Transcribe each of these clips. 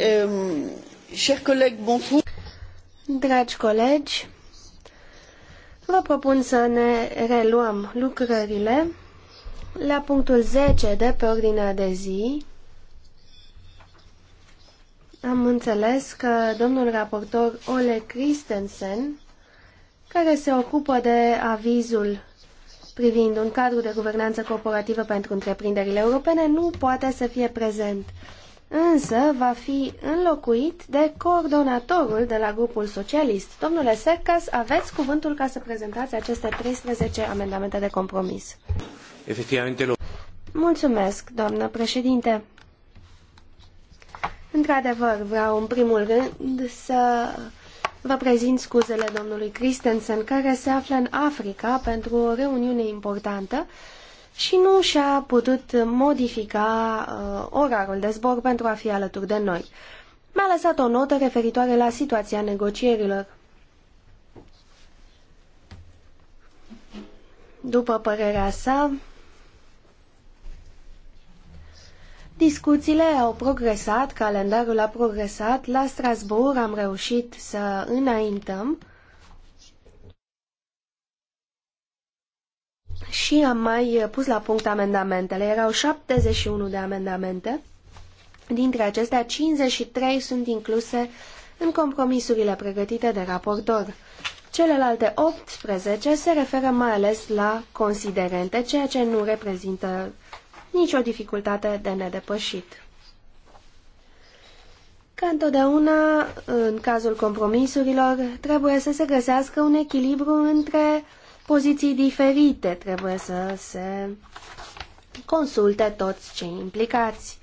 Ehm, chers collègues, bonjour. Dragi colegi, vă propun să ne reluăm lucrările la punctul 10 de pe ordinea de zi. Am înțeles că domnul raportor Ole Christensen, care se ocupă de avizul privind un cadru de guvernanță corporativă pentru întreprinderile europene, nu poate să fie prezent însă va fi înlocuit de coordonatorul de la grupul socialist. Domnule Sercas, aveți cuvântul ca să prezentați aceste 13 amendamente de compromis. Mulțumesc, doamnă președinte. Într-adevăr, vreau în primul rând să vă prezint scuzele domnului Christensen, care se află în Africa pentru o reuniune importantă, și nu și-a putut modifica uh, orarul de zbor pentru a fi alături de noi. Mi-a lăsat o notă referitoare la situația negocierilor. După părerea sa, Discuțiile au progresat, calendarul a progresat, la Strasbourg am reușit să înaintăm și am mai pus la punct amendamentele. Erau 71 de amendamente. Dintre acestea, 53 sunt incluse în compromisurile pregătite de raportor. Celelalte 18 se referă mai ales la considerente, ceea ce nu reprezintă nicio dificultate de nedepășit. Ca întotdeauna, în cazul compromisurilor, trebuie să se găsească un echilibru între poziții diferite. Trebuie să se consulte toți cei implicați.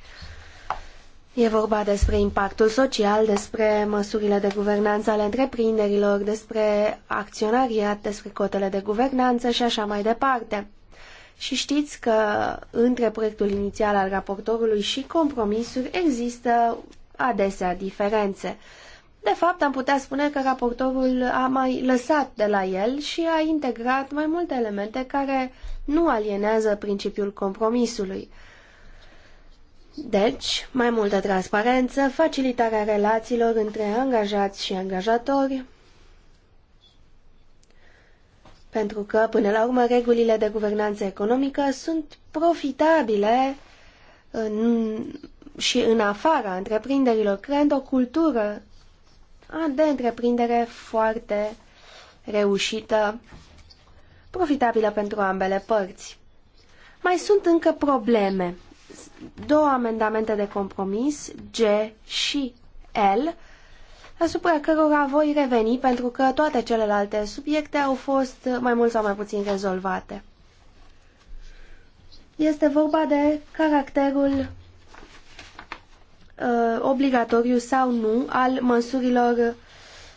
E vorba despre impactul social, despre măsurile de guvernanță ale întreprinderilor, despre acționariat, despre cotele de guvernanță și așa mai departe. Și știți că între proiectul inițial al raportorului și compromisuri există adesea diferențe. De fapt, am putea spune că raportorul a mai lăsat de la el și a integrat mai multe elemente care nu alienează principiul compromisului. Deci, mai multă transparență, facilitarea relațiilor între angajați și angajatori, pentru că, până la urmă, regulile de guvernanță economică sunt profitabile în, și în afara întreprinderilor, creând o cultură de întreprindere foarte reușită, profitabilă pentru ambele părți. Mai sunt încă probleme. Două amendamente de compromis, G și L, asupra cărora voi reveni pentru că toate celelalte subiecte au fost mai mult sau mai puțin rezolvate. Este vorba de caracterul Uh, obligatoriu sau nu al măsurilor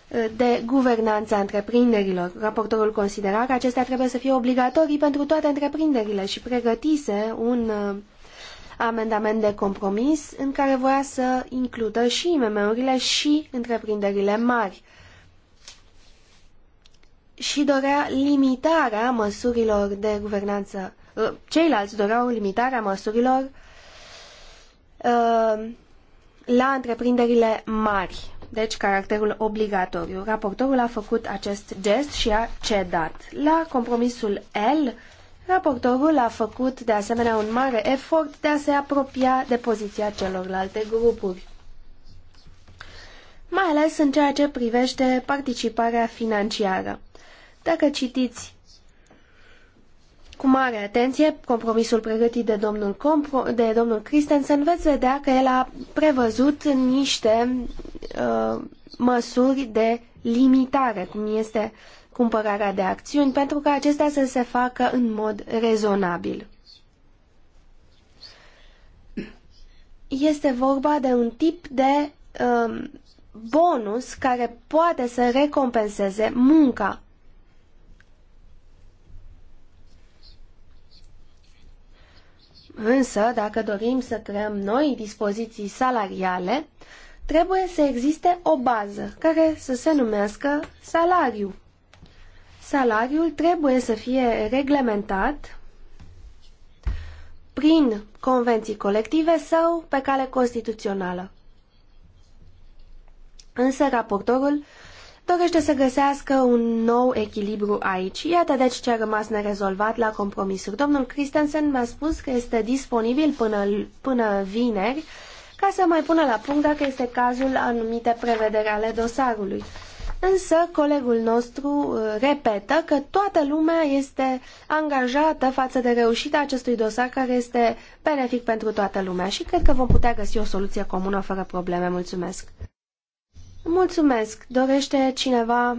uh, de guvernanță a întreprinderilor. Raportorul considera că acestea trebuie să fie obligatorii pentru toate întreprinderile și pregătise un uh, amendament de compromis în care voia să includă și IMM-urile și întreprinderile mari și dorea limitarea măsurilor de guvernanță. Ceilalți doreau limitarea măsurilor la întreprinderile mari, deci caracterul obligatoriu. Raportorul a făcut acest gest și a cedat. La compromisul L, raportorul a făcut de asemenea un mare efort de a se apropia de poziția celorlalte grupuri mai ales în ceea ce privește participarea financiară. Dacă citiți cu mare atenție compromisul pregătit de domnul, Compro, de domnul Christensen, veți vedea că el a prevăzut niște uh, măsuri de limitare, cum este cumpărarea de acțiuni, pentru ca acestea să se facă în mod rezonabil. Este vorba de un tip de uh, bonus care poate să recompenseze munca Însă, dacă dorim să creăm noi dispoziții salariale, trebuie să existe o bază care să se numească salariu. Salariul trebuie să fie reglementat prin convenții colective sau pe cale constituțională. Însă raportorul dorește să găsească un nou echilibru aici. Iată deci ce a rămas nerezolvat la compromisuri. Domnul Christensen mi-a spus că este disponibil până, până vineri ca să mai pună la punct dacă este cazul anumite prevedere ale dosarului. Însă, colegul nostru uh, repetă că toată lumea este angajată față de reușita acestui dosar care este benefic pentru toată lumea și cred că vom putea găsi o soluție comună fără probleme. Mulțumesc! Mulțumesc. Dorește cineva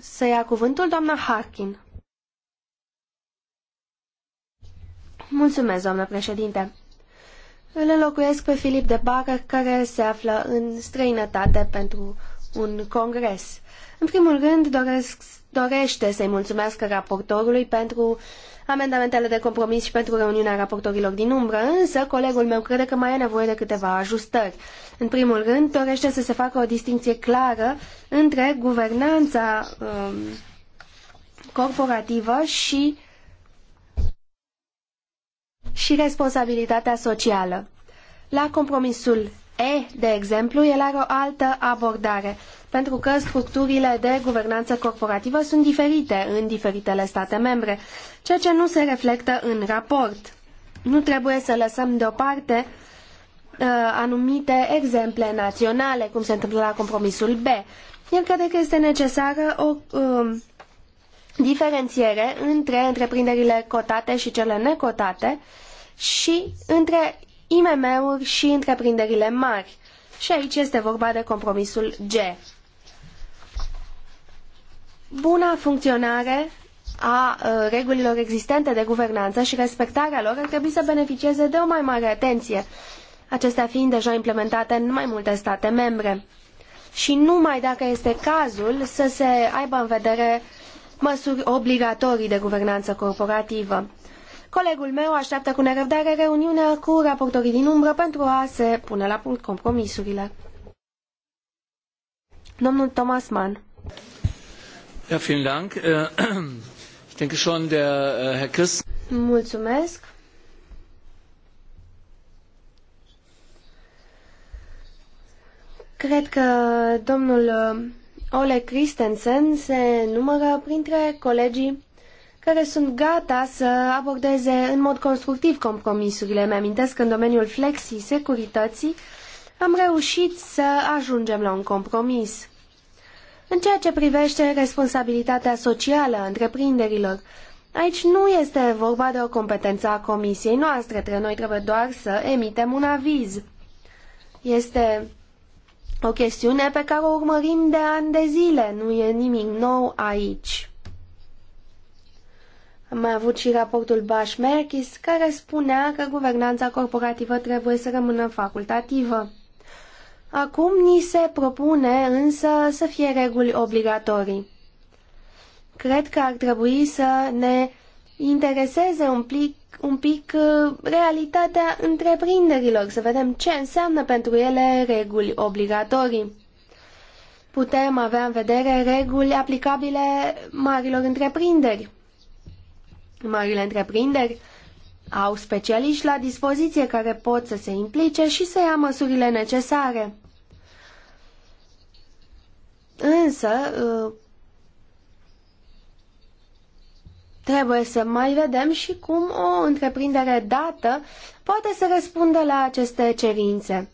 să ia cuvântul? Doamna Harkin. Mulțumesc, doamnă președinte. Îl înlocuiesc pe Filip de Bară, care se află în străinătate pentru un congres. În primul rând, doresc, dorește să-i mulțumesc raportorului pentru amendamentele de compromis și pentru reuniunea raportorilor din umbră, însă colegul meu crede că mai e nevoie de câteva ajustări. În primul rând, dorește să se facă o distinție clară între guvernanța um, corporativă și și responsabilitatea socială. La compromisul E, de exemplu, el are o altă abordare, pentru că structurile de guvernanță corporativă sunt diferite în diferitele state membre, ceea ce nu se reflectă în raport. Nu trebuie să lăsăm deoparte uh, anumite exemple naționale, cum se întâmplă la compromisul B. El crede că este necesară o uh, diferențiere între întreprinderile cotate și cele necotate și între IMM-uri și întreprinderile mari. Și aici este vorba de compromisul G. Buna funcționare a uh, regulilor existente de guvernanță și respectarea lor ar trebui să beneficieze de o mai mare atenție, acestea fiind deja implementate în mai multe state membre. Și numai dacă este cazul să se aibă în vedere măsuri obligatorii de guvernanță corporativă. Colegul meu așteaptă cu nerăbdare reuniunea cu raportorii din umbră pentru a se pune la punct compromisurile. Domnul Thomas Mann. Ja, vielen Dank. Äh, ich denke schon, der äh, Herr Mulțumesc. Cred că domnul äh, Ole Christensen se numără printre colegii care sunt gata să abordeze în mod constructiv compromisurile. Mi-amintesc că în domeniul flexii securității am reușit să ajungem la un compromis. În ceea ce privește responsabilitatea socială a întreprinderilor, aici nu este vorba de o competență a comisiei noastre, noi trebuie doar să emitem un aviz. Este o chestiune pe care o urmărim de ani de zile, nu e nimic nou aici. Am mai avut și raportul Bashmerkis, care spunea că guvernanța corporativă trebuie să rămână facultativă. Acum ni se propune însă să fie reguli obligatorii. Cred că ar trebui să ne intereseze un pic, un pic uh, realitatea întreprinderilor, să vedem ce înseamnă pentru ele reguli obligatorii. Putem avea în vedere reguli aplicabile marilor întreprinderi, Marile întreprinderi au specialiști la dispoziție care pot să se implice și să ia măsurile necesare. Însă, uh, trebuie să mai vedem și cum o întreprindere dată poate să răspundă la aceste cerințe.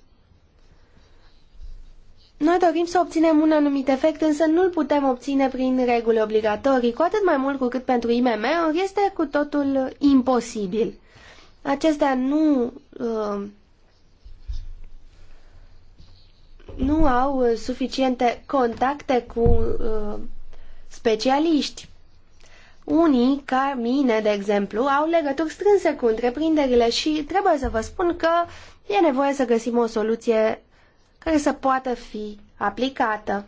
Noi dorim să obținem un anumit efect, însă nu-l putem obține prin reguli obligatorii, cu atât mai mult cu cât pentru IMM-uri este cu totul imposibil. Acestea nu, uh, nu au suficiente contacte cu uh, specialiști. Unii, ca mine, de exemplu, au legături strânse cu întreprinderile și trebuie să vă spun că e nevoie să găsim o soluție care să poată fi aplicată.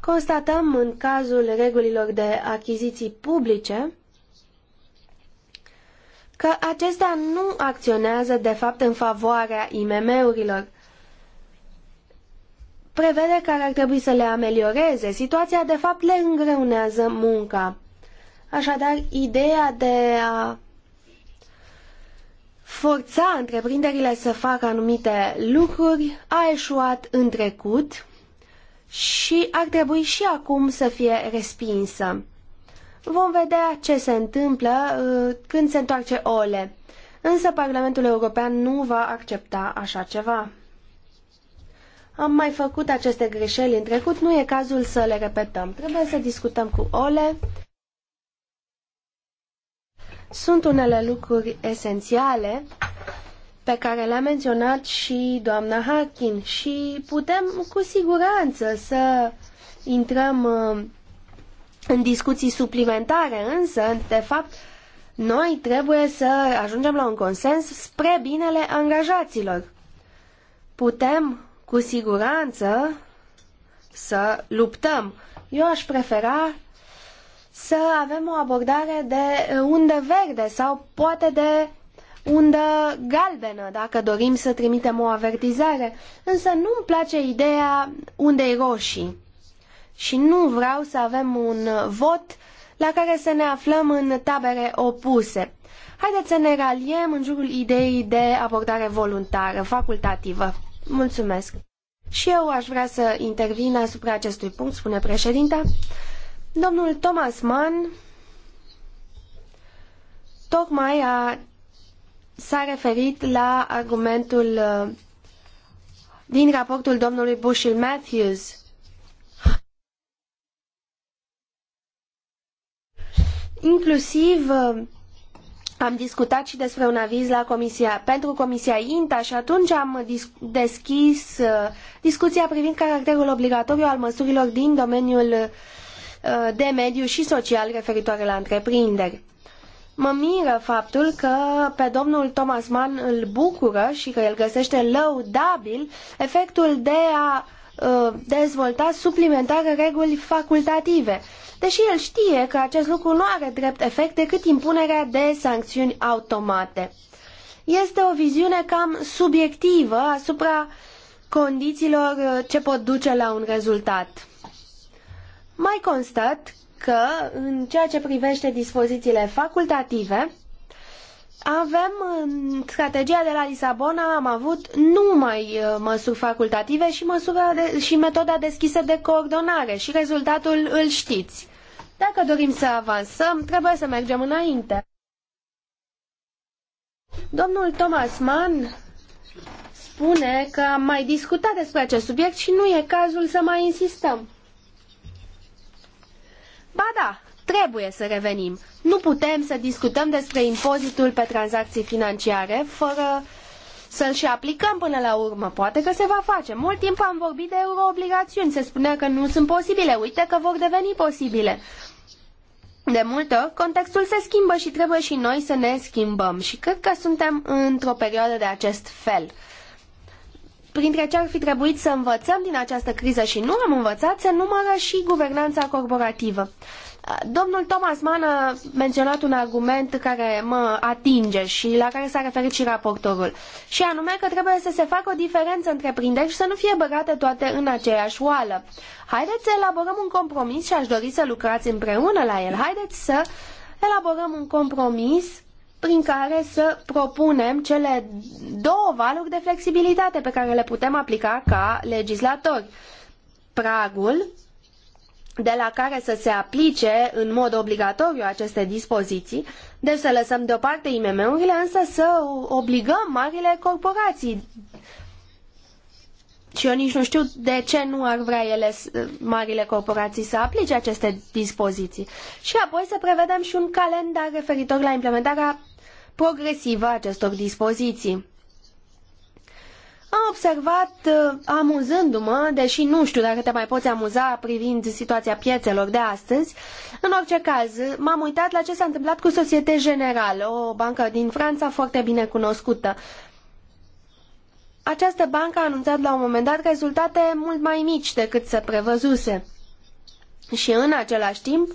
Constatăm în cazul regulilor de achiziții publice că acestea nu acționează de fapt în favoarea IMM-urilor. Prevede care ar trebui să le amelioreze. Situația de fapt le îngreunează munca. Așadar, ideea de a forța întreprinderile să facă anumite lucruri a eșuat în trecut și ar trebui și acum să fie respinsă. Vom vedea ce se întâmplă uh, când se întoarce OLE. Însă Parlamentul European nu va accepta așa ceva. Am mai făcut aceste greșeli în trecut, nu e cazul să le repetăm. Trebuie să discutăm cu OLE sunt unele lucruri esențiale pe care le-a menționat și doamna Harkin și putem cu siguranță să intrăm uh, în discuții suplimentare, însă, de fapt, noi trebuie să ajungem la un consens spre binele angajaților. Putem cu siguranță să luptăm. Eu aș prefera să avem o abordare de eh, undă verde sau poate de undă galbenă, dacă dorim să trimitem o avertizare, însă nu-mi place ideea undei roșii. Și nu vreau să avem un vot la care să ne aflăm în tabere opuse. Haideți să ne raliem în jurul ideii de abordare voluntară, facultativă. Mulțumesc. Și eu aș vrea să intervin asupra acestui punct, spune președinta. Domnul Thomas Mann tocmai a, s-a referit la argumentul uh, din raportul domnului Bushil Matthews. Inclusiv uh, am discutat și despre un aviz la comisia, pentru Comisia INTA și atunci am deschis uh, discuția privind caracterul obligatoriu al măsurilor din domeniul uh, Uh, de mediu și social referitoare la întreprinderi. Mă miră faptul că pe domnul Thomas Mann îl bucură și că el găsește lăudabil efectul de a uh, dezvolta suplimentar reguli facultative, deși el știe că acest lucru nu are drept efect decât impunerea de sancțiuni automate. Este o viziune cam subiectivă asupra condițiilor ce pot duce la un rezultat. Mai constat că, în ceea ce privește dispozițiile facultative, avem în strategia de la Lisabona am avut numai uh, măsuri facultative și, măsura de, și metoda deschisă de coordonare și rezultatul îl știți. Dacă dorim să avansăm, trebuie să mergem înainte. Domnul Thomas Mann spune că am mai discutat despre acest subiect și nu e cazul să mai insistăm. Ba da, trebuie să revenim. Nu putem să discutăm despre impozitul pe tranzacții financiare fără să-l și aplicăm până la urmă. Poate că se va face. Mult timp am vorbit de euroobligațiuni. Se spunea că nu sunt posibile. Uite că vor deveni posibile. De multe ori, contextul se schimbă și trebuie și noi să ne schimbăm. Și cred că suntem într-o perioadă de acest fel. Printre ce ar fi trebuit să învățăm din această criză și nu am învățat, se numără și guvernanța corporativă. Domnul Thomas Mann a menționat un argument care mă atinge și la care s-a referit și raportorul, și anume că trebuie să se facă o diferență între prinderi și să nu fie băgate toate în aceeași oală. Haideți să elaborăm un compromis și aș dori să lucrați împreună la el. Haideți să elaborăm un compromis prin care să propunem cele două valuri de flexibilitate pe care le putem aplica ca legislatori. Pragul de la care să se aplice în mod obligatoriu aceste dispoziții, deci să lăsăm deoparte IMM-urile, însă să obligăm marile corporații. Și eu nici nu știu de ce nu ar vrea ele, marile corporații, să aplice aceste dispoziții. Și apoi să prevedem și un calendar referitor la implementarea progresivă a acestor dispoziții. Am observat, uh, amuzându-mă, deși nu știu dacă te mai poți amuza privind situația piețelor de astăzi, în orice caz, m-am uitat la ce s-a întâmplat cu Societe General, o bancă din Franța foarte bine cunoscută. Această bancă a anunțat la un moment dat rezultate mult mai mici decât se prevăzuse. Și în același timp,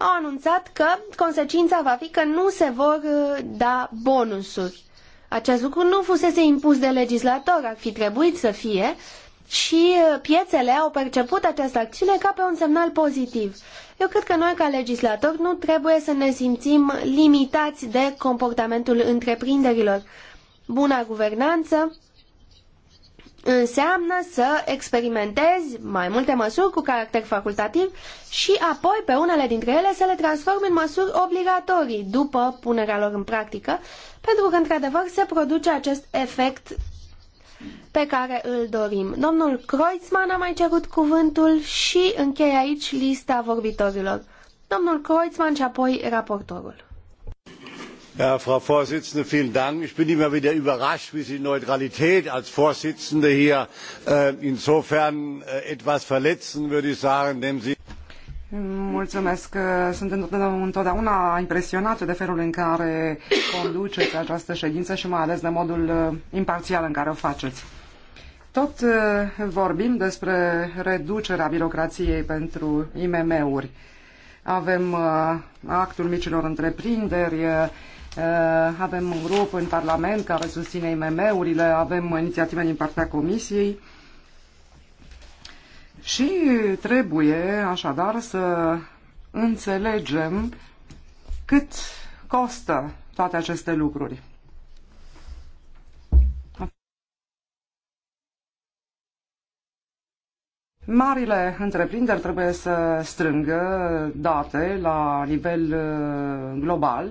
au anunțat că consecința va fi că nu se vor uh, da bonusuri. Acest lucru nu fusese impus de legislator, ar fi trebuit să fie, și uh, piețele au perceput această acțiune ca pe un semnal pozitiv. Eu cred că noi, ca legislatori, nu trebuie să ne simțim limitați de comportamentul întreprinderilor. Buna guvernanță înseamnă să experimentezi mai multe măsuri cu caracter facultativ și apoi pe unele dintre ele să le transformi în măsuri obligatorii după punerea lor în practică, pentru că într-adevăr se produce acest efect pe care îl dorim. Domnul Kreutzmann a mai cerut cuvântul și închei aici lista vorbitorilor. Domnul Kreutzmann și apoi raportorul frau präsidentin! ich bin immer wieder überrascht wie sie neutralität als vorsitzende hier äh, insofern äh, etwas verletzen würde ich sagen indem sie. Mulțumesc. Sunt întotdeauna impresionată de felul în care conduceți această ședință și mai ales de modul uh, imparțial în care o faceți. Tot uh, vorbim despre reducerea birocrației pentru IMM-uri. Avem uh, actul micilor întreprinderi, Uh, avem un grup în Parlament care susține IMM-urile, avem inițiative din partea Comisiei și trebuie așadar să înțelegem cât costă toate aceste lucruri. Marile întreprinderi trebuie să strângă date la nivel uh, global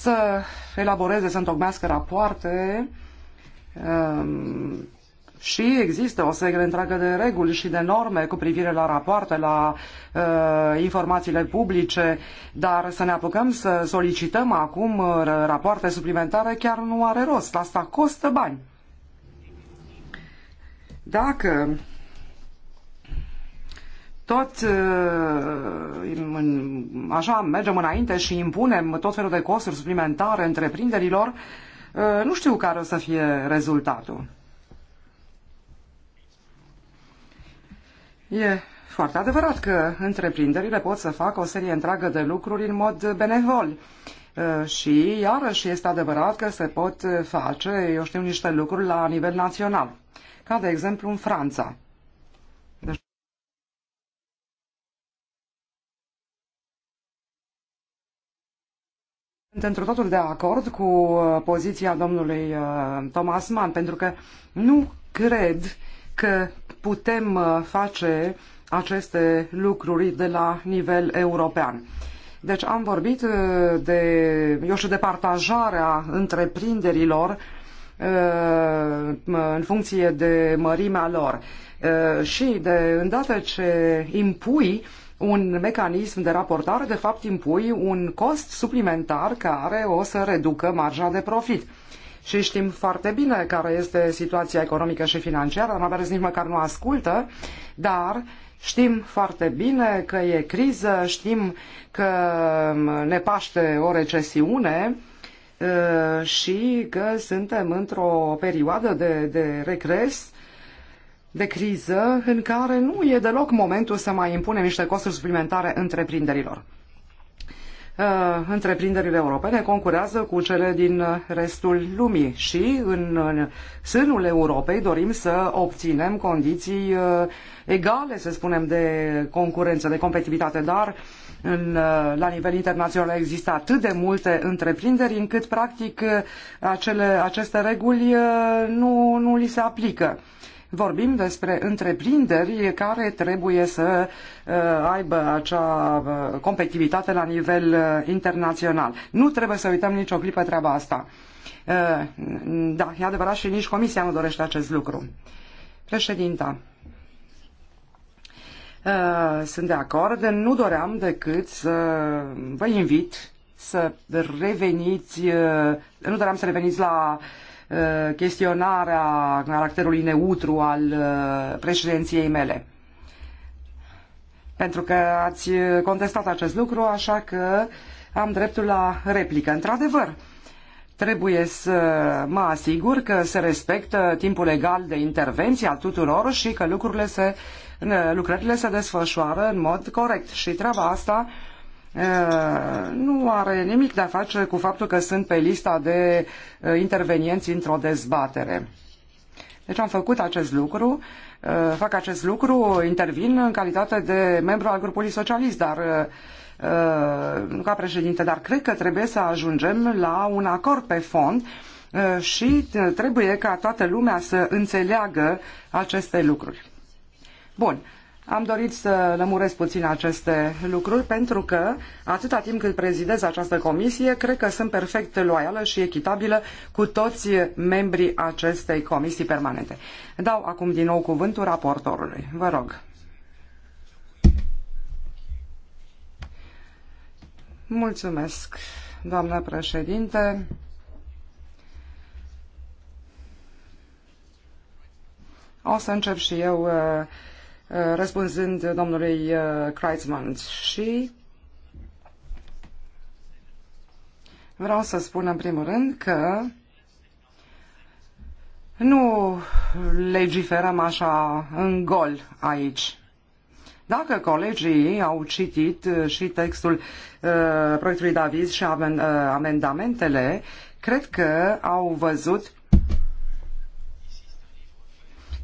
să elaboreze, să întocmească rapoarte um, și există o serie întreagă de reguli și de norme cu privire la rapoarte, la uh, informațiile publice, dar să ne apucăm să solicităm acum uh, rapoarte suplimentare chiar nu are rost. Asta costă bani. Dacă tot uh, așa mergem înainte și impunem tot felul de costuri suplimentare întreprinderilor, uh, nu știu care o să fie rezultatul. E foarte adevărat că întreprinderile pot să facă o serie întreagă de lucruri în mod benevol. Uh, și iarăși este adevărat că se pot face, eu știu, niște lucruri la nivel național. Ca de exemplu în Franța Sunt într totul de acord cu uh, poziția domnului uh, Thomas Mann, pentru că nu cred că putem uh, face aceste lucruri de la nivel european. Deci am vorbit de, eu știu, de partajarea întreprinderilor în funcție de mărimea lor și de îndată ce impui un mecanism de raportare, de fapt impui un cost suplimentar care o să reducă marja de profit. Și știm foarte bine care este situația economică și financiară, dar aveți nici măcar nu ascultă, dar știm foarte bine că e criză, știm că um, ne paște o recesiune uh, și că suntem într-o perioadă de, de regres de criză în care nu e deloc momentul să mai impunem niște costuri suplimentare întreprinderilor. Uh, întreprinderile europene concurează cu cele din restul lumii și în sânul Europei dorim să obținem condiții uh, egale, să spunem, de concurență, de competitivitate, dar în, uh, la nivel internațional există atât de multe întreprinderi încât practic acele, aceste reguli nu, nu li se aplică. Vorbim despre întreprinderi care trebuie să uh, aibă acea uh, competitivitate la nivel uh, internațional. Nu trebuie să uităm nicio clipă treaba asta. Da, e adevărat și nici Comisia nu dorește acest lucru. Președinta, sunt de acord, nu doream decât să vă invit să reveniți, nu doream să reveniți la Uh, chestionarea caracterului neutru al uh, președinției mele. Pentru că ați uh, contestat acest lucru, așa că am dreptul la replică. Într-adevăr, trebuie să mă asigur că se respectă timpul legal de intervenție al tuturor și că lucrurile se, lucrările se desfășoară în mod corect. Și treaba asta nu are nimic de a face cu faptul că sunt pe lista de intervenienți într-o dezbatere. Deci am făcut acest lucru, fac acest lucru, intervin în calitate de membru al grupului socialist, dar nu ca președinte, dar cred că trebuie să ajungem la un acord pe fond și trebuie ca toată lumea să înțeleagă aceste lucruri. Bun, am dorit să lămuresc puțin aceste lucruri pentru că, atâta timp cât prezidez această comisie, cred că sunt perfect loială și echitabilă cu toți membrii acestei comisii permanente. Dau acum din nou cuvântul raportorului. Vă rog. Mulțumesc, doamnă președinte. O să încep și eu uh, Uh, răspunzând domnului uh, Kreitzmann și vreau să spun în primul rând că nu legiferăm așa în gol aici. Dacă colegii au citit uh, și textul uh, proiectului Davis și amen, uh, amendamentele, cred că au văzut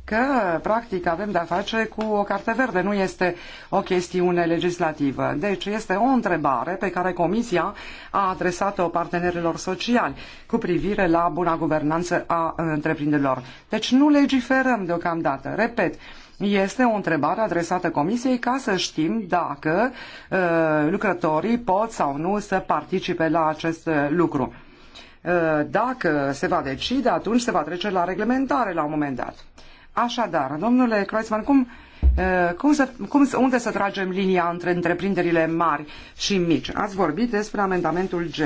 că, practic, avem de-a face cu o carte verde, nu este o chestiune legislativă. Deci este o întrebare pe care Comisia a adresat-o partenerilor sociali cu privire la buna guvernanță a întreprinderilor. Deci nu legiferăm deocamdată. Repet, este o întrebare adresată Comisiei ca să știm dacă uh, lucrătorii pot sau nu să participe la acest uh, lucru. Uh, dacă se va decide, atunci se va trece la reglementare la un moment dat. Uh, Așadar, domnule Kreuzmann, cum, cum să, cum, unde să tragem linia între întreprinderile mari și mici? Ați vorbit despre amendamentul G.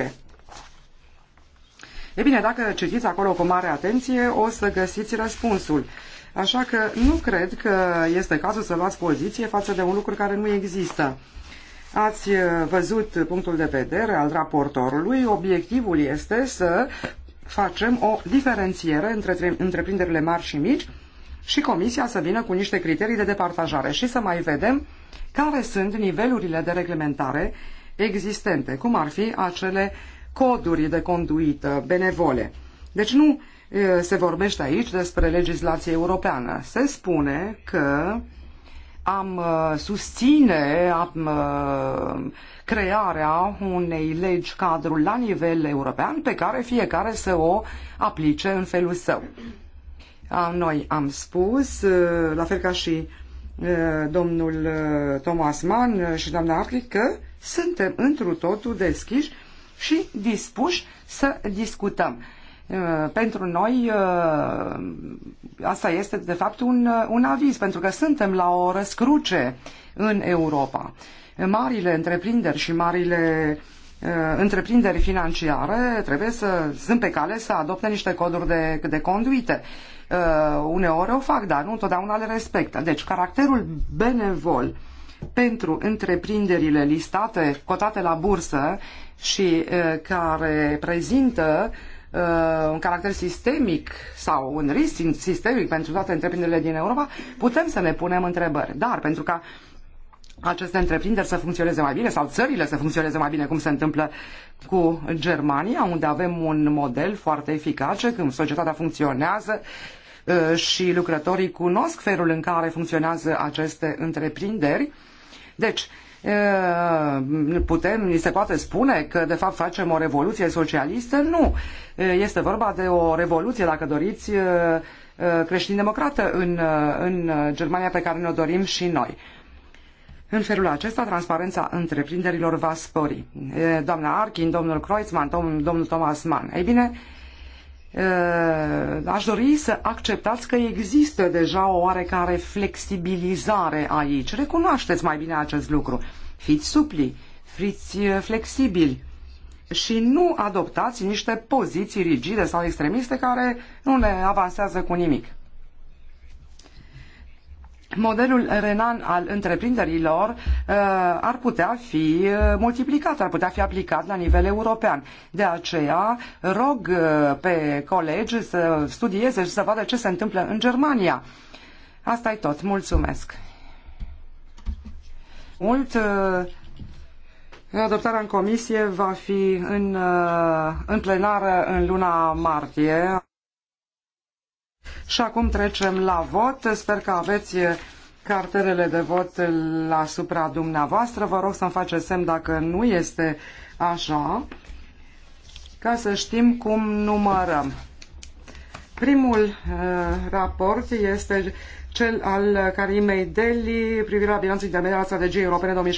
E bine, dacă citiți acolo cu mare atenție, o să găsiți răspunsul. Așa că nu cred că este cazul să luați poziție față de un lucru care nu există. Ați văzut punctul de vedere al raportorului. Obiectivul este să facem o diferențiere între întreprinderile mari și mici și Comisia să vină cu niște criterii de departajare și să mai vedem care sunt nivelurile de reglementare existente, cum ar fi acele coduri de conduită benevole. Deci nu se vorbește aici despre legislație europeană. Se spune că am susține am, crearea unei legi cadru la nivel european pe care fiecare să o aplice în felul său. Noi am spus, la fel ca și domnul Thomas Mann și doamna Afric, că suntem întru totul deschiși și dispuși să discutăm. Pentru noi asta este de fapt un, un aviz, pentru că suntem la o răscruce în Europa. Marile întreprinderi și marile uh, Uh, întreprinderi financiare trebuie să sunt pe cale să adopte niște coduri de, de conduite. Uh, uneori o fac, dar nu întotdeauna le respectă. Deci caracterul benevol pentru întreprinderile listate, cotate la bursă și uh, care prezintă un caracter sistemic sau un risc sistemic pentru toate întreprinderile din Europa, putem să ne punem întrebări. Dar pentru ca uh, aceste întreprinderi să funcționeze mai bine sau țările să funcționeze mai bine, cum se întâmplă cu Germania, unde avem un model foarte eficace, când societatea funcționează uh, și lucrătorii cunosc felul în care funcționează aceste întreprinderi. Deci, uh, putem, ni se poate spune că de fapt facem o revoluție socialistă? Nu. Uh, este vorba de o revoluție, dacă doriți, creștin-democrată în, în Germania pe care ne-o dorim și noi. În felul acesta, transparența întreprinderilor va spori. Doamna Arkin, domnul Kreuzmann, domnul Thomas Mann. Ei bine, aș dori să acceptați că există deja o oarecare flexibilizare aici. Recunoașteți mai bine acest lucru. Fiți supli, fiți flexibili și nu adoptați niște poziții rigide sau extremiste care nu ne avansează cu nimic modelul renan al întreprinderilor uh, ar putea fi uh, multiplicat, ar putea fi aplicat la nivel european. De aceea rog uh, pe colegi să studieze și să vadă ce se întâmplă în Germania. Asta e tot. Mulțumesc. Mult Adoptarea în comisie va fi în, în plenară în luna martie. Și acum trecem la vot. Sper că aveți cartelele de vot la supra dumneavoastră. Vă rog să-mi faceți semn dacă nu este așa, ca să știm cum numărăm. Primul uh, raport este cel al Carimei Deli privind la bilanțul intermediar la strategiei europene 2007-2012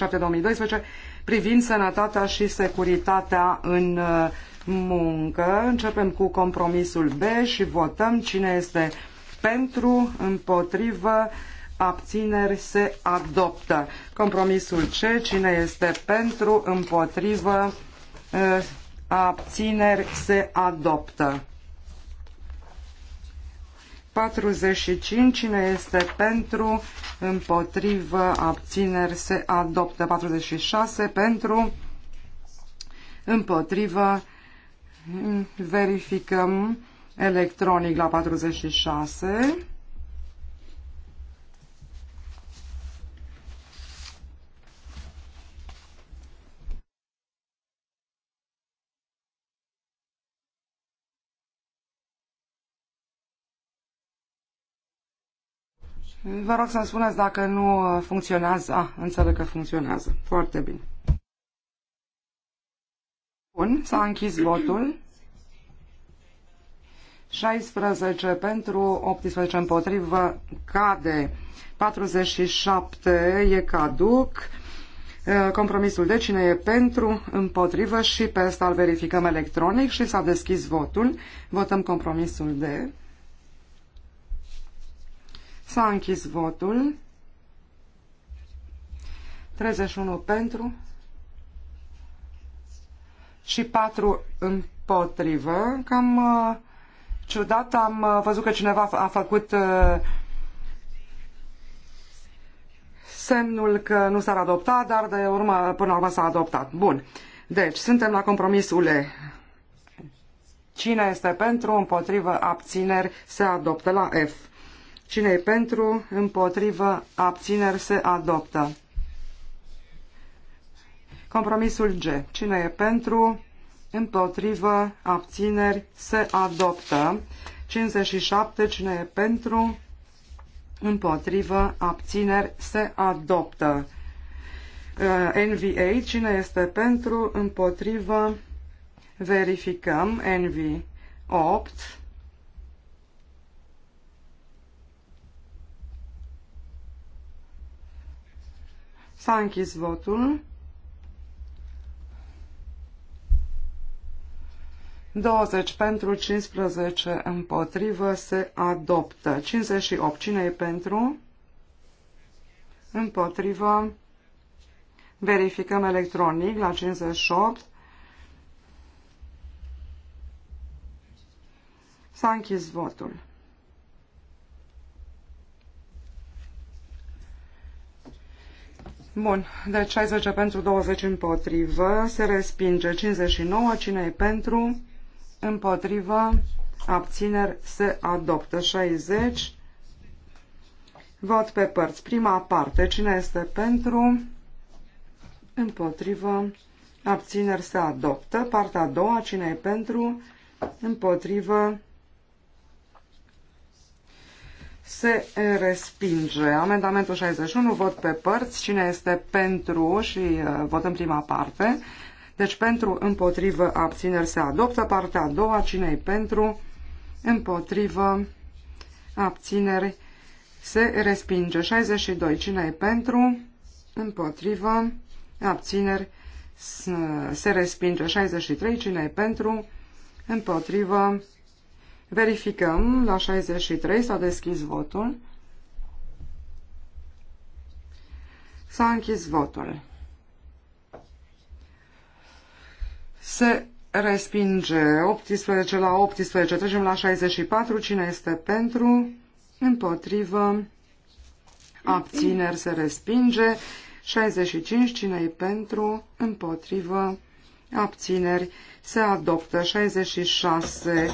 privind sănătatea și securitatea în uh, muncă. Începem cu compromisul B și votăm cine este pentru, împotrivă, abțineri se adoptă. Compromisul C, cine este pentru, împotrivă, ă, abțineri se adoptă. 45, cine este pentru, împotrivă, abțineri se adoptă. 46, pentru, împotrivă, Verificăm electronic la 46. Vă rog să-mi spuneți dacă nu funcționează. Ah, înțeleg că funcționează. Foarte bine. Bun, s-a închis votul. 16 pentru, 18 împotrivă, cade. 47 e caduc. Compromisul de cine e pentru, împotrivă și pe asta îl verificăm electronic și s-a deschis votul. Votăm compromisul de. S-a închis votul. 31 pentru, și patru împotrivă. Cam uh, ciudat am uh, văzut că cineva a făcut uh, semnul că nu s-ar adopta, dar de urmă, până la urmă s-a adoptat. Bun. Deci, suntem la compromisul E. Cine este pentru, împotrivă, abțineri, se adoptă la F. Cine e pentru, împotrivă, abțineri, se adoptă. Compromisul G. Cine e pentru? Împotrivă, abțineri, se adoptă. 57. Cine e pentru? Împotrivă, abțineri, se adoptă. Uh, NVA. Cine este pentru? Împotrivă, verificăm. NV 8. S-a închis votul. 20 pentru, 15 împotrivă, se adoptă. 58. Cine e pentru? Împotrivă. Verificăm electronic la 58. S-a închis votul. Bun, deci 60 pentru 20 împotrivă, se respinge 59, cine e pentru, împotriva, abțineri se adoptă. 60. Vot pe părți. Prima parte. Cine este pentru? Împotrivă. Abțineri se adoptă. Partea a doua. Cine e pentru? Împotrivă. Se respinge. Amendamentul 61. Vot pe părți. Cine este pentru? Și uh, votăm prima parte. Deci pentru, împotrivă, abțineri se adoptă. Partea a doua, cine pentru, împotrivă, abțineri se respinge. 62, cine pentru, împotrivă, abțineri se respinge. 63, cine pentru, împotrivă, verificăm. La 63 s-a deschis votul. S-a închis votul. se respinge 18 la 18, trecem la 64, cine este pentru, împotrivă, abțineri se respinge, 65, cine e pentru, împotrivă, abțineri se adoptă, 66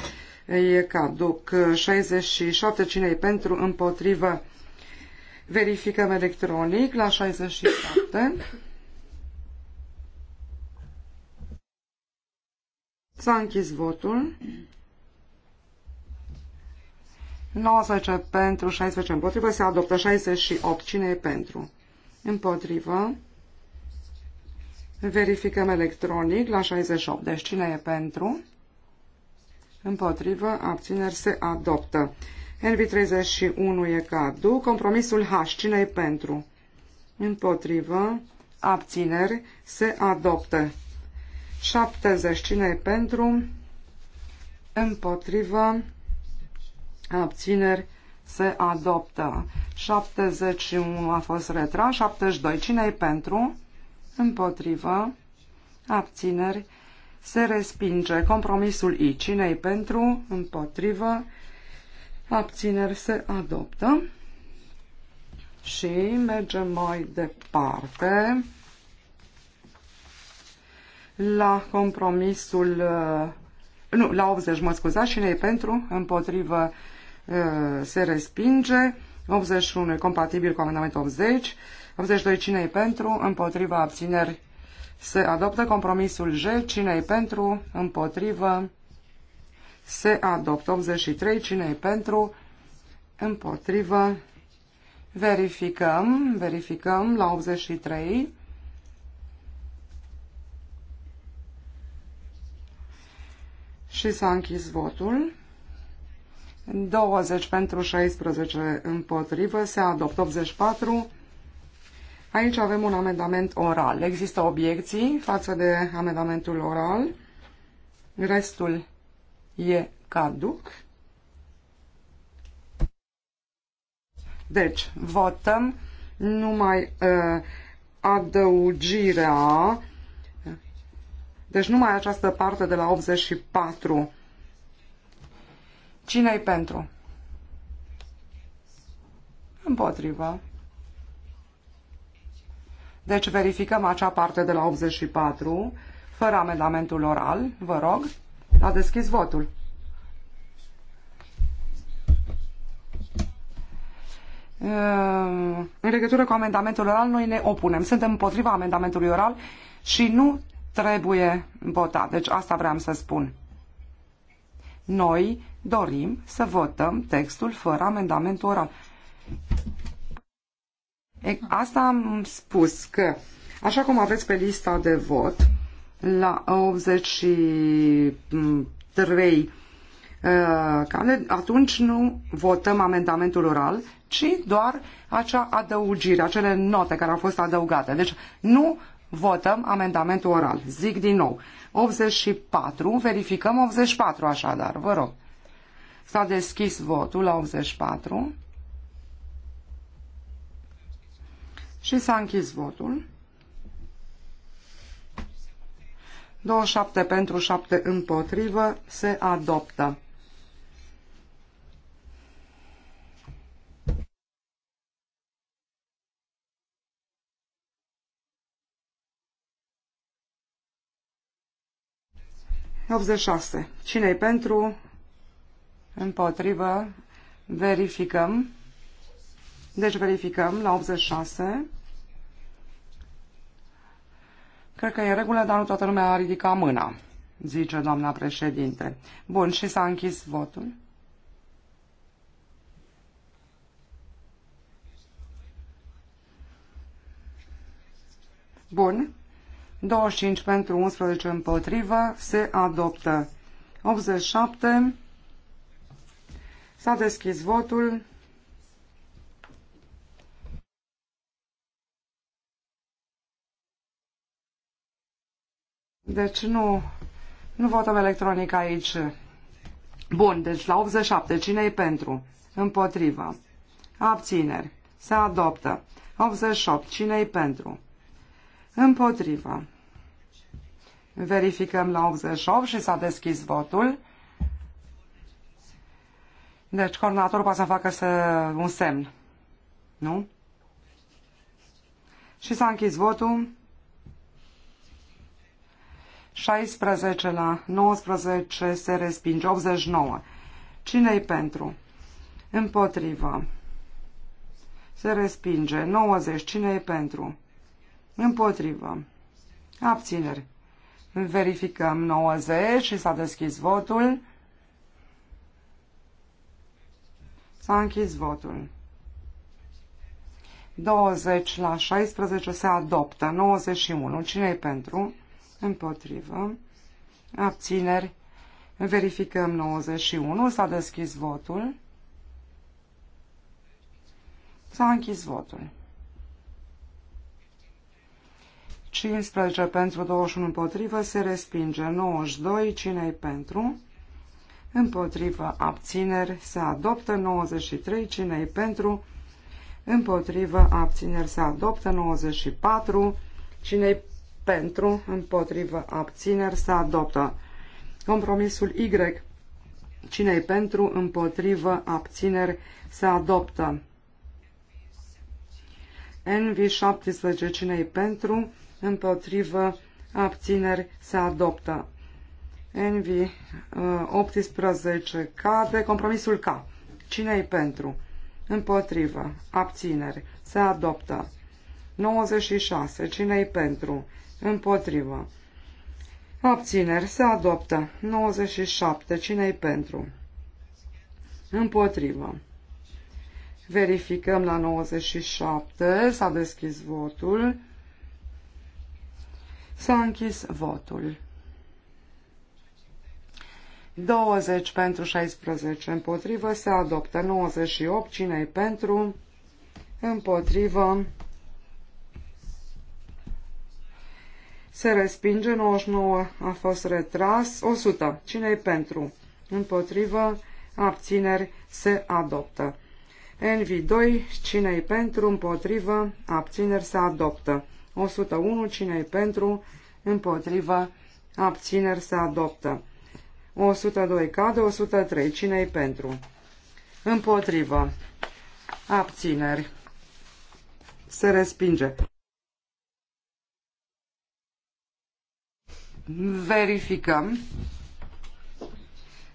e caduc, 67, cine e pentru, împotrivă, verificăm electronic la 67. S-a închis votul. 19 pentru, 16 împotrivă, se adoptă 68. Cine e pentru? Împotrivă. Verificăm electronic la 68. Deci cine e pentru? Împotrivă, abțineri, se adoptă. NV31 e cadu. Compromisul H. Cine e pentru? Împotrivă, abțineri, se adoptă. 70. Cine e pentru? Împotrivă. Abțineri se adoptă. 71 a fost retras. 72. Cine e pentru? Împotrivă. Abțineri se respinge. Compromisul I. Cine e pentru? Împotrivă. Abțineri se adoptă. Și mergem mai departe la compromisul, uh, nu, la 80, mă scuzați, cine e pentru, împotrivă, uh, se respinge, 81 e compatibil cu amendamentul 80, 82 cine e pentru, împotriva, abțineri, se adoptă compromisul J, cine e pentru, împotrivă, se adoptă 83, cine e pentru, împotrivă, verificăm, verificăm la 83, Și s-a închis votul. 20 pentru 16 împotrivă, se adoptă 84. Aici avem un amendament oral. Există obiecții față de amendamentul oral. Restul e caduc. Deci, votăm numai uh, adăugirea deci numai această parte de la 84. Cine-i pentru? Împotrivă. Deci verificăm acea parte de la 84, fără amendamentul oral, vă rog. A deschis votul. În legătură cu amendamentul oral, noi ne opunem. Suntem împotriva amendamentului oral și nu trebuie votat. Deci asta vreau să spun. Noi dorim să votăm textul fără amendament oral. E, asta am spus că, așa cum aveți pe lista de vot, la 83 uh, cale, atunci nu votăm amendamentul oral, ci doar acea adăugire, acele note care au fost adăugate. Deci nu Votăm amendamentul oral. Zic din nou. 84. Verificăm 84 așadar. Vă rog. S-a deschis votul la 84. Și s-a închis votul. 27 pentru 7 împotrivă se adoptă. 86. Cine-i pentru? Împotrivă. Verificăm. Deci verificăm la 86. Cred că e în regulă, dar nu toată lumea a ridicat mâna, zice doamna președinte. Bun, și s-a închis votul. Bun, 25 pentru 11 împotrivă se adoptă. 87. S-a deschis votul. Deci nu, nu votăm electronic aici. Bun, deci la 87. Cine e pentru? Împotrivă. Abțineri. Se adoptă. 88. Cine e pentru? Împotrivă. Verificăm la 88 și s-a deschis votul. Deci coordonatorul poate să facă să, un semn. Nu? Și s-a închis votul. 16 la 19 se respinge. 89. Cine-i pentru? Împotrivă. Se respinge. 90. Cine-i pentru? Împotrivă. Abțineri. Verificăm 90 și s-a deschis votul. S-a închis votul. 20 la 16 se adoptă. 91. Cine-i pentru? Împotrivă. Abțineri. Verificăm 91. S-a deschis votul. S-a închis votul. 15 pentru 21 împotrivă se respinge. 92 cine pentru? Împotrivă abțineri se adoptă. 93 cine pentru? Împotrivă abțineri se adoptă. 94 cine pentru? Împotrivă abțineri se adoptă. Compromisul Y cine pentru? Împotrivă abțineri se adoptă. NV17 cine pentru? împotrivă, abțineri se adoptă. Envi 18 uh, de compromisul K. cine e pentru? Împotrivă, abțineri, se adoptă. 96. cine e pentru? Împotrivă. Abțineri, se adoptă. 97. cine e pentru? Împotrivă. Verificăm la 97. S-a deschis votul. S-a închis votul. 20 pentru 16 împotrivă se adoptă 98 cine pentru împotrivă se respinge 99 a fost retras 100 cine pentru împotrivă abțineri se adoptă NV2 cine pentru împotrivă abțineri se adoptă 101. Cine e pentru? Împotrivă. Abțineri se adoptă. 102 cade, 103. Cine-i pentru? Împotrivă. Abțineri. Se respinge. Verificăm.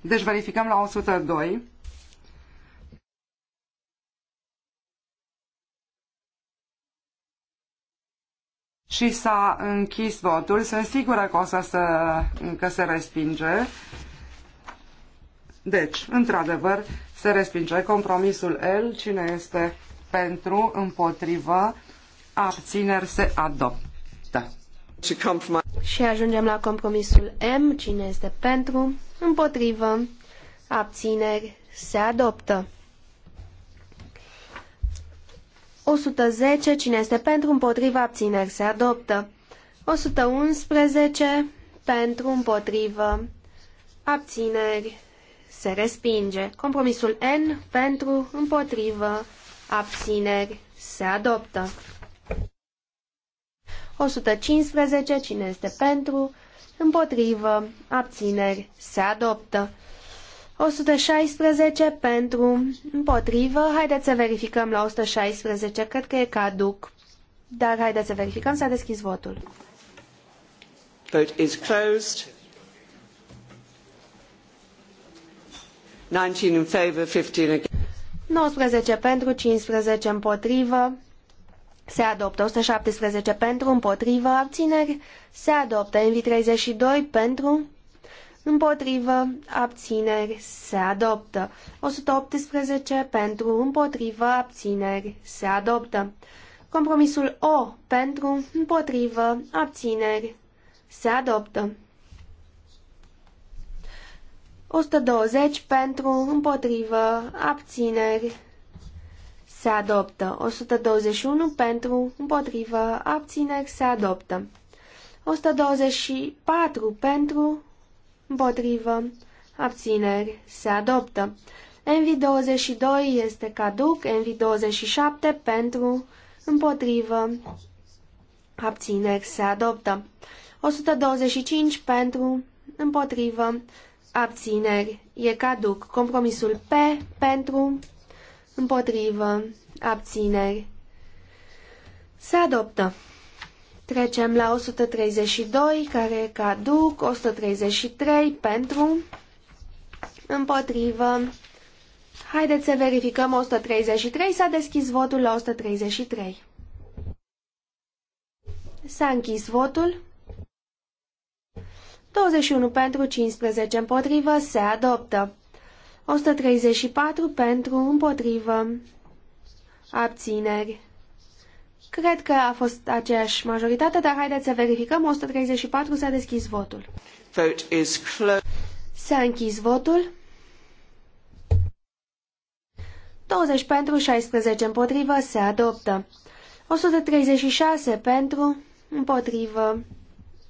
Deci verificăm la 102. și s-a închis votul. Sunt sigură că o să se, că se respinge. Deci, într-adevăr, se respinge compromisul L. Cine este pentru, împotrivă, abțineri se adoptă. Da. Și ajungem la compromisul M. Cine este pentru, împotrivă, abțineri se adoptă. 110. Cine este pentru, împotriva, abțineri, se adoptă. 111. Pentru, împotrivă, abțineri, se respinge. Compromisul N. Pentru, împotrivă, abțineri, se adoptă. 115. Cine este pentru, împotrivă, abțineri, se adoptă. 116 pentru, împotrivă. Haideți să verificăm la 116. Cred că e caduc. Dar haideți să verificăm. S-a deschis votul. Vote is closed. 19 in favor, 15 against. 19 pentru, 15 împotrivă. Se adoptă 117 pentru, împotrivă, abțineri. Se adoptă invi 32 pentru, împotrivă, abțineri, se adoptă. 118 pentru, împotrivă, abțineri, se adoptă. Compromisul O pentru, împotrivă, abțineri, se adoptă. 120 pentru, împotrivă, abțineri, se adoptă. 121 pentru, împotrivă, abțineri, se adoptă. 124 pentru, împotrivă, abțineri, se adoptă. Envi 22 este caduc, Envi 27 pentru, împotrivă, abțineri, se adoptă. 125 pentru, împotrivă, abțineri, e caduc. Compromisul P pentru, împotrivă, abțineri, se adoptă. Trecem la 132, care e caduc, 133 pentru, împotrivă. Haideți să verificăm 133, s-a deschis votul la 133. S-a închis votul. 21 pentru, 15 împotrivă, se adoptă. 134 pentru, împotrivă, abțineri. Cred că a fost aceeași majoritate, dar haideți să verificăm. 134 s-a deschis votul. Vote is S-a închis votul. 20 pentru, 16 împotrivă, se adoptă. 136 pentru, împotrivă,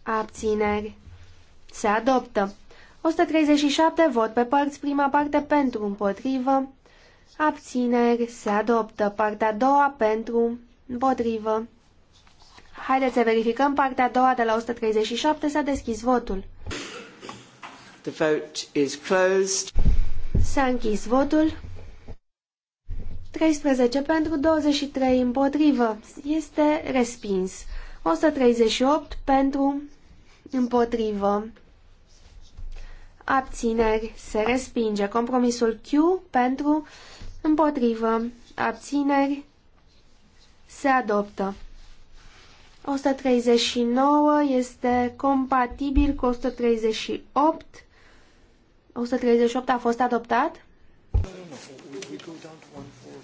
abțineri, se adoptă. 137 vot pe părți, prima parte pentru, împotrivă, abțineri, se adoptă. Partea a doua pentru, Împotrivă. Haideți să verificăm partea a doua de la 137. S-a deschis votul. The vote is closed. S-a închis votul. 13 pentru 23 împotrivă. Este respins. 138 pentru împotrivă. Abțineri. Se respinge. Compromisul Q pentru împotrivă. Abțineri se adoptă. 139 este compatibil cu 138. 138 a fost adoptat?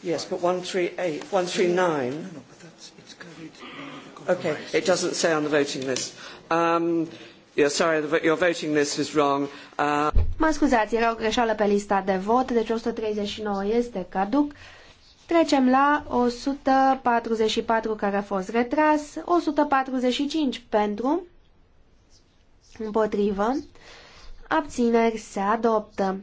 Yes, but 138, 139. Okay, it doesn't say on the voting list. Um, yeah, sorry, the, your voting list is wrong. Uh... Mă scuzați, era o greșeală pe lista de vot, deci 139 este caduc. Trecem la 144 care a fost retras, 145 pentru, împotrivă, abțineri se adoptă.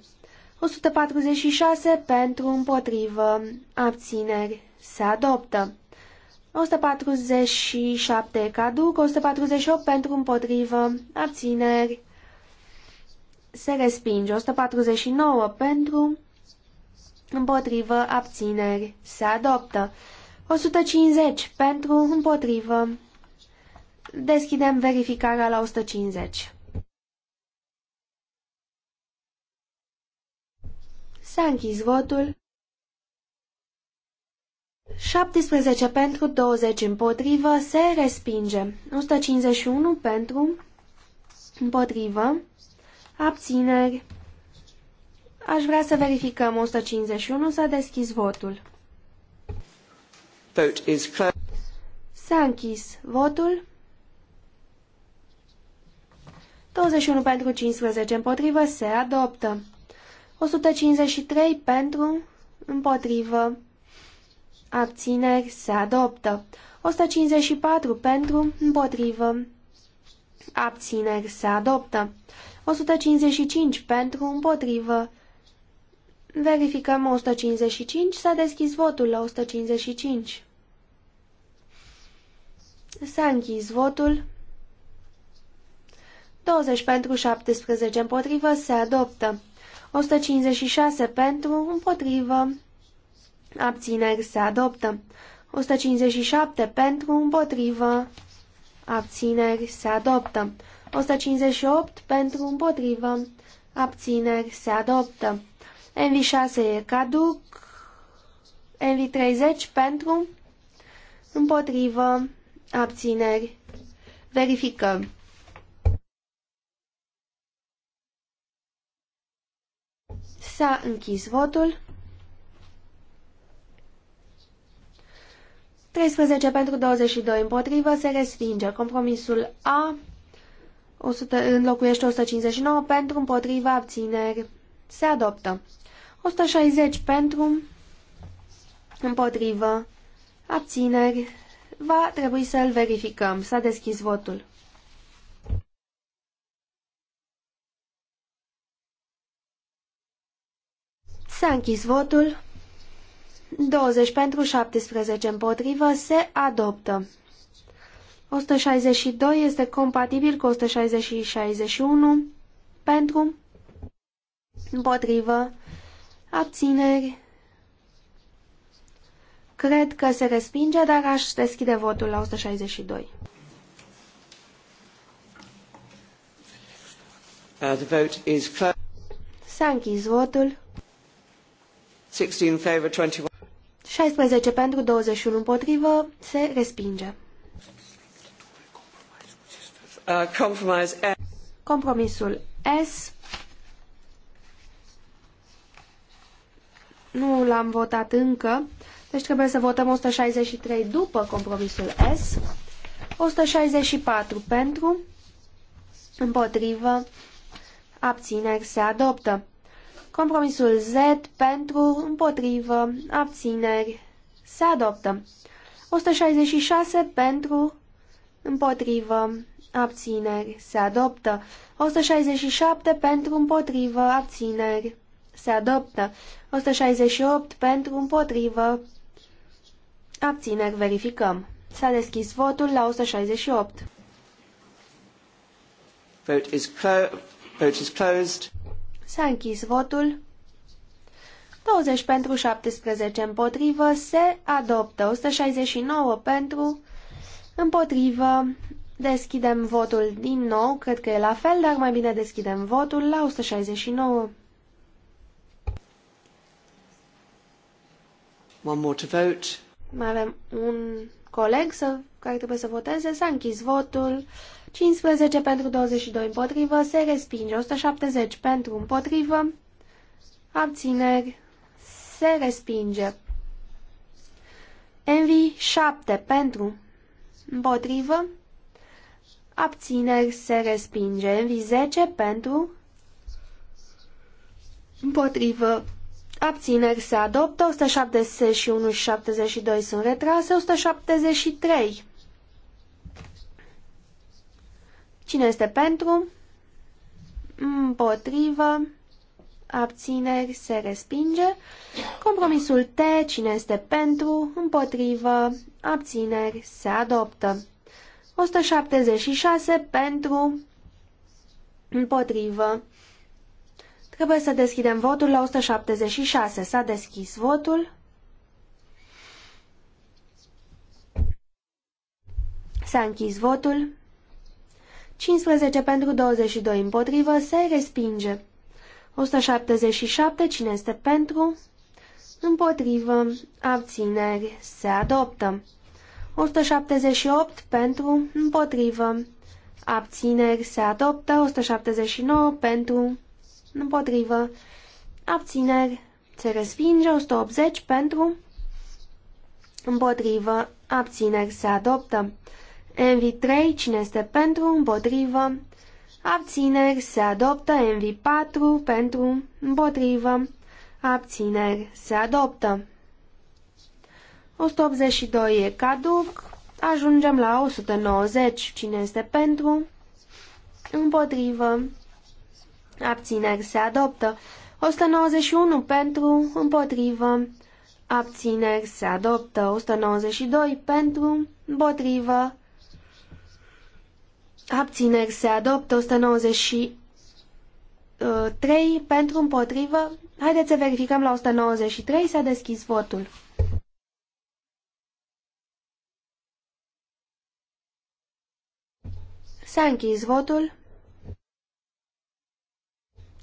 146 pentru, împotrivă, abțineri se adoptă. 147 caduc, 148 pentru, împotrivă, abțineri se respinge. 149 pentru, împotrivă, abțineri, se adoptă. 150 pentru, împotrivă. Deschidem verificarea la 150. S-a închis votul. 17 pentru, 20 împotrivă, se respinge. 151 pentru, împotrivă, abțineri, Aș vrea să verificăm 151. S-a deschis votul. Vote is S-a închis votul. 21 pentru 15 împotrivă se adoptă. 153 pentru împotrivă. Abțineri se adoptă. 154 pentru împotrivă. Abțineri se adoptă. 155 pentru împotrivă. Verificăm 155. S-a deschis votul la 155. S-a închis votul. 20 pentru 17 împotrivă se adoptă. 156 pentru împotrivă abțineri se adoptă. 157 pentru împotrivă abțineri se adoptă. 158 pentru împotrivă abțineri se adoptă. Envi 6 e caduc. Envi 30 pentru. Împotrivă. Abțineri. Verificăm. S-a închis votul. 13 pentru 22 împotrivă se respinge. Compromisul A 100, înlocuiește 159 pentru împotriva abțineri. Se adoptă. 160 pentru, împotrivă, abțineri, va trebui să-l verificăm. S-a deschis votul. S-a închis votul. 20 pentru 17 împotrivă se adoptă. 162 este compatibil cu 160 și 61 pentru împotrivă Abțineri. Cred că se respinge, dar aș deschide votul la 162. Uh, the vote is S-a închis votul. 16 favor, 21. 16 pentru 21 împotrivă se respinge. Uh, compromise. Compromisul S Nu l-am votat încă, deci trebuie să votăm 163 după compromisul S. 164 pentru, împotrivă, abțineri se adoptă. Compromisul Z pentru, împotrivă, abțineri se adoptă. 166 pentru, împotrivă, abțineri se adoptă. 167 pentru, împotrivă, abțineri se adoptă. 168 pentru, împotrivă, abțineri, verificăm. S-a deschis votul la 168. Vote is, vote is closed. S-a închis votul. 20 pentru 17 împotrivă se adoptă. 169 pentru împotrivă. Deschidem votul din nou. Cred că e la fel, dar mai bine deschidem votul la 169. One more to vote. Mai avem un coleg să, care trebuie să voteze. S-a închis votul. 15 pentru 22 împotrivă. Se respinge. 170 pentru împotrivă. Abțineri. Se respinge. Envi 7 pentru împotrivă. Abțineri se respinge. Envi 10 pentru împotrivă. Abțineri se adoptă, 171 și 72 sunt retrase, 173. Cine este pentru? Împotrivă. Abțineri se respinge. Compromisul T, cine este pentru? Împotrivă. Abțineri se adoptă. 176 pentru. Împotrivă. Trebuie să deschidem votul la 176. S-a deschis votul. S-a închis votul. 15 pentru 22 împotrivă se respinge. 177 cine este pentru? Împotrivă, abțineri, se adoptă. 178 pentru, împotrivă, abțineri, se adoptă. 179 pentru, împotrivă, abțineri, se respinge, 180 pentru, împotrivă, abțineri, se adoptă. NV3, cine este pentru, împotrivă, abțineri, se adoptă. NV4, pentru, împotrivă, abțineri, se adoptă. 182 e caduc, ajungem la 190, cine este pentru, împotrivă, Abțineri se adoptă. 191 pentru, împotrivă. Abțineri se adoptă. 192 pentru, împotrivă. Abțineri se adoptă. 193 pentru, împotrivă. Haideți să verificăm la 193. S-a deschis votul. S-a închis votul.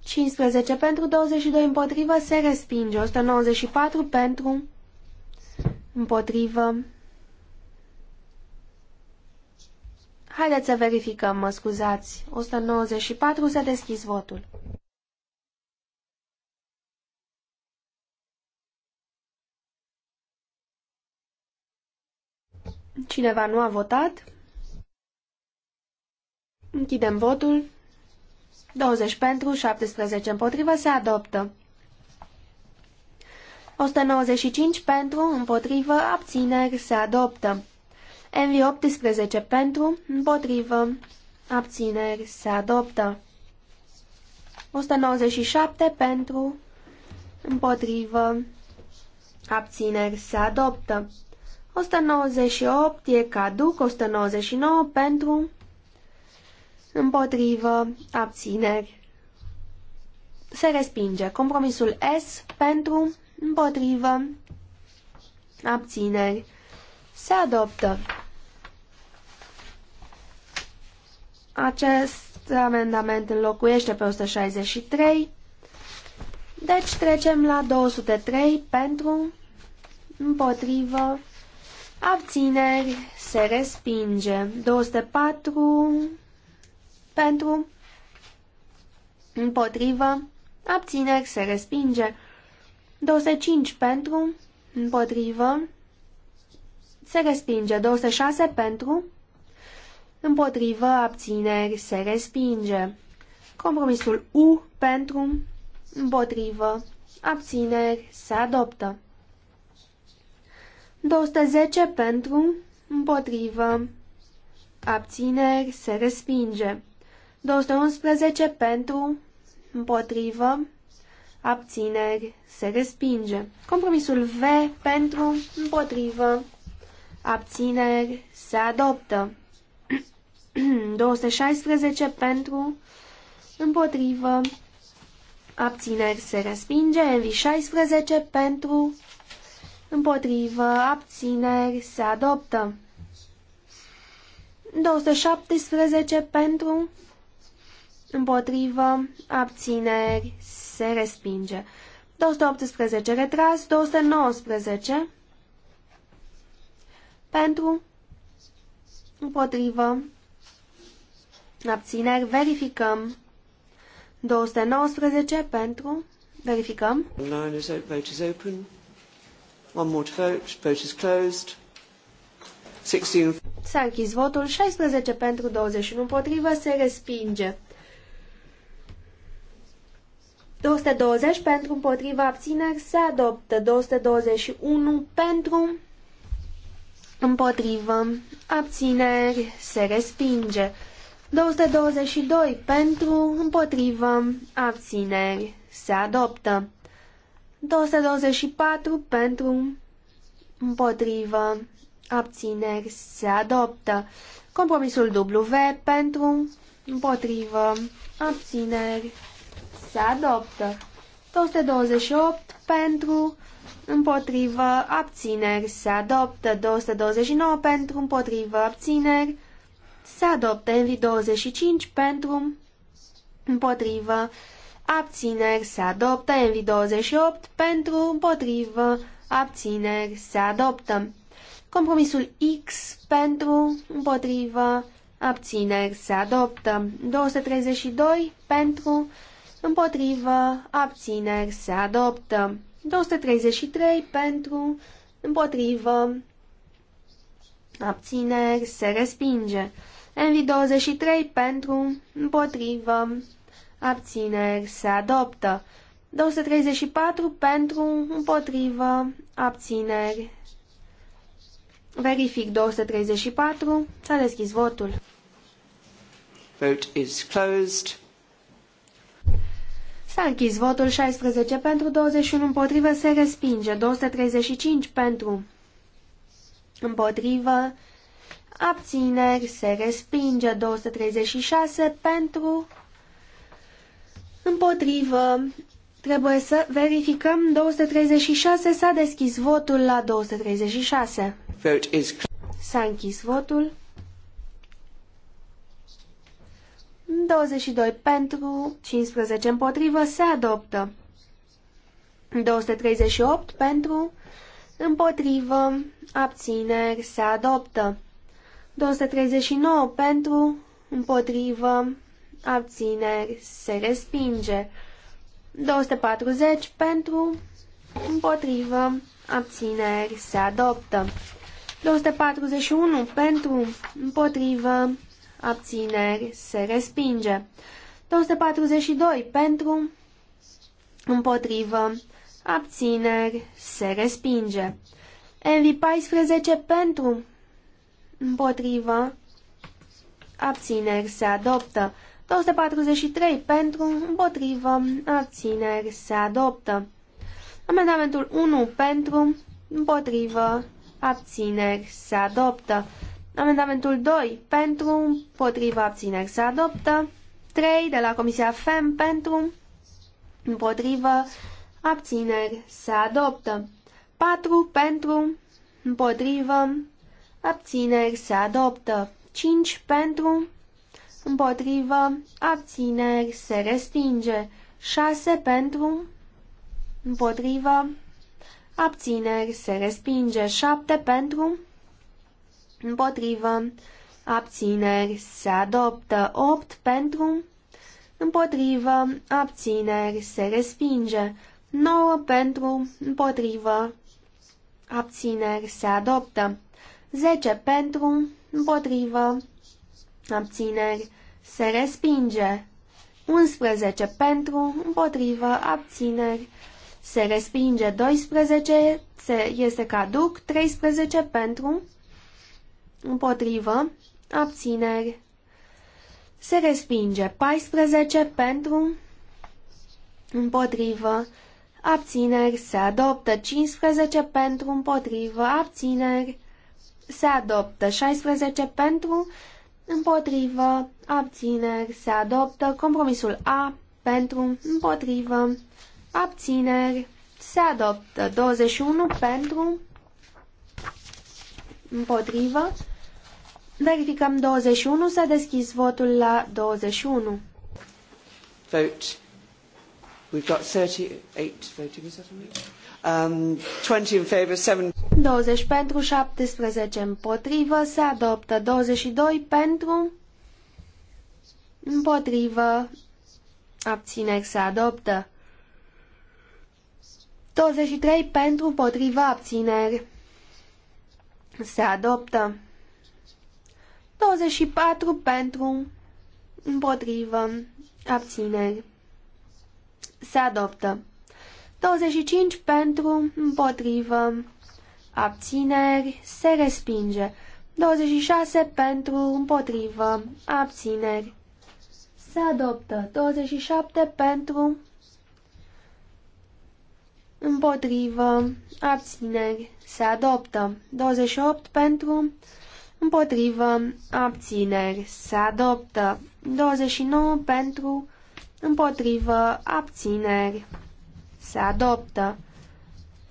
15 pentru 22 împotrivă se respinge. 194 pentru împotrivă. Haideți să verificăm, mă scuzați. 194 s-a deschis votul. Cineva nu a votat? Închidem votul. 20 pentru, 17 împotrivă, se adoptă. 195 pentru, împotrivă, abțineri, se adoptă. Envi 18 pentru, împotrivă, abțineri, se adoptă. 197 pentru, împotrivă, abțineri, se adoptă. 198 e caduc, 199 pentru, împotrivă, abțineri, se respinge. Compromisul S pentru, împotrivă, abțineri, se adoptă. Acest amendament înlocuiește pe 163, deci trecem la 203 pentru, împotrivă, abțineri, se respinge. 204 pentru, împotrivă, abțineri, se respinge. 25 pentru, împotrivă, se respinge. 26 pentru, împotrivă, abțineri, se respinge. Compromisul U pentru, împotrivă, abțineri, se adoptă. 210 pentru, împotrivă, abțineri, se respinge. 211 pentru, împotrivă, abțineri, se respinge. Compromisul V pentru, împotrivă, abțineri, se adoptă. 216 pentru, împotrivă, abțineri, se respinge. Envi 16 pentru, împotrivă, abțineri, se adoptă. 217 pentru, împotrivă, abțineri, se respinge. 218 retras, 219 pentru, împotrivă, abțineri, verificăm. 219 pentru, verificăm. Line is vote is open. One more to vote. Vote is closed. 16. S-a închis votul, 16 pentru, 21 împotrivă, se respinge. 220 pentru împotriva abțineri se adoptă. 221 pentru împotrivă abțineri se respinge. 222 pentru împotrivă abțineri se adoptă. 224 pentru împotrivă abțineri se adoptă. Compromisul W pentru împotrivă abțineri se adoptă. 228 pentru, împotrivă, abțineri, se adoptă. 229 pentru, împotrivă, abțineri, se adoptă. Envi 25 pentru, împotrivă, abțineri, se adoptă. Envi 28 pentru, împotrivă, abțineri, se adoptă. Compromisul X pentru, împotrivă, abțineri, se adoptă. 232 pentru, împotrivă, împotrivă, abțineri, se adoptă. 233 pentru, împotrivă, abțineri, se respinge. Envi 23 pentru, împotrivă, abțineri, se adoptă. 234 pentru, împotrivă, abțineri. Verific 234, s-a deschis votul. Vote is closed. S-a închis votul 16 pentru, 21 împotrivă, se respinge. 235 pentru, împotrivă, abțineri, se respinge. 236 pentru, împotrivă, trebuie să verificăm. 236 s-a deschis votul la 236. S-a închis votul. 22 pentru, 15 împotrivă, se adoptă. 238 pentru, împotrivă, abțineri, se adoptă. 239 pentru, împotrivă, abțineri, se respinge. 240 pentru, împotrivă, abțineri, se adoptă. 241 pentru, împotrivă, abțineri, se respinge. 242 pentru, împotrivă, abțineri, se respinge. Envi 14 pentru, împotrivă, abțineri, se adoptă. 243 pentru, împotrivă, abțineri, se adoptă. Amendamentul 1 pentru, împotrivă, abțineri, se adoptă. Amendamentul 2 pentru, împotriva abțineri se adoptă. 3 de la Comisia FEM pentru, împotriva abțineri se adoptă. 4 pentru, împotrivă, abțineri se adoptă. 5 pentru, împotrivă, abțineri se restinge. 6 pentru, împotrivă, abțineri se respinge. 7 pentru, împotrivă, abțineri, se adoptă. 8 pentru, împotrivă, abțineri, se respinge. 9 pentru, împotrivă, abțineri, se adoptă. 10 pentru, împotrivă, abțineri, se respinge. 11 pentru, împotrivă, abțineri, se respinge 12, se, este caduc, 13 pentru, Împotrivă. Abțineri. Se respinge. 14 pentru. Împotrivă. Abțineri. Se adoptă. 15 pentru. Împotrivă. Abțineri. Se adoptă. 16 pentru. Împotrivă. Abțineri. Se adoptă. Compromisul A. Pentru. Împotrivă. Abțineri. Se adoptă. 21 pentru. Împotrivă. Verificăm 21, s-a deschis votul la 21. Vote. We've got 38 voting, is that Um, 20 in favor, 7... 20 pentru, 17 împotrivă, se adoptă 22 pentru, împotrivă, abțineri se adoptă. 23 pentru, împotrivă, abțineri se adoptă. 24 pentru, împotrivă, abțineri. Se adoptă. 25 pentru, împotrivă, abțineri, se respinge. 26 pentru, împotrivă, abțineri. Se adoptă. 27 pentru, împotrivă, abțineri. Se adoptă. 28 pentru, împotrivă, împotrivă, abțineri, se adoptă. 29 pentru, împotrivă, abțineri, se adoptă.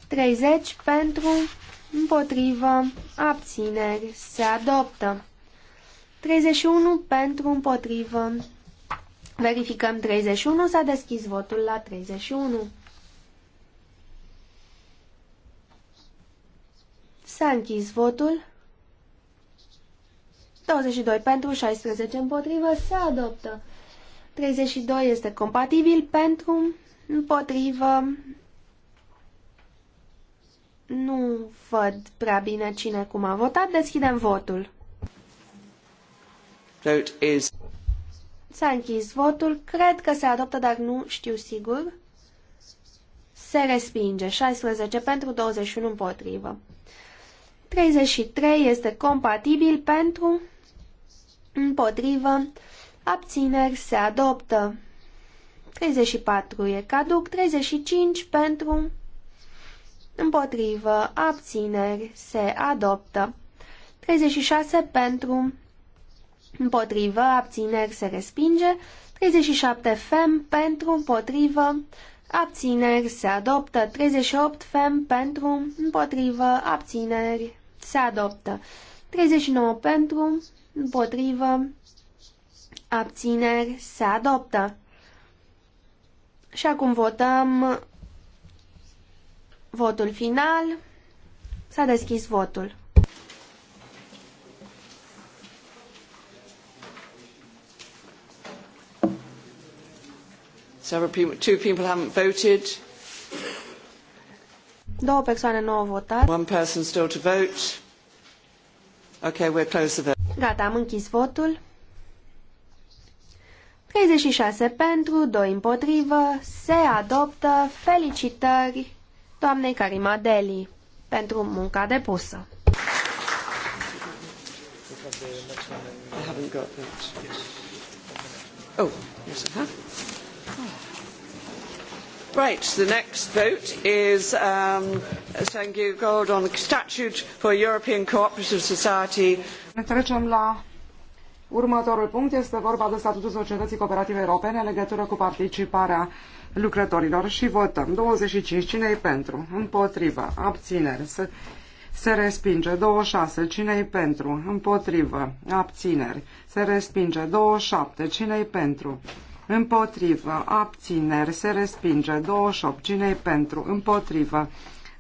30 pentru, împotrivă, abțineri, se adoptă. 31 pentru, împotrivă, verificăm 31, s-a deschis votul la 31. S-a închis votul. 22 pentru, 16 împotrivă, se adoptă. 32 este compatibil pentru, împotrivă, nu văd prea bine cine cum a votat, deschidem votul. Vote is... S-a închis votul, cred că se adoptă, dar nu știu sigur. Se respinge, 16 pentru, 21 împotrivă. 33 este compatibil pentru împotrivă, abțineri se adoptă. 34 e caduc, 35 pentru, împotrivă, abțineri se adoptă. 36 pentru, împotrivă, abțineri se respinge. 37 fem pentru, împotrivă, abțineri se adoptă. 38 fem pentru, împotrivă, abțineri se adoptă. 39 pentru, împotrivă, abțineri, se adoptă. Și acum votăm votul final. S-a deschis votul. Several people, two people haven't voted. Două persoane nu au votat. One person still to vote. Okay, we're close the vote. Gata, am închis votul. 36 pentru, 2 împotrivă, se adoptă. Felicitări doamnei Karima Deli pentru munca depusă. I haven't got that. Yes. Oh, yes, I have. Right, the next vote is um, Gold on the statute for European Cooperative Society. Ne trecem la următorul punct. Este vorba de statutul societății cooperative europene în legătură cu participarea lucrătorilor și votăm. 25. cine e pentru? Împotrivă. Abțineri. Se, se respinge. 26. cine e pentru? Împotrivă. Abțineri. Se respinge. 27. cine e pentru? împotrivă, abțineri, se respinge, 28, cine pentru, împotrivă,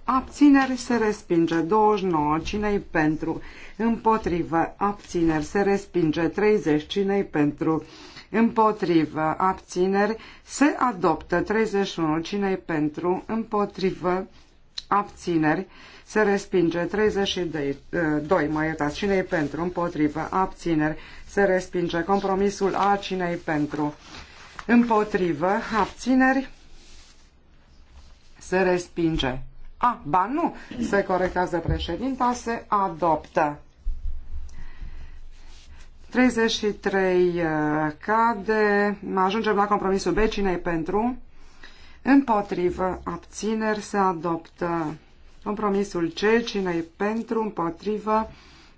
abțineri, se respinge, 29, cine pentru, împotrivă, abțineri, se respinge, 30, cine pentru, împotrivă, abțineri, se adoptă, 31, cine pentru, împotrivă, abțineri, se respinge 32, 2, mă iertați, cine pentru, împotrivă, abțineri, se respinge compromisul A, cine pentru, împotrivă, abțineri, se respinge. A, ba nu, se corectează președinta, se adoptă. 33 uh, cade, ajungem la compromisul B, cine pentru? Împotrivă, abțineri, se adoptă. Compromisul C, cine pentru? Împotrivă,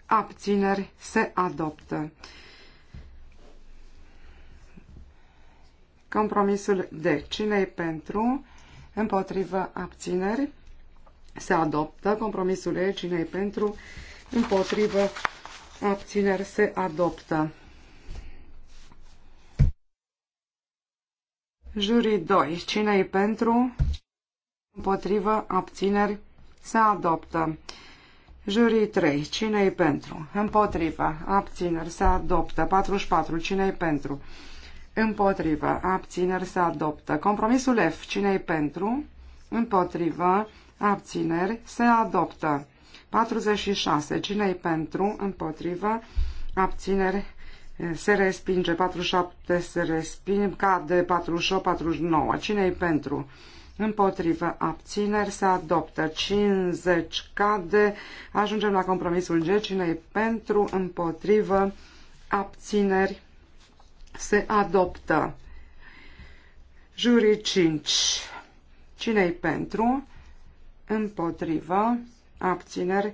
abțineri, se adoptă. Compromisul de cine e pentru? Împotrivă abțineri. Se adoptă. Compromisul E. cine e pentru? Împotrivă abțineri. Se adoptă. Jurii 2. cine e pentru? Împotrivă abțineri. Se adoptă. Jurii 3. cine e pentru? Împotrivă. Abțineri. Se adoptă. 44. cine e pentru? Împotrivă. Abțineri se adoptă. Compromisul F. Cine-i pentru? Împotrivă. Abțineri se adoptă. 46. Cine-i pentru? Împotrivă. Abțineri eh, se respinge. 47 se respinge. Cade 48, 49. Cine-i pentru? Împotrivă. Abțineri se adoptă. 50 cade. Ajungem la compromisul G. Cine-i pentru? Împotrivă. Abțineri se adoptă. Jurii 5. Cine-i pentru? Împotrivă. Abțineri.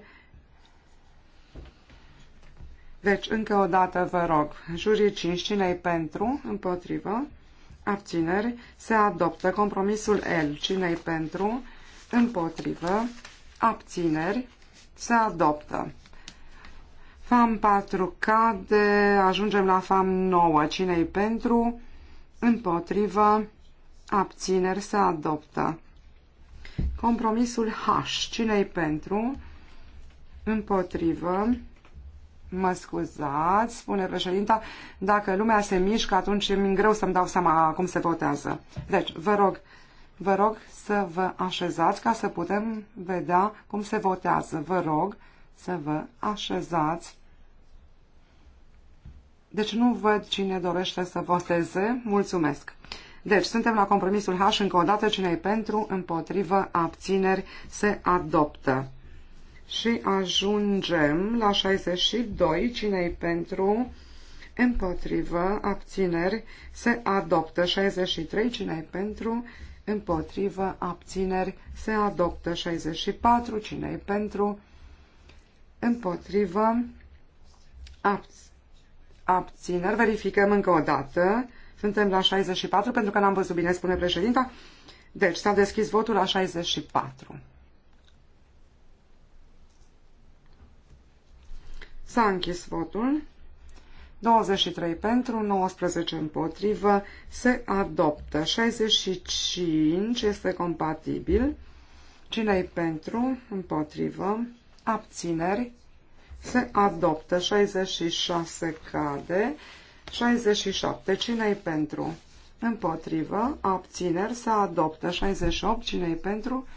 Deci, încă o dată vă rog, jurii 5, cine pentru, împotrivă, abțineri, se adoptă compromisul L, cine pentru, împotrivă, abțineri, se adoptă. FAM 4 cade, ajungem la FAM 9. Cine-i pentru? Împotrivă. Abțineri se adoptă. Compromisul H. Cine-i pentru? Împotrivă. Mă scuzați, spune președinta, dacă lumea se mișcă, atunci e greu să-mi dau seama cum se votează. Deci, vă rog, vă rog să vă așezați ca să putem vedea cum se votează. Vă rog să vă așezați deci nu văd cine dorește să voteze. Mulțumesc. Deci, suntem la compromisul H încă o dată. Cine e pentru, împotrivă, abțineri, se adoptă. Și ajungem la 62. Cine e pentru, împotrivă, abțineri, se adoptă. 63. Cine e pentru, împotrivă, abțineri, se adoptă. 64. Cine e pentru, împotrivă, abțineri abțineri, verificăm încă o dată. Suntem la 64, pentru că n-am văzut bine, spune președinta. Deci, s-a deschis votul la 64. S-a închis votul. 23 pentru, 19 împotrivă, se adoptă. 65 este compatibil. Cine-i pentru, împotrivă, abțineri, se adoptă. 66 cade. 67. Cine-i pentru? Împotrivă. Abțineri se adoptă. 68. Cine-i pentru?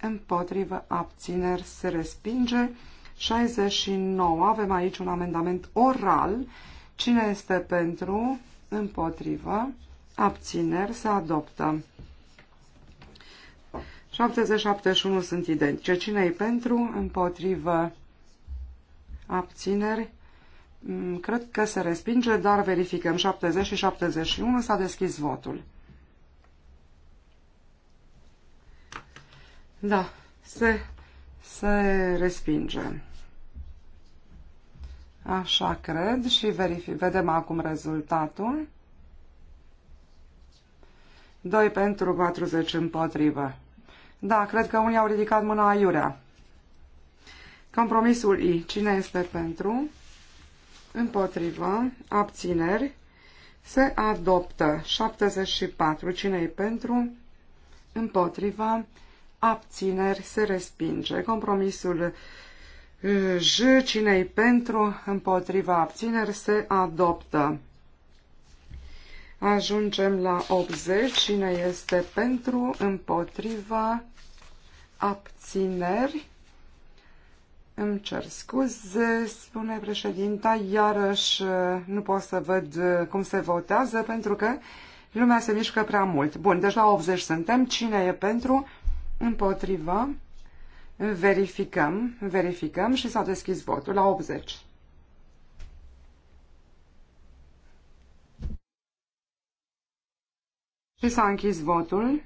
Împotrivă. Abțineri se respinge. 69. Avem aici un amendament oral. Cine este pentru? Împotrivă. Abțineri se adoptă. 77 și 1 sunt identice. cine e pentru? Împotrivă abțineri, mm, cred că se respinge, dar verificăm 70 și 71, s-a deschis votul. Da, se, se respinge. Așa cred și verific. vedem acum rezultatul. 2 pentru 40 împotrivă. Da, cred că unii au ridicat mâna aiurea. Compromisul I. Cine este pentru? Împotrivă. Abțineri. Se adoptă. 74. Cine e pentru? Împotrivă. Abțineri. Se respinge. Compromisul J. Cine e pentru? Împotrivă. Abțineri. Se adoptă. Ajungem la 80. Cine este pentru? Împotrivă. Abțineri îmi cer scuze, spune președinta, iarăși uh, nu pot să văd uh, cum se votează pentru că lumea se mișcă prea mult. Bun, deci la 80 suntem. Cine e pentru? Împotriva. Verificăm, verificăm și s-a deschis votul la 80. Și s-a închis votul.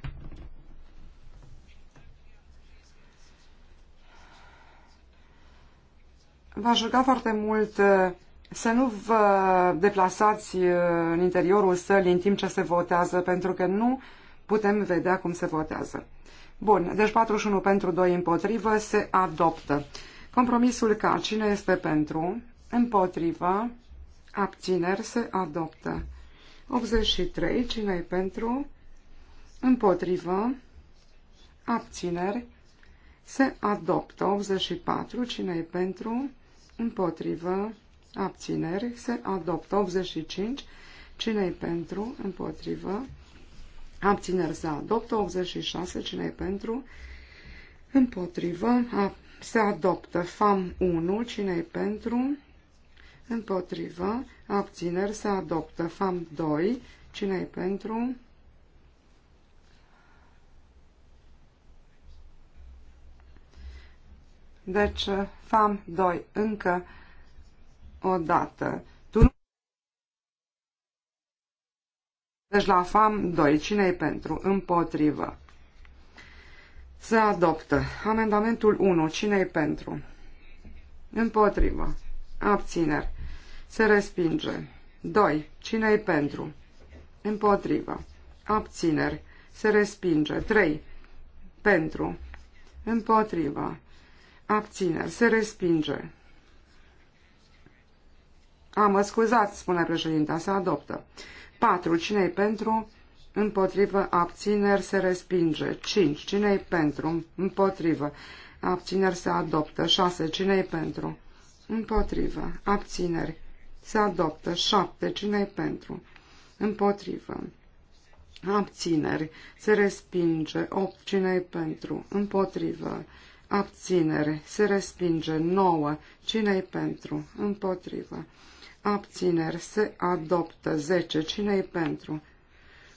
V-aș ruga foarte mult uh, să nu vă deplasați uh, în interiorul sălii în timp ce se votează, pentru că nu putem vedea cum se votează. Bun, deci 41 pentru 2 împotrivă se adoptă. Compromisul ca Cine este pentru? Împotrivă. Abțineri se adoptă. 83. Cine e pentru? Împotrivă. Abțineri se adoptă. 84. Cine e pentru? împotrivă, abțineri, se adoptă 85, cine pentru, împotrivă, abțineri, se adoptă 86, cine pentru, împotrivă, a, se adoptă FAM 1, cine pentru, împotrivă, abțineri, se adoptă FAM 2, cine pentru, Deci, uh, FAM 2, încă o dată. Tu... Deci la FAM 2, cine e pentru? Împotrivă. Se adoptă. Amendamentul 1, cine e pentru? Împotrivă. Abțineri. Se respinge. 2. cine e pentru? Împotrivă. Abțineri. Se respinge. 3. Pentru. Împotrivă abține, Se respinge. A, mă scuzați, spune președinta, se adoptă. 4. cine e pentru? Împotrivă. Abțineri. Se respinge. 5. cine e pentru? Împotrivă. Abțineri. Se adoptă. 6. cine e pentru? Împotrivă. Abțineri. Se adoptă. 7. cine e pentru? Împotrivă. Abțineri. Se respinge. 8. cine e pentru? Împotrivă abținere, se respinge, nouă, cine-i pentru, împotrivă, abținere, se adoptă, zece cine-i pentru,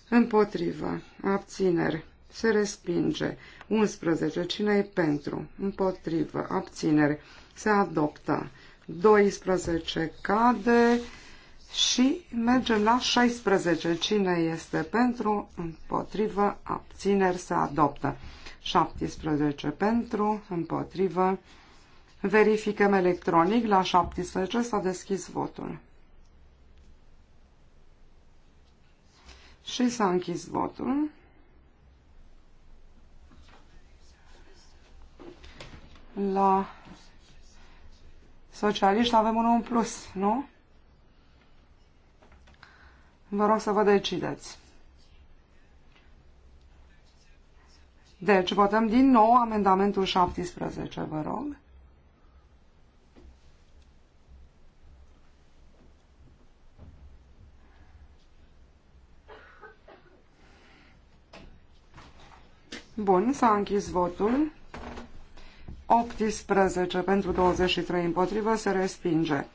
împotrivă, abținere, se respinge, 11, cine-i pentru, împotrivă, abținere, se adoptă, 12, cade, și mergem la 16. Cine este pentru, împotrivă, abțineri, se adoptă. 17 pentru, împotrivă. Verificăm electronic. La 17 s-a deschis votul. Și s-a închis votul. La socialiști avem unul în plus, nu? Vă rog să vă decideți. Deci, votăm din nou amendamentul 17, vă rog. Bun, s-a închis votul. 18 pentru 23 împotrivă se respinge.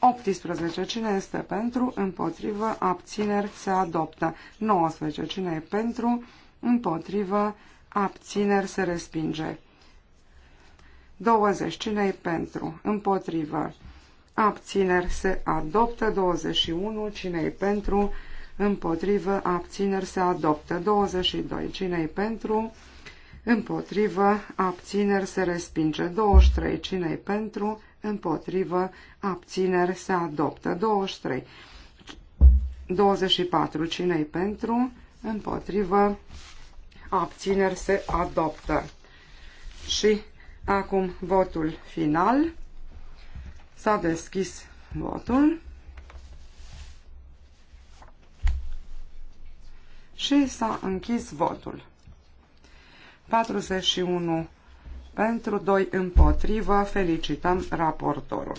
18. Cine este pentru? Împotrivă. Abțineri se adoptă. 19. Cine e pentru? Împotrivă abțineri se respinge. 20. Cine e pentru? Împotrivă. Abțineri se adoptă. 21. Cine e pentru? Împotrivă. Abțineri se adoptă. 22. Cine e pentru? Împotrivă. Abțineri se respinge. 23. Cine e pentru? Împotrivă. Abțineri se adoptă. 23. 24. Cine e pentru? Împotrivă abțineri se adoptă. Și acum votul final. S-a deschis votul. Și s-a închis votul. 41 pentru, 2 împotrivă. Felicităm raportorul.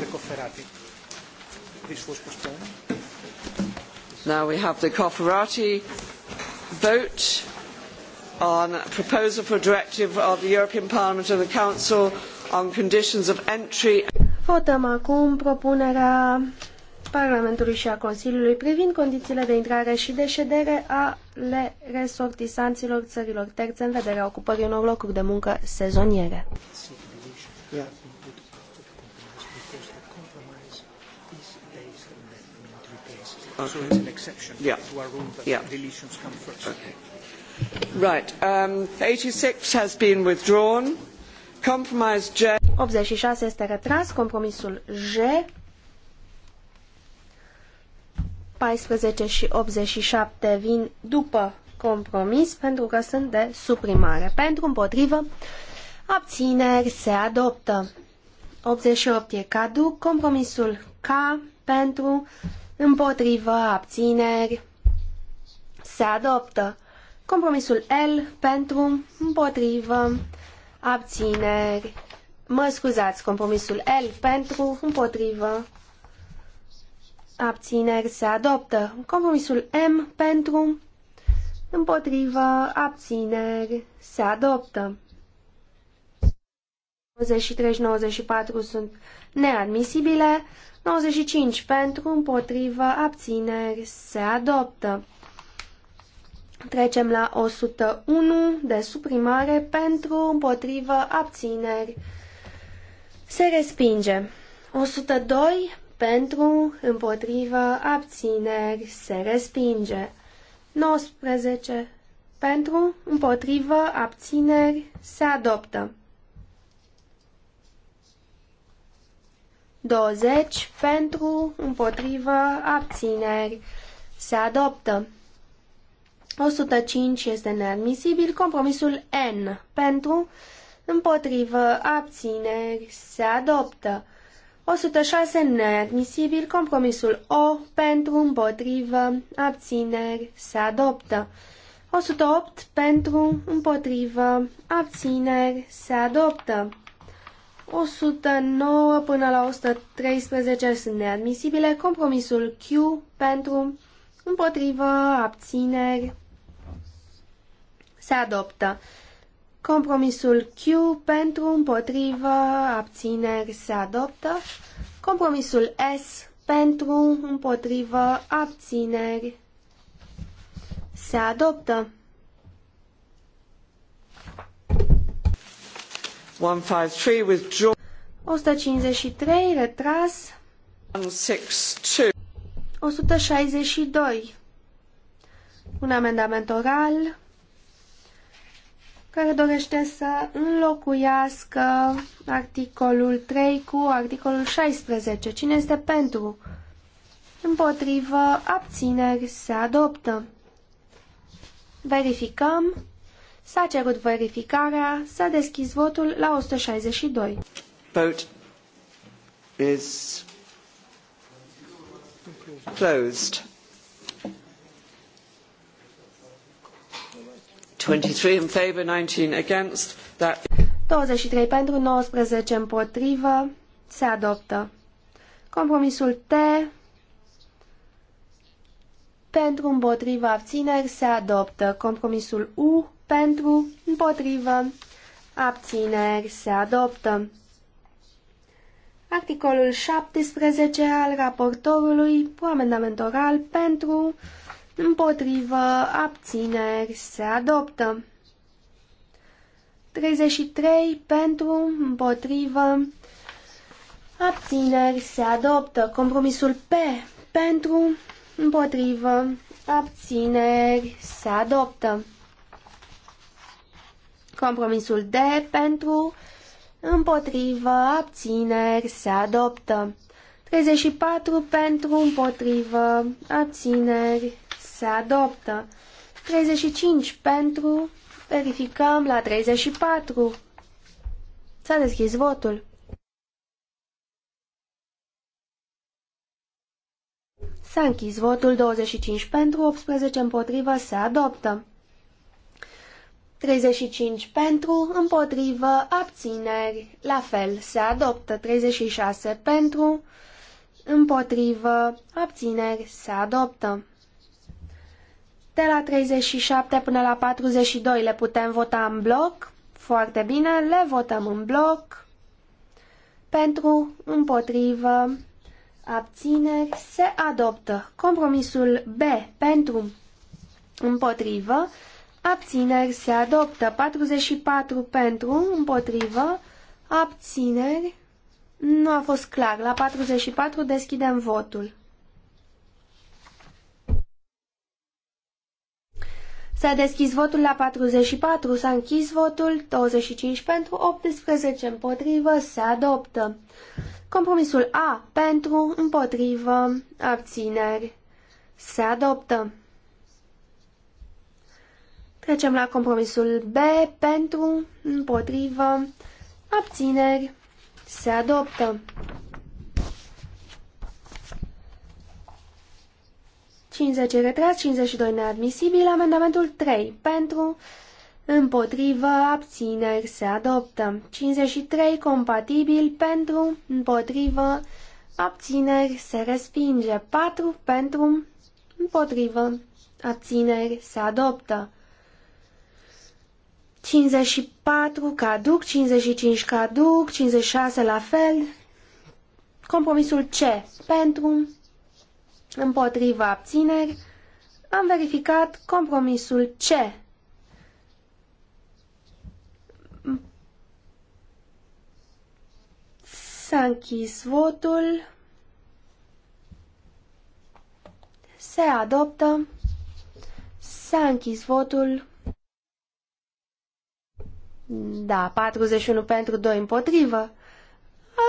Recoferati. This was postponed. Now we have the Cofferati vote on a proposal for a directive of the European Parliament and the Council on conditions of entry. Votăm acum propunerea Parlamentului și a Consiliului privind condițiile de intrare și de ședere ale resortisanților țărilor terțe în vederea ocupării unor locuri de muncă sezoniere. Yeah. So it's an exception yeah. to our rule that yeah. deletions come first. Okay. Right. Um, 86 has been withdrawn. Compromise J. 86 este retras. Compromisul J. 14 și 87 vin după compromis pentru că sunt de suprimare. Pentru împotrivă, abțineri se adoptă. 88 e caduc, compromisul K pentru Împotrivă, abțineri, se adoptă. Compromisul L pentru, împotrivă, abțineri. Mă scuzați, compromisul L pentru, împotrivă, abțineri se adoptă. Compromisul M pentru, împotrivă, abțineri se adoptă. 93 94 sunt neadmisibile, 95 pentru, împotrivă, abțineri, se adoptă. Trecem la 101 de suprimare pentru, împotrivă, abțineri, se respinge. 102 pentru, împotrivă, abțineri, se respinge. 19 pentru, împotrivă, abțineri, se adoptă. 20 pentru, împotrivă, abțineri. Se adoptă. 105 este neadmisibil. Compromisul N pentru, împotrivă, abțineri. Se adoptă. 106 neadmisibil. Compromisul O pentru, împotrivă, abțineri. Se adoptă. 108 pentru, împotrivă, abțineri. Se adoptă. 109 până la 113 sunt neadmisibile. Compromisul Q pentru, împotrivă, abțineri, se adoptă. Compromisul Q pentru, împotrivă, abțineri, se adoptă. Compromisul S pentru, împotrivă, abțineri, se adoptă. 153 withdrawn. 153 retras. 162. 162. Un amendament oral care dorește să înlocuiască articolul 3 cu articolul 16. Cine este pentru? Împotrivă, abțineri, se adoptă. Verificăm. S-a cerut verificarea, s-a deschis votul la 162. Vote is closed. 23 in favor, 19 against. That... 23 pentru, 19 împotrivă. Se adoptă. Compromisul T pentru împotriva abțineri se adoptă. Compromisul U pentru, împotrivă, abțineri se adoptă. Articolul 17 al raportorului cu amendament oral pentru, împotrivă, abțineri se adoptă. 33 pentru, împotrivă, abțineri se adoptă. Compromisul P pentru, împotrivă, abțineri se adoptă. Compromisul D pentru, împotrivă, abțineri, se adoptă. 34 pentru, împotrivă, abțineri, se adoptă. 35 pentru, verificăm la 34. S-a deschis votul. S-a închis votul 25 pentru, 18 împotrivă, se adoptă. 35 pentru, împotrivă, abțineri, la fel se adoptă. 36 pentru, împotrivă, abțineri, se adoptă. De la 37 până la 42 le putem vota în bloc. Foarte bine, le votăm în bloc. Pentru, împotrivă, abțineri, se adoptă. Compromisul B pentru, împotrivă, Abțineri se adoptă. 44 pentru, împotrivă. Abțineri. Nu a fost clar. La 44 deschidem votul. S-a deschis votul la 44, s-a închis votul, 25 pentru, 18 împotrivă, se adoptă. Compromisul A pentru, împotrivă, abțineri, se adoptă. Trecem la compromisul B pentru, împotrivă, abțineri, se adoptă. cincizeci retras, 52 neadmisibil, amendamentul 3 pentru, împotrivă, abțineri, se adoptă. 53 compatibil pentru, împotrivă, abțineri, se respinge. 4 pentru, împotrivă, abțineri, se adoptă. 54 caduc, 55 caduc, 56 la fel. Compromisul C pentru, împotriva abțineri. Am verificat compromisul C. S-a închis votul. Se adoptă. S-a închis votul. Da, 41 pentru 2 împotrivă.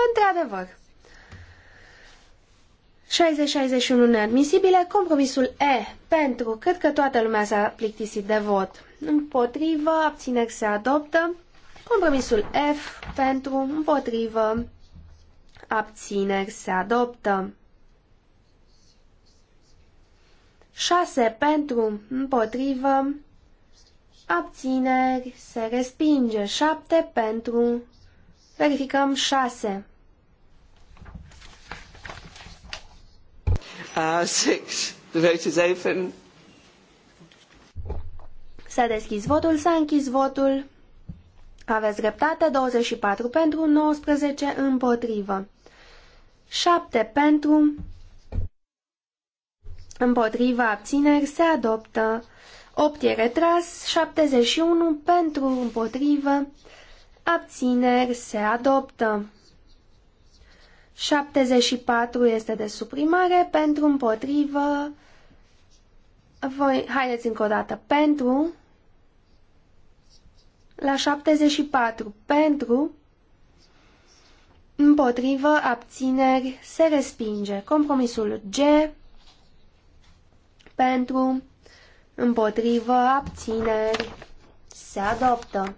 Într-adevăr. 60-61 neadmisibile, compromisul E pentru, cred că toată lumea s-a plictisit de vot. Împotrivă, abțineri se adoptă. Compromisul F pentru, împotrivă, abțineri se adoptă. 6 pentru, împotrivă, Abțineri se respinge. 7 pentru. Verificăm 6. Uh, six. The vote is open. S-a deschis votul, s-a închis votul. Aveți dreptate, 24 pentru, 19 împotrivă. 7 pentru, împotriva abțineri, se adoptă 8 e retras, 71 pentru, împotrivă, abțineri se adoptă. 74 este de suprimare, pentru, împotrivă, voi, haideți încă o dată, pentru, la 74, pentru, împotrivă, abțineri, se respinge. Compromisul G, pentru, împotrivă, abțineri, se adoptă.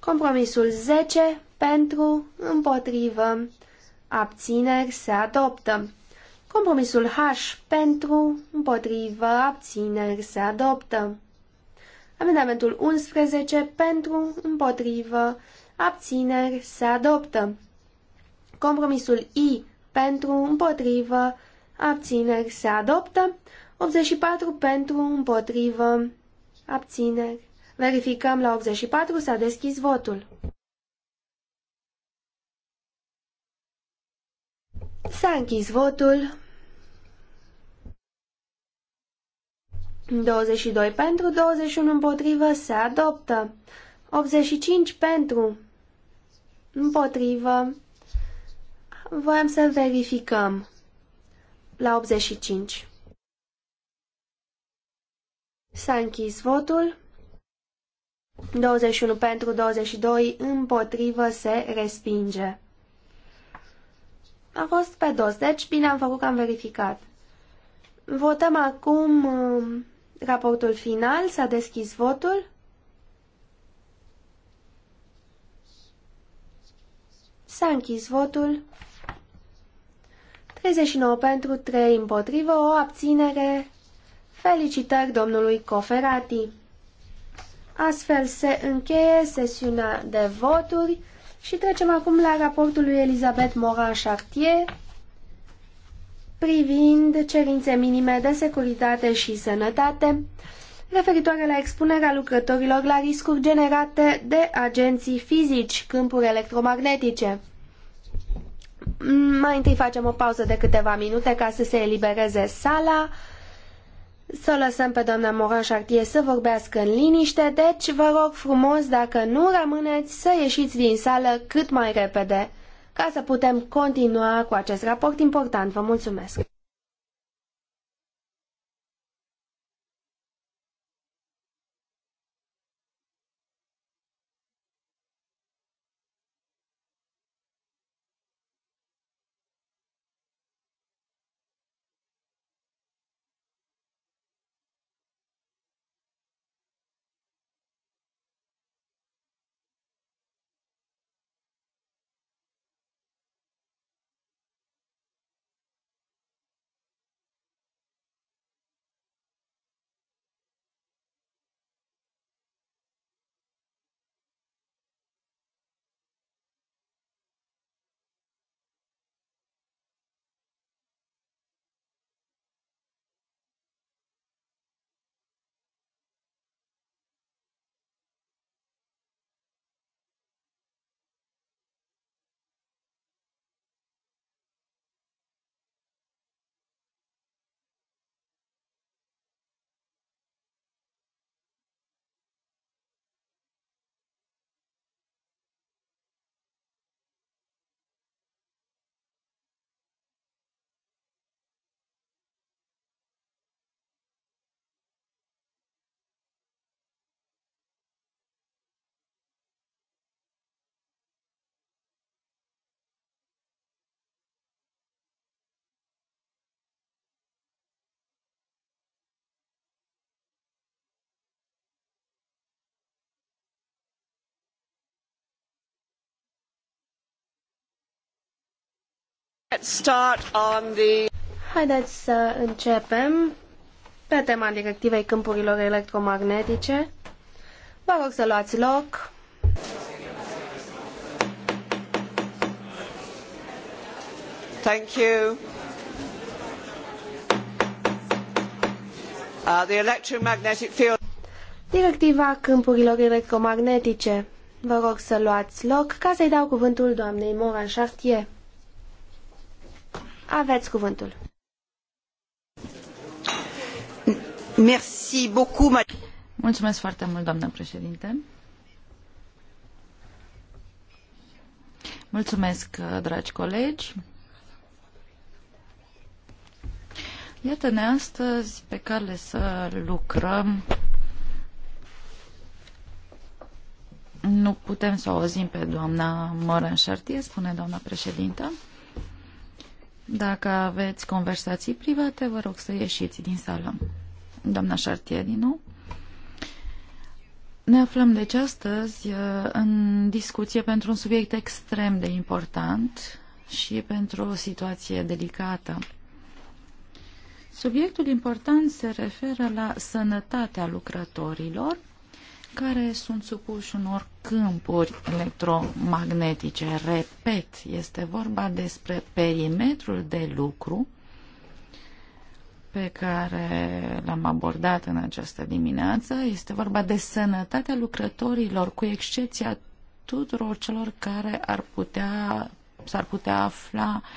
Compromisul 10 pentru, împotrivă, abțineri, se adoptă. Compromisul H pentru, împotrivă, abțineri, se adoptă. Amendamentul 11 pentru, împotrivă, abțineri, se adoptă. Compromisul I pentru, împotrivă, abțineri se adoptă, 84 pentru, împotrivă, abțineri. Verificăm la 84, s-a deschis votul. S-a închis votul. 22 pentru, 21 împotrivă, se adoptă. 85 pentru, împotrivă. Voiam să verificăm la 85. S-a închis votul. 21 pentru, 22 împotrivă se respinge. A fost pe dos, deci bine am făcut că am verificat. Votăm acum um, raportul final, s-a deschis votul. S-a închis votul. 39 pentru, 3 împotrivă, o abținere. Felicitări domnului Coferati. Astfel se încheie sesiunea de voturi și trecem acum la raportul lui Elisabeth Morin-Chartier privind cerințe minime de securitate și sănătate referitoare la expunerea lucrătorilor la riscuri generate de agenții fizici, câmpuri electromagnetice. Mai întâi facem o pauză de câteva minute ca să se elibereze sala. Să lăsăm pe doamna Moran Chartier să vorbească în liniște, deci vă rog frumos, dacă nu rămâneți, să ieșiți din sală cât mai repede, ca să putem continua cu acest raport important. Vă mulțumesc! The... Haideți să începem pe tema directivei câmpurilor electromagnetice. Vă rog să luați loc. Thank you. Uh, the electromagnetic field. Directiva câmpurilor electromagnetice. Vă rog să luați loc ca să-i dau cuvântul doamnei Moran Chartier. Aveți cuvântul. Merci beaucoup. Mulțumesc foarte mult, doamnă președinte. Mulțumesc, dragi colegi. Iată-ne astăzi pe cale să lucrăm. Nu putem să o auzim pe doamna Moran Șartie, spune doamna președintă. Dacă aveți conversații private, vă rog să ieșiți din sală. Doamna Șartie, din nou. Ne aflăm deci astăzi uh, în discuție pentru un subiect extrem de important și pentru o situație delicată. Subiectul important se referă la sănătatea lucrătorilor care sunt supuși unor câmpuri electromagnetice. Repet, este vorba despre perimetrul de lucru pe care l-am abordat în această dimineață. Este vorba de sănătatea lucrătorilor, cu excepția tuturor celor care ar putea, s-ar putea afla uh,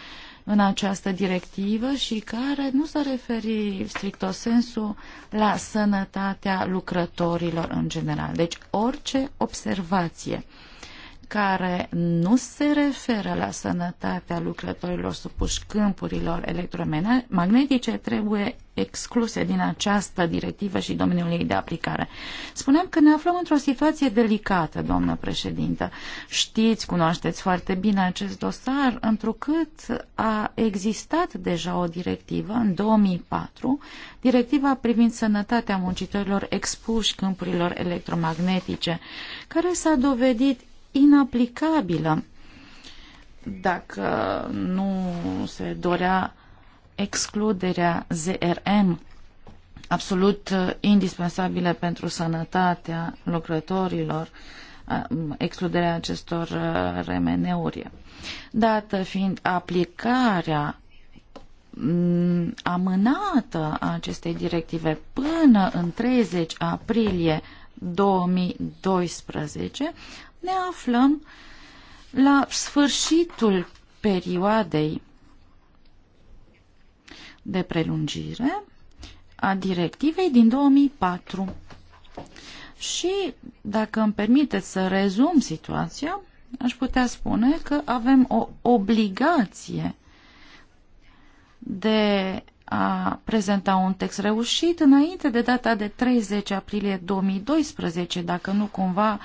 în această directivă și care nu se referi stricto sensu la sănătatea lucrătorilor în general. Deci orice observație uh, care nu se referă la sănătatea lucrătorilor supuși câmpurilor electromagnetice trebuie excluse din această directivă și domeniul ei de aplicare. Spuneam că ne aflăm într-o situație delicată, doamnă președintă. Știți, cunoașteți foarte bine acest dosar, întrucât a existat deja o directivă în 2004, directiva privind sănătatea muncitorilor expuși câmpurilor electromagnetice, care s-a dovedit inaplicabilă dacă nu se dorea excluderea ZRM absolut uh, indispensabile pentru sănătatea lucrătorilor, uh, excluderea acestor uh, remeneuri. Dată fiind aplicarea mm, amânată a acestei directive până în 30 aprilie 2012, ne aflăm la sfârșitul perioadei de prelungire a directivei din 2004. Și, dacă îmi permiteți să rezum situația, aș putea spune că avem o obligație de a prezenta un text reușit înainte de data de 30 aprilie 2012, dacă nu cumva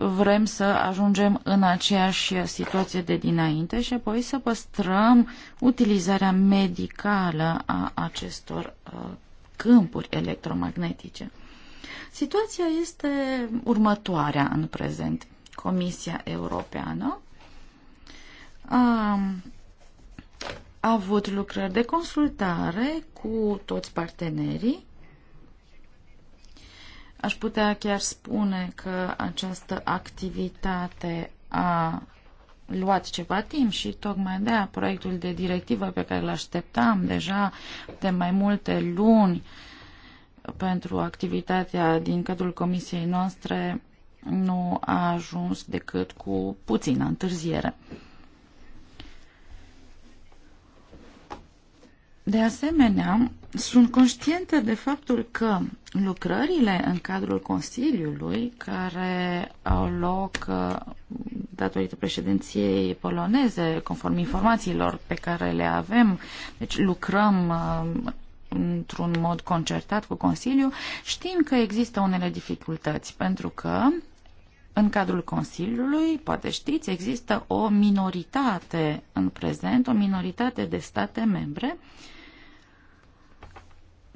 vrem să ajungem în aceeași situație de dinainte și apoi să păstrăm utilizarea medicală a acestor uh, câmpuri electromagnetice. Situația este următoarea în prezent. Comisia Europeană a avut lucrări de consultare cu toți partenerii Aș putea chiar spune că această activitate a luat ceva timp și tocmai de proiectul de directivă pe care îl așteptam deja de mai multe luni pentru activitatea din cadrul comisiei noastre nu a ajuns decât cu puțină întârziere. De asemenea, sunt conștientă de faptul că lucrările în cadrul Consiliului, care au loc uh, datorită președinției poloneze, conform informațiilor pe care le avem, deci lucrăm uh, într-un mod concertat cu Consiliul, știm că există unele dificultăți, pentru că în cadrul Consiliului, poate știți, există o minoritate în prezent, o minoritate de state membre uh,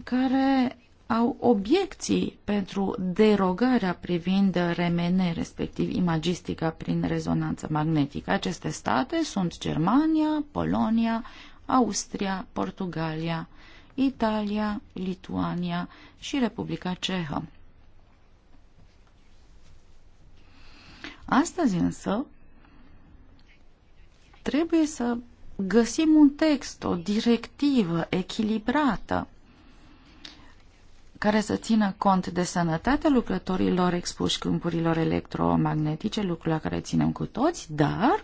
care au obiecții pentru derogarea privind RMN, respectiv imagistica prin rezonanță magnetică. Aceste state sunt Germania, Polonia, Austria, Portugalia, Italia, Lituania și Republica Cehă. Astăzi însă trebuie să găsim un text, o directivă echilibrată care să țină cont de sănătatea lucrătorilor expuși câmpurilor electromagnetice, lucru la care ținem cu toți, dar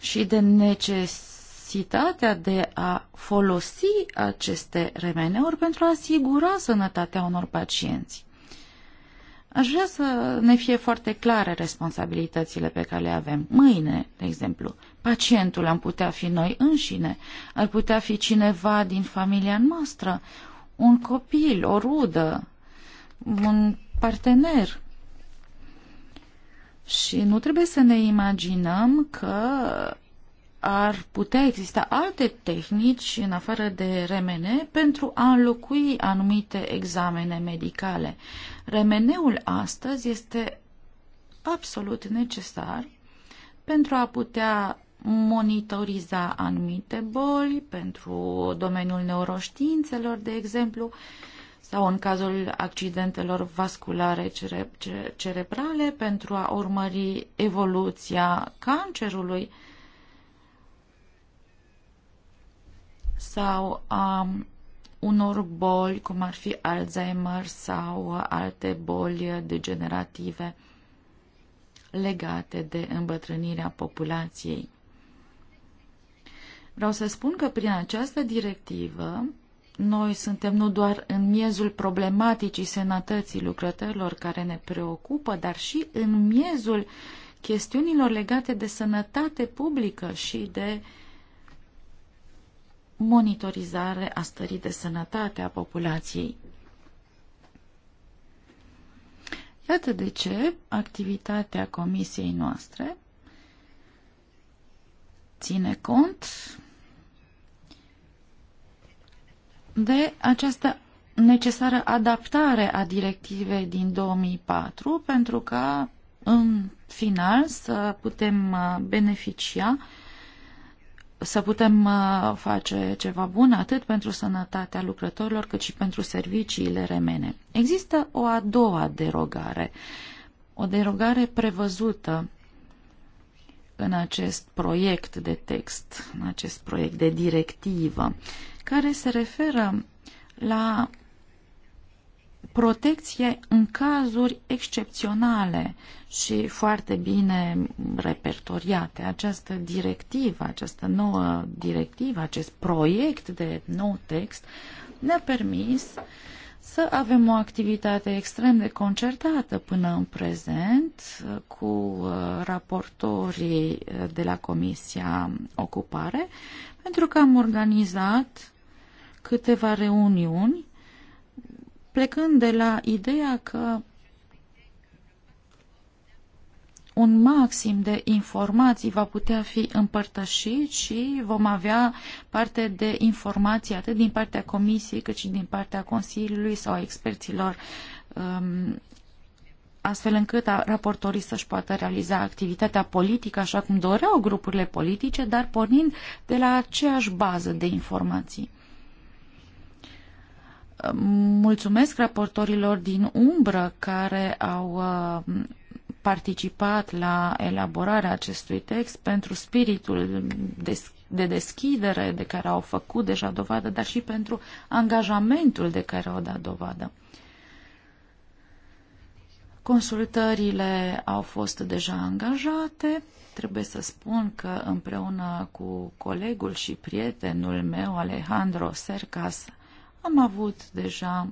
și de necesitatea de a folosi aceste remeneuri pentru a asigura sănătatea unor pacienți. Aș vrea să ne fie foarte clare responsabilitățile pe care le avem. Mâine, de exemplu, pacientul am putea fi noi înșine, ar putea fi cineva din familia noastră, un copil, o rudă, un partener. Și nu trebuie să ne imaginăm că ar putea exista alte tehnici în afară de remene pentru a înlocui anumite examene medicale. Remeneul astăzi este absolut necesar pentru a putea monitoriza anumite boli pentru domeniul neuroștiințelor, de exemplu, sau în cazul accidentelor vasculare cere cere cerebrale pentru a urmări evoluția cancerului sau a unor boli, cum ar fi Alzheimer sau alte boli degenerative legate de îmbătrânirea populației. Vreau să spun că prin această directivă noi suntem nu doar în miezul problematicii sănătății lucrătorilor care ne preocupă, dar și în miezul chestiunilor legate de sănătate publică și de monitorizare a stării de sănătate a populației. Iată de ce activitatea comisiei noastre ține cont de această necesară adaptare a directivei din 2004 pentru ca în final să putem uh, beneficia, să putem uh, face ceva bun atât pentru sănătatea lucrătorilor cât și pentru serviciile remene. Există o a doua derogare, o derogare prevăzută în acest proiect de text, în acest proiect de directivă. Uh, care se referă la protecție în cazuri excepționale și foarte bine repertoriate. Această directivă, această nouă directivă, acest proiect de nou text ne-a permis să avem o activitate extrem de concertată până în prezent cu uh, raportorii de la Comisia Ocupare, pentru că am organizat câteva reuniuni, plecând de la ideea că un maxim de informații va putea fi împărtășit și vom avea parte de informații atât din partea Comisiei cât și din partea Consiliului sau a experților um, astfel încât raportorii să-și poată realiza activitatea politică așa cum doreau grupurile politice, dar pornind de la aceeași bază de informații. Mulțumesc raportorilor din umbră care au uh, participat la elaborarea acestui text pentru spiritul de deschidere de care au făcut deja dovadă, dar și pentru angajamentul de care au dat dovadă. Consultările au fost deja angajate. Trebuie să spun că împreună cu colegul și prietenul meu, Alejandro Sercas, am avut deja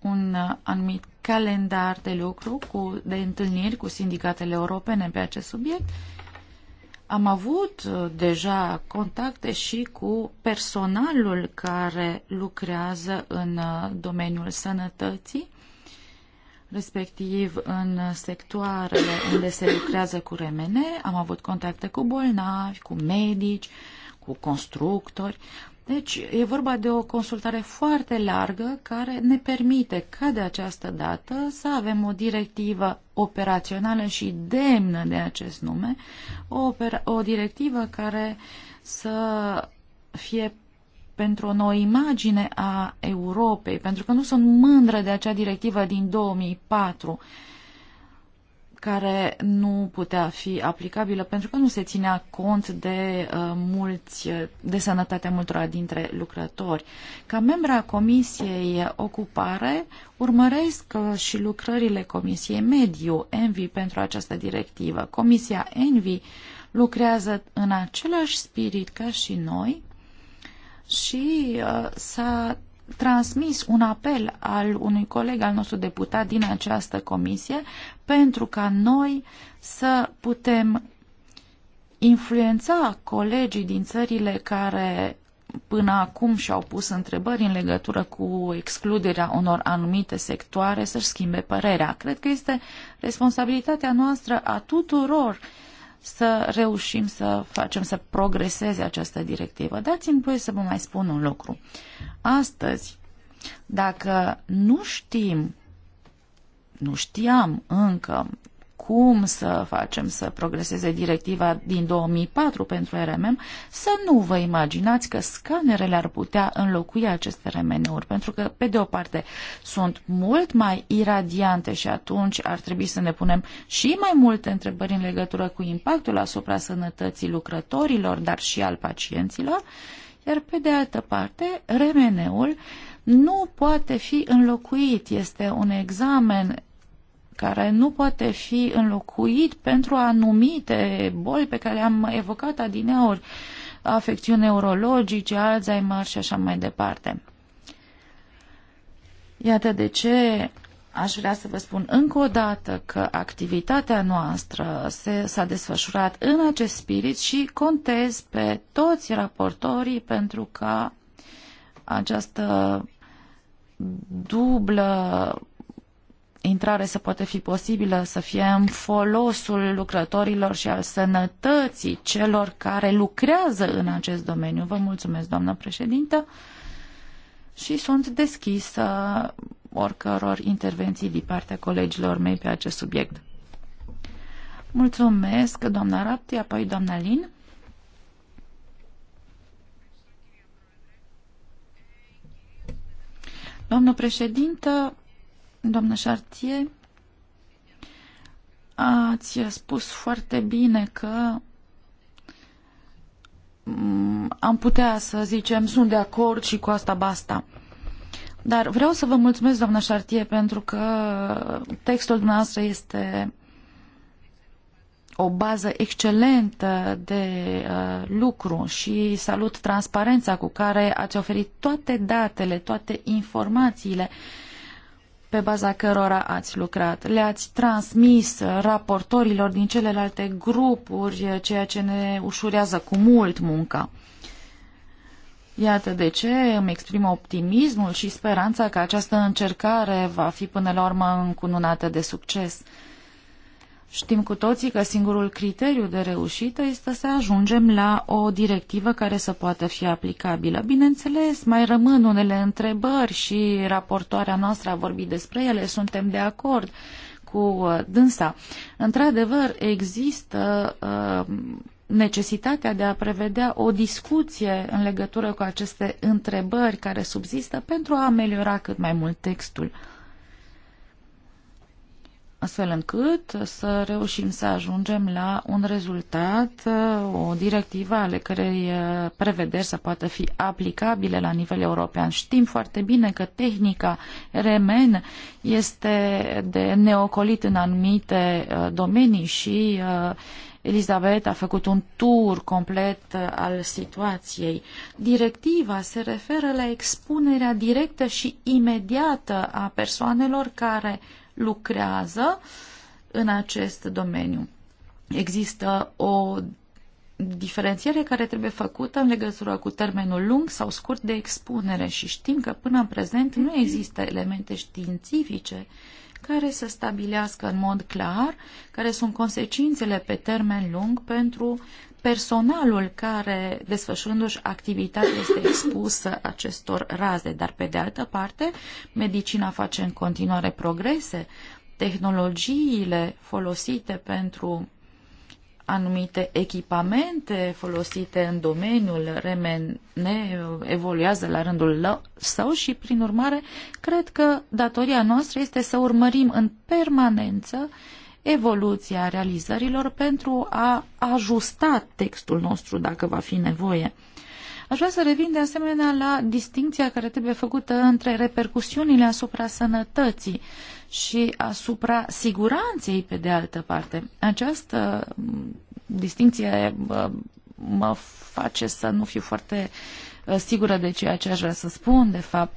un anumit calendar de lucru cu, de întâlniri cu sindicatele europene pe acest subiect. Am avut uh, deja contacte și cu personalul care lucrează în uh, domeniul sănătății, respectiv în sectoarele unde se lucrează cu remene. Am avut contacte cu bolnavi, cu medici, cu constructori. Deci e vorba de o consultare foarte largă care ne permite ca de această dată să avem o directivă operațională și demnă de acest nume, o, o directivă care să fie pentru o nouă imagine a Europei, pentru că nu sunt mândră de acea directivă din 2004 care nu putea fi aplicabilă pentru că nu se ținea cont de uh, mulți, uh, de sănătatea multora dintre lucrători. Ca membra Comisiei Ocupare, urmăresc uh, și lucrările Comisiei Mediu, Envi, pentru această directivă. Comisia Envi lucrează în același spirit ca și noi și uh, s-a transmis un apel al unui coleg al nostru deputat din această comisie pentru ca noi să putem influența colegii din țările care până acum și-au pus întrebări în legătură cu excluderea unor anumite sectoare să-și schimbe părerea. Cred că este responsabilitatea noastră a tuturor uh, să reușim să facem să progreseze această directivă. Dați-mi voie să vă mai spun un lucru. Astăzi, dacă nu știm, nu știam încă cum să facem să progreseze directiva din 2004 pentru RMM, să nu vă imaginați că scanerele ar putea înlocui aceste RMN-uri, pentru că, pe de o parte, sunt mult mai iradiante și atunci ar trebui să ne punem și mai multe întrebări în legătură cu impactul asupra sănătății lucrătorilor, dar și al pacienților, iar pe de altă parte, RMN-ul nu poate fi înlocuit. Este un examen care nu poate fi înlocuit pentru anumite boli pe care le-am evocat adineori, afecțiuni neurologice, Alzheimer și așa mai departe. Iată de ce aș vrea să vă spun încă o dată că activitatea noastră s-a desfășurat în acest spirit și contez pe toți raportorii pentru ca această dublă intrare să poate fi posibilă, să fie în folosul lucrătorilor și al sănătății celor care lucrează în acest domeniu. Vă mulțumesc, doamnă președintă, și sunt deschisă oricăror intervenții din partea colegilor mei pe acest subiect. Mulțumesc, doamna Rapti, apoi doamna Lin. Doamnă președintă, Doamnă Chartier, ați spus foarte bine că mm, am putea să zicem sunt de acord și cu asta basta. Dar vreau să vă mulțumesc, doamna Șartie, pentru că textul dumneavoastră este o bază excelentă de uh, lucru și salut transparența cu care ați oferit toate datele, toate informațiile uh, pe baza cărora ați lucrat. Le-ați transmis raportorilor din celelalte grupuri, eh, ceea ce ne ușurează cu mult munca. Iată de ce îmi exprim optimismul și speranța că această încercare va fi până la urmă încununată de succes. Știm cu toții că singurul criteriu de reușită este să ajungem la o directivă care să poată fi aplicabilă. Bineînțeles, mai rămân unele întrebări și raportoarea noastră a vorbit despre ele, suntem de acord cu uh, dânsa. Într-adevăr, există uh, necesitatea de a prevedea o discuție în legătură cu aceste întrebări care subzistă pentru a ameliora cât mai mult textul astfel încât să reușim să ajungem la un rezultat, o directivă ale cărei uh, prevederi să poată fi aplicabile la nivel european. Știm foarte bine că tehnica remen este de neocolit în anumite uh, domenii și uh, Elizabeth a făcut un tur complet al situației. Directiva se referă la expunerea directă și imediată a persoanelor care lucrează în acest domeniu. Există o diferențiere care trebuie făcută în legătură cu termenul lung sau scurt de expunere și știm că până în prezent nu există elemente științifice care să stabilească în mod clar care sunt consecințele pe termen lung pentru personalul care, desfășurându-și activitatea, este expus acestor raze, dar pe de altă parte, medicina face în continuare progrese, tehnologiile folosite pentru anumite echipamente folosite în domeniul RMN evoluează la rândul său și, prin urmare, cred că datoria noastră este să urmărim în permanență uh, evoluția realizărilor pentru a ajusta textul nostru dacă va fi nevoie. Aș vrea să revin de asemenea la distinția care trebuie făcută între repercusiunile asupra sănătății și asupra siguranței, pe de altă parte. Această mm, distinție mă face să nu fiu foarte ă, sigură de ceea ce aș vrea să spun, de fapt,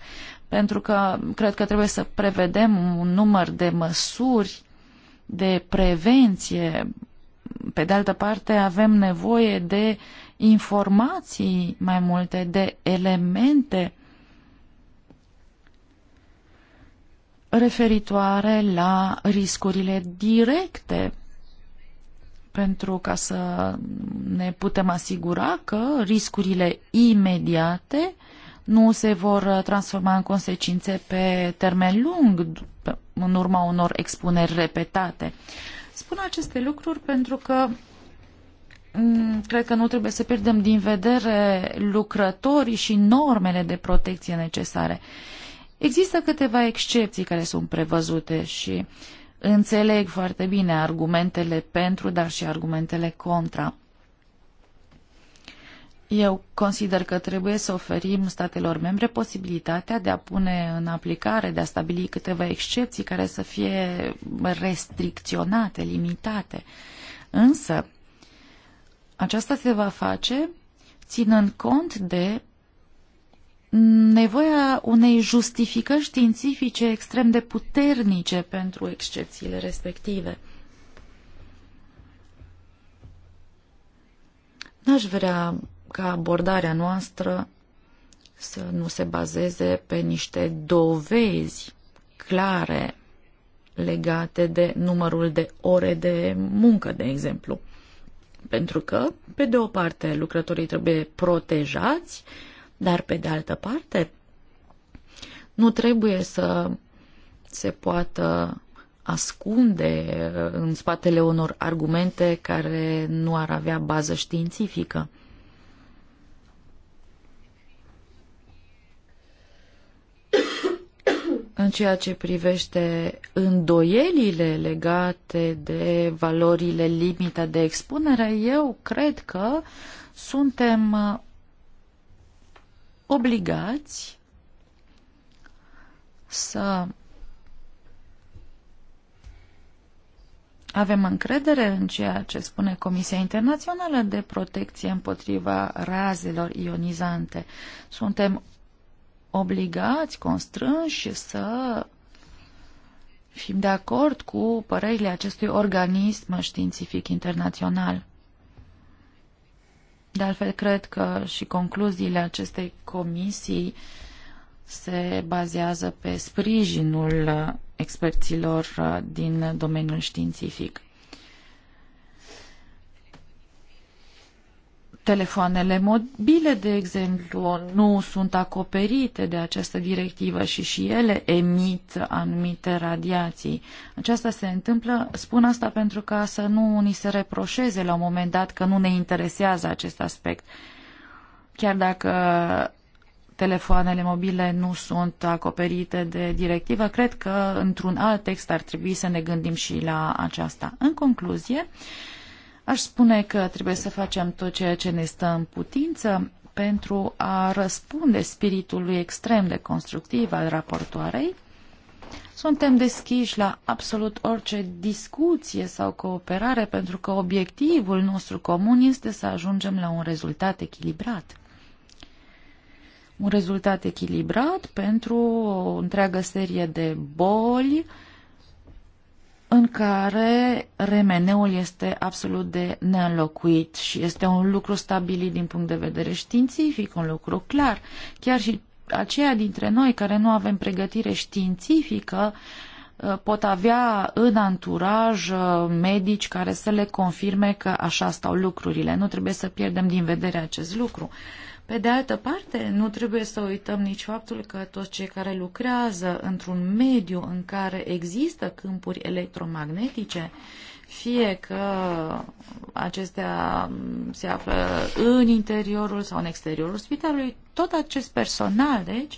pentru că cred că trebuie să prevedem un număr de măsuri de prevenție. Pe de altă parte, avem nevoie de informații mai multe, de elemente referitoare la riscurile directe pentru ca să ne putem asigura că riscurile imediate nu se vor transforma în consecințe pe termen lung, în urma unor expuneri repetate. Spun aceste lucruri pentru că mm, cred că nu trebuie să pierdem din vedere lucrătorii și normele de protecție necesare. Există câteva excepții care sunt prevăzute și înțeleg foarte bine argumentele pentru, dar și argumentele contra. Eu consider că trebuie să oferim statelor membre posibilitatea de a pune în aplicare, de a stabili câteva excepții care să fie restricționate, limitate. Însă, aceasta se va face ținând cont de nevoia unei justificări științifice extrem de puternice pentru excepțiile respective. N-aș vrea ca abordarea noastră să nu se bazeze pe niște dovezi clare legate de numărul de ore de muncă, de exemplu. Pentru că, pe de o parte, lucrătorii trebuie protejați, dar pe de altă parte, nu trebuie să se poată ascunde în spatele unor argumente care nu ar avea bază științifică. în ceea ce privește îndoielile legate de valorile limită de expunere, eu cred că suntem uh, obligați să avem încredere în ceea ce spune Comisia Internațională de Protecție împotriva razelor ionizante. Suntem obligați, constrânși să fim de acord cu părerile acestui organism științific internațional. De altfel, cred că și concluziile acestei comisii se bazează pe sprijinul experților din domeniul științific. telefoanele mobile, de exemplu, nu sunt acoperite de această directivă și și ele emit anumite radiații. Aceasta se întâmplă, spun asta pentru ca să nu ni se reproșeze la un moment dat că nu ne interesează acest aspect. Chiar dacă telefoanele mobile nu sunt acoperite de directivă, cred că într-un alt text ar trebui să ne gândim și la aceasta. În concluzie, uh, Aș spune că trebuie să facem tot ceea ce ne stă în putință pentru a răspunde spiritului extrem de constructiv al raportoarei. Suntem deschiși la absolut orice discuție sau cooperare pentru că obiectivul nostru comun este să ajungem la un rezultat echilibrat. Un rezultat echilibrat pentru o întreagă serie de boli, uh, în care remeneul este absolut de neînlocuit și este un lucru stabilit din punct de vedere științific, un lucru clar. Chiar și aceia dintre noi care nu avem pregătire științifică uh, pot avea în anturaj uh, medici care să le confirme că așa stau lucrurile. Nu trebuie să pierdem din vedere acest lucru. Uh, pe de altă parte, nu trebuie să uităm nici faptul că toți cei care lucrează într-un mediu în care există câmpuri electromagnetice, fie că acestea se află în interiorul sau în exteriorul spitalului, tot acest personal, deci,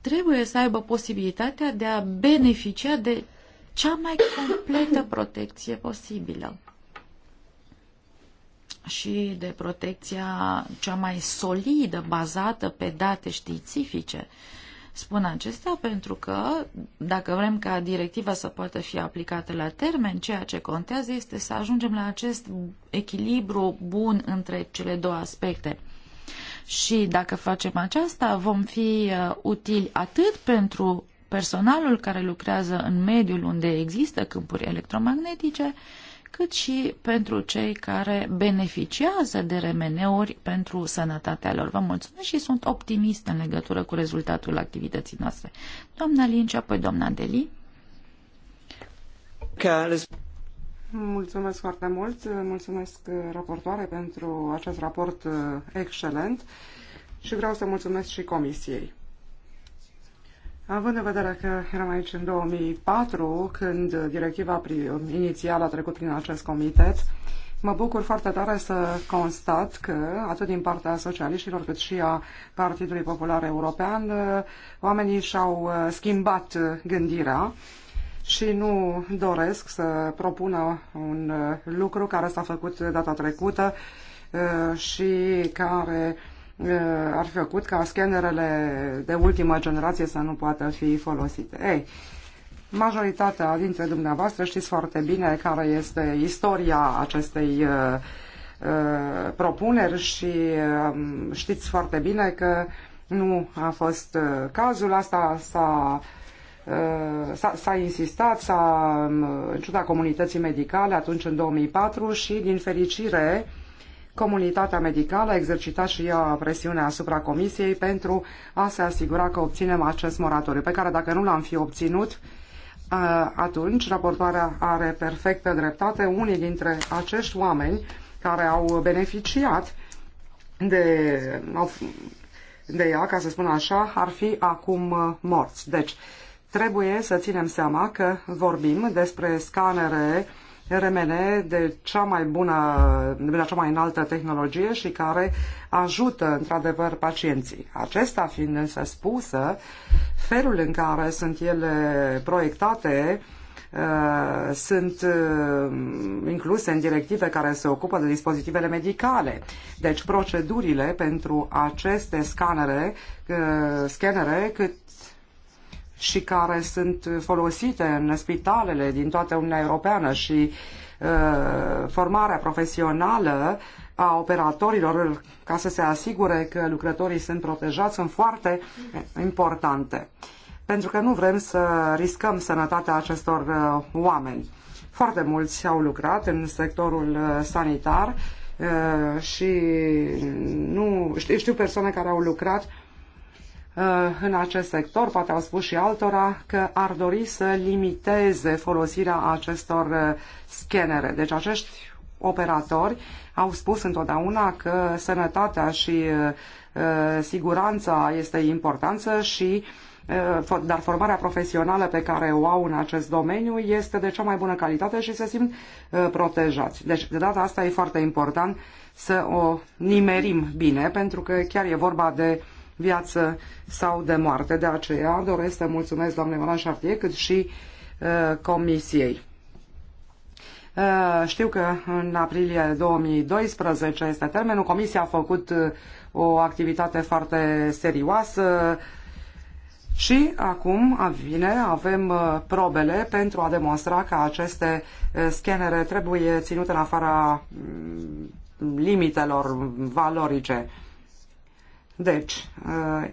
trebuie să aibă posibilitatea de a beneficia de cea mai completă protecție posibilă și de protecția cea mai solidă, bazată pe date științifice. Spun acestea pentru că, dacă vrem ca directiva să poată fi aplicată la termen, ceea ce contează este să ajungem la acest echilibru bun între cele două aspecte. Și dacă facem aceasta, vom fi uh, utili atât pentru personalul care lucrează în mediul unde există câmpuri electromagnetice, uh, cât și pentru cei care beneficiază de remeneuri pentru sănătatea lor. Vă mulțumesc și sunt optimist în legătură cu rezultatul activității noastre. Doamna Lincea, apoi doamna Deli. Mulțumesc foarte mult, mulțumesc uh, raportoare pentru acest raport uh, excelent și vreau să mulțumesc și comisiei. Având în vedere că eram aici în 2004, când directiva inițială a trecut prin acest comitet, mă bucur foarte tare să constat că, atât din partea socialiștilor, cât și a Partidului Popular European, oamenii și-au uh, schimbat gândirea și nu doresc să propună un uh, lucru care s-a făcut data trecută uh, și care ar fi făcut ca scanerele de ultimă generație să nu poată fi folosite. Ei, majoritatea dintre dumneavoastră știți foarte bine care este istoria acestei propuneri și știți foarte bine că nu a fost cazul. Asta s-a s-a insistat, s-a, în ciuda comunității medicale, atunci în 2004 și, din fericire, Comunitatea medicală a exercitat și ea presiunea asupra Comisiei pentru a se asigura că obținem acest moratoriu, pe care dacă nu l-am fi obținut, uh, atunci raportoarea are perfectă dreptate. Unii dintre acești oameni care au beneficiat de, de ea, ca să spun așa, ar fi acum morți. Deci, trebuie să ținem seama că vorbim despre scanere RMN de cea mai bună, de la cea mai înaltă tehnologie și care ajută într-adevăr pacienții. Acesta fiind însă spusă, felul în care sunt ele proiectate uh, sunt uh, incluse în directive care se ocupă de dispozitivele medicale. Deci procedurile pentru aceste scanere, uh, scanere cât și care sunt folosite în spitalele din toată Uniunea Europeană și uh, formarea profesională a operatorilor ca să se asigure că lucrătorii sunt protejați sunt foarte importante. Pentru că nu vrem să riscăm sănătatea acestor uh, oameni. Foarte mulți au lucrat în sectorul uh, sanitar și nu știu, știu persoane care au lucrat Uh, în acest sector, poate au spus și altora, că ar dori să limiteze folosirea acestor uh, scanere. Deci acești operatori au spus întotdeauna că sănătatea și uh, siguranța este importantă și dar formarea profesională pe care o au în acest domeniu este de cea mai bună calitate și se simt protejați. Deci, de data asta e foarte important să o nimerim bine, pentru că chiar e vorba de uh, viață sau de moarte. De aceea doresc să mulțumesc doamnei Moran Chartier cât și uh, comisiei. Uh, știu că în aprilie 2012 este termenul. Comisia a făcut uh, o activitate foarte serioasă și acum vine, avem uh, probele pentru a demonstra că aceste uh, scanere trebuie ținute în afara mm, limitelor valorice. Deci, uh,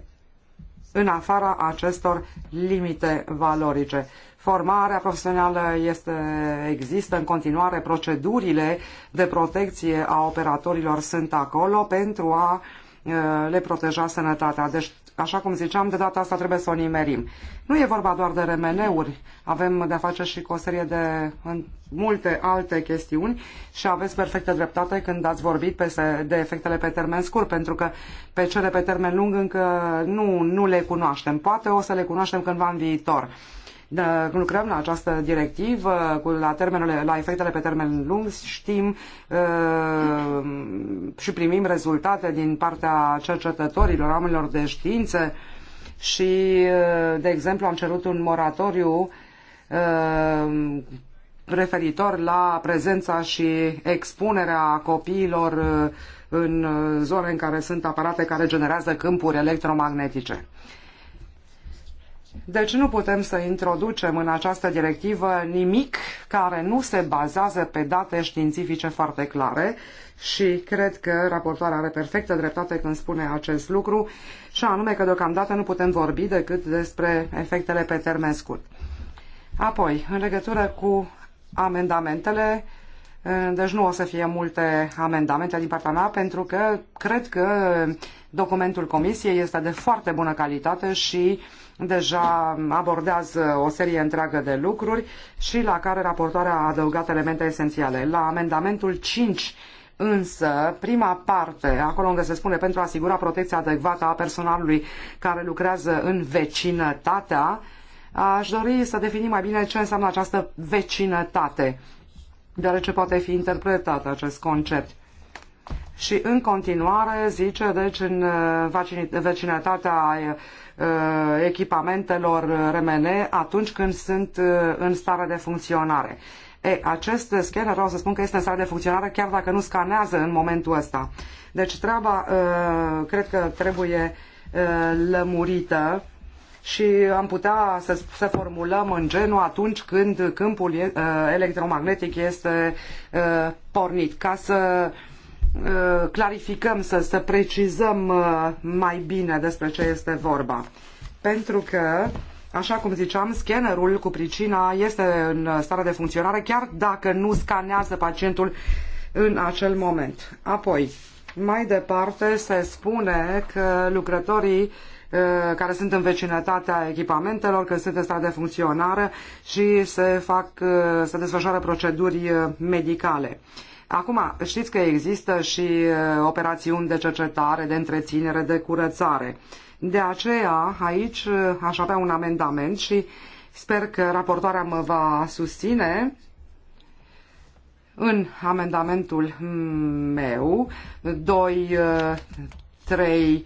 în afara acestor limite valorice. Formarea profesională este, există în continuare, procedurile de protecție a operatorilor sunt acolo pentru a uh, le proteja sănătatea. Deci așa cum ziceam, de data asta trebuie să o nimerim. Nu e vorba doar de remeneuri, avem de-a face și cu o serie de multe alte chestiuni și aveți perfectă dreptate când ați vorbit pe, de efectele pe termen scurt, pentru că pe cele pe termen lung încă nu, nu le cunoaștem. Poate o să le cunoaștem cândva în viitor. Da, lucrăm la această directivă, cu, la, termenele, la efectele pe termen lung, știm uh, și primim rezultate din partea cercetătorilor, oamenilor de știință și, uh, de exemplu, am cerut un moratoriu uh, referitor la prezența și expunerea copiilor în zone în care sunt aparate care generează câmpuri electromagnetice. Deci nu putem să introducem în această directivă nimic care nu se bazează pe date științifice foarte clare și cred că raportoarea are perfectă dreptate când spune acest lucru și anume că deocamdată nu putem vorbi decât despre efectele pe termen scurt. Apoi, în legătură cu amendamentele, eh, deci nu o să fie multe amendamente din partea mea pentru că cred că documentul comisiei este de foarte bună calitate și deja abordează o serie întreagă de lucruri și la care raportoarea a adăugat elemente esențiale. La amendamentul 5 Însă, prima parte, acolo unde se spune pentru a asigura protecția adecvată a personalului care lucrează în vecinătatea, aș dori să definim mai bine ce înseamnă această vecinătate, deoarece poate fi interpretat acest concept. Și în continuare zice, deci în uh, vecinătatea uh, echipamentelor RMN atunci când sunt uh, în stare de funcționare. E, acest scanner, vreau să spun că este în stare de funcționare chiar dacă nu scanează în momentul ăsta. Deci treaba cred că trebuie lămurită și am putea să, să formulăm în genul atunci când câmpul electromagnetic este pornit, ca să Eh, clarificăm, să, să precizăm eh, mai bine despre ce este vorba. Pentru că, așa cum ziceam, scannerul cu pricina este în stare de funcționare chiar dacă nu scanează pacientul în acel moment. Apoi, mai departe se spune că lucrătorii eh, care sunt în vecinătatea echipamentelor, că sunt în stare de funcționare și se fac, se desfășoară proceduri medicale. Acum, știți că există și uh, operațiuni de cercetare, de întreținere, de curățare. De aceea, aici uh, aș avea un amendament și sper că raportoarea mă va susține în amendamentul mm, meu 2, 3,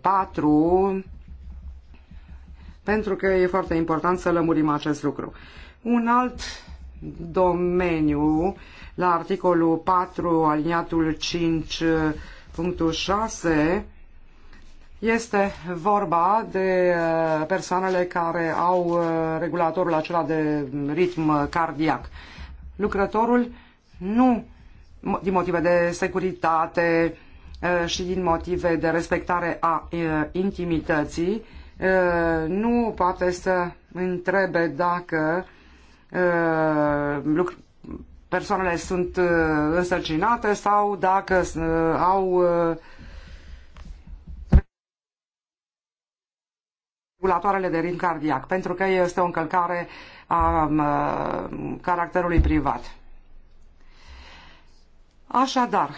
4 pentru că e foarte important să lămurim acest lucru. Un alt domeniu la articolul 4, aliniatul 5, punctul 6, este vorba de uh, persoanele care au uh, regulatorul acela de ritm cardiac. Lucrătorul nu, din motive de securitate uh, și din motive de respectare a intimității, nu poate să întrebe dacă persoanele sunt uh, însărcinate sau dacă uh, au regulatoarele uh, de ritm cardiac, pentru că este o încălcare a um, caracterului privat. Așadar,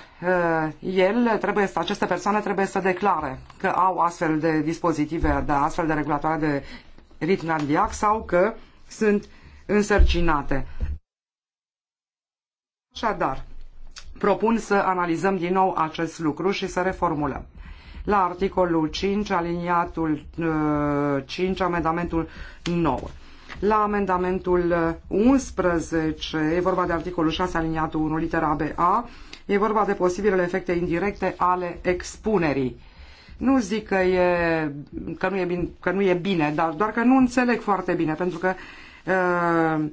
el trebuie să, aceste persoane trebuie să declare că au astfel de dispozitive, de astfel de regulatoare de ritm cardiac sau că sunt însărcinate. Așadar, propun să analizăm din nou acest lucru și să reformulăm. La articolul 5, aliniatul 5, uh, amendamentul 9. La amendamentul 11, uh, e vorba de articolul 6, aliniatul 1, litera BA, e vorba de posibilele efecte indirecte ale expunerii. Nu zic că, e, că, nu, e bine, că nu e bine, dar doar că nu înțeleg foarte bine, pentru că uh,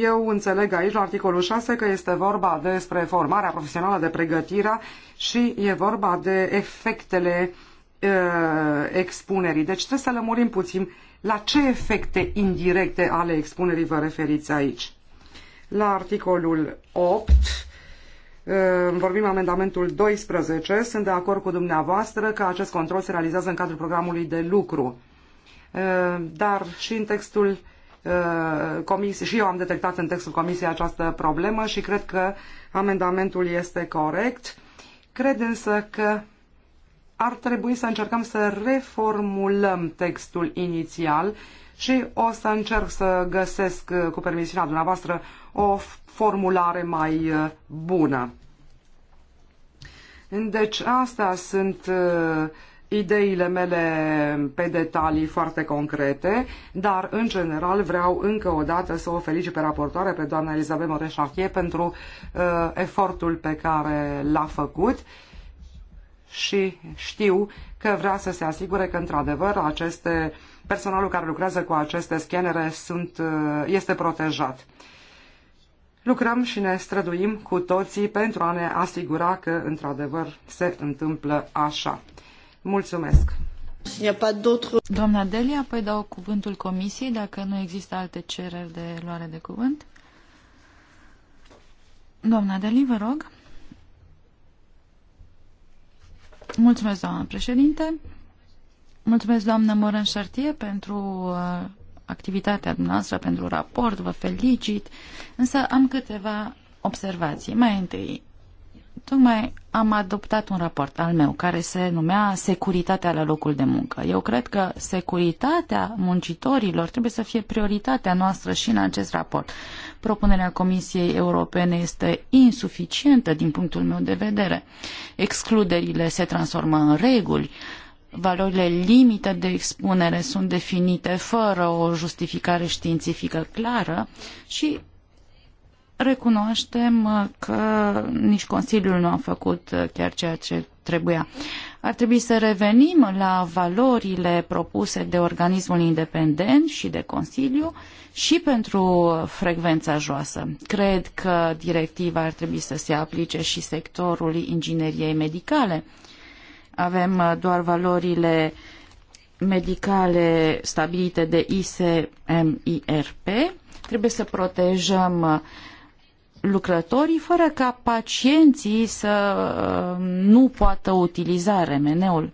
eu înțeleg aici, la articolul 6, că este vorba despre formarea profesională de pregătire și e vorba de efectele uh, expunerii. Deci trebuie să lămurim puțin la ce efecte indirecte ale expunerii vă referiți aici. La articolul 8, vorbim amendamentul 12, sunt de acord cu dumneavoastră că acest control se realizează în cadrul programului de lucru. Dar și în textul Uh, comisie, și eu am detectat în textul comisiei această problemă și cred că amendamentul este corect. Cred însă că ar trebui să încercăm să reformulăm textul inițial și o să încerc să găsesc, uh, cu permisiunea dumneavoastră, o formulare mai uh, bună. Deci, astea sunt uh, ideile mele pe detalii foarte concrete, dar în general vreau încă o dată să o felicit pe raportoare, pe doamna Elizabeth Moreșachie, pentru uh, efortul pe care l-a făcut și știu că vrea să se asigure că, într-adevăr, aceste, personalul care lucrează cu aceste scanere sunt, uh, este protejat. Lucrăm și ne străduim cu toții pentru a ne asigura că, într-adevăr, se întâmplă așa. Mulțumesc! Doamna Delia, apoi dau cuvântul comisiei dacă nu există alte cereri de luare de cuvânt. Doamna Deli, vă rog. Mulțumesc, doamna președinte. Mulțumesc, doamna Moran Șartie, pentru uh, activitatea dumneavoastră, pentru raport, vă felicit. Însă am câteva observații. Mai întâi, Tocmai am adoptat un raport al meu care se numea Securitatea la locul de muncă. Eu cred că securitatea muncitorilor trebuie să fie prioritatea noastră și în acest raport. Propunerea Comisiei Europene este insuficientă din punctul meu de vedere. Excluderile se transformă în reguli, valorile limite de expunere sunt definite fără o justificare științifică clară și recunoaștem uh, că nici Consiliul nu a făcut uh, chiar ceea ce trebuia. Ar trebui să revenim la valorile propuse de organismul independent și de Consiliu și pentru frecvența joasă. Cred că directiva ar trebui să se aplice și sectorului ingineriei medicale. Avem uh, doar valorile medicale stabilite de ICMIRP. Trebuie să protejăm uh, lucrătorii fără ca pacienții să uh, nu poată utiliza remeneul.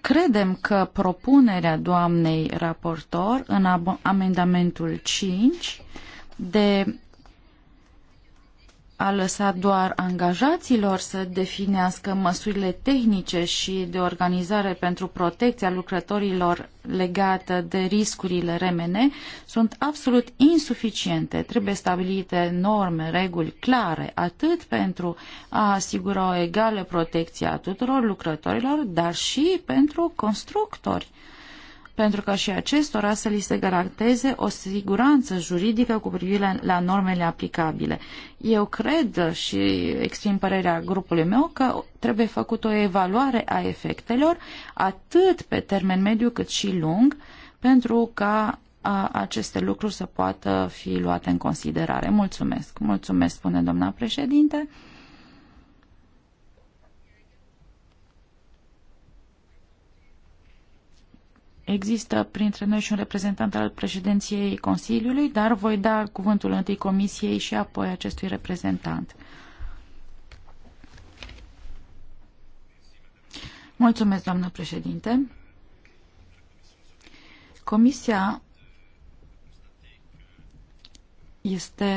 Credem că propunerea doamnei raportor în amendamentul 5 de a lăsat doar angajaților să definească măsurile tehnice și de organizare pentru protecția lucrătorilor legată de riscurile remene sunt absolut insuficiente. Trebuie stabilite norme, reguli clare, atât pentru a asigura o egală protecție a tuturor lucrătorilor, dar și pentru constructori pentru ca și acestora să li se garanteze o siguranță juridică cu privire la normele aplicabile. Eu cred și exprim părerea grupului meu că trebuie făcut o evaluare a efectelor atât pe termen mediu cât și lung pentru ca a, aceste lucruri să poată fi luate în considerare. Mulțumesc. Mulțumesc, spune doamna președinte. Există printre noi și un reprezentant al președinției Consiliului, dar voi da cuvântul întâi Comisiei și apoi acestui reprezentant. Mulțumesc, doamnă președinte. Comisia este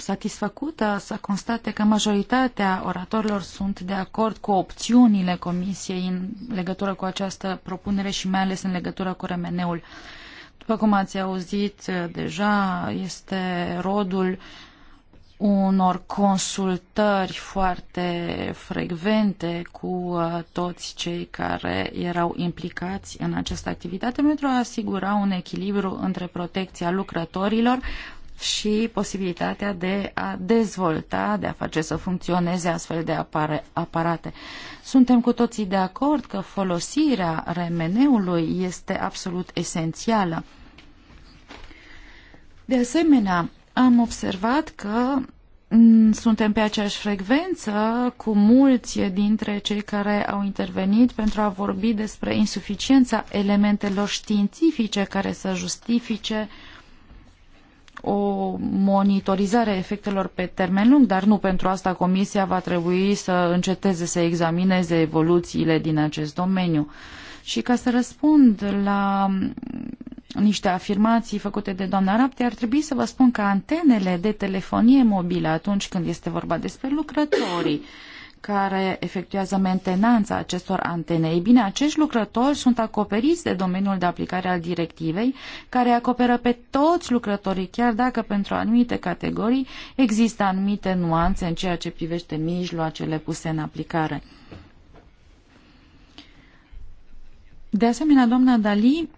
satisfăcută să constate că majoritatea oratorilor sunt de acord cu opțiunile Comisiei în legătură cu această propunere și mai ales în legătură cu remeneul. După cum ați auzit uh, deja, este rodul unor consultări foarte frecvente cu uh, toți cei care erau implicați în această activitate pentru a asigura un echilibru între protecția lucrătorilor, și posibilitatea de a dezvolta, de a face să funcționeze astfel de apare, aparate. Suntem cu toții de acord că folosirea remeneului este absolut esențială. De asemenea, am observat că suntem pe aceeași frecvență cu mulți dintre cei care au intervenit pentru a vorbi despre insuficiența elementelor științifice care să justifice uh, o monitorizare a efectelor pe termen lung, dar nu pentru asta Comisia va trebui să înceteze să examineze evoluțiile din acest domeniu. Și ca să răspund la niște afirmații făcute de doamna Rapte, ar trebui să vă spun că antenele de telefonie mobilă atunci când este vorba despre lucrătorii care efectuează mentenanța acestor antene. Ei bine, acești lucrători sunt acoperiți de domeniul de aplicare al directivei, care acoperă pe toți lucrătorii, chiar dacă pentru anumite categorii există anumite nuanțe în ceea ce privește mijloacele puse în aplicare. De asemenea, doamna Dali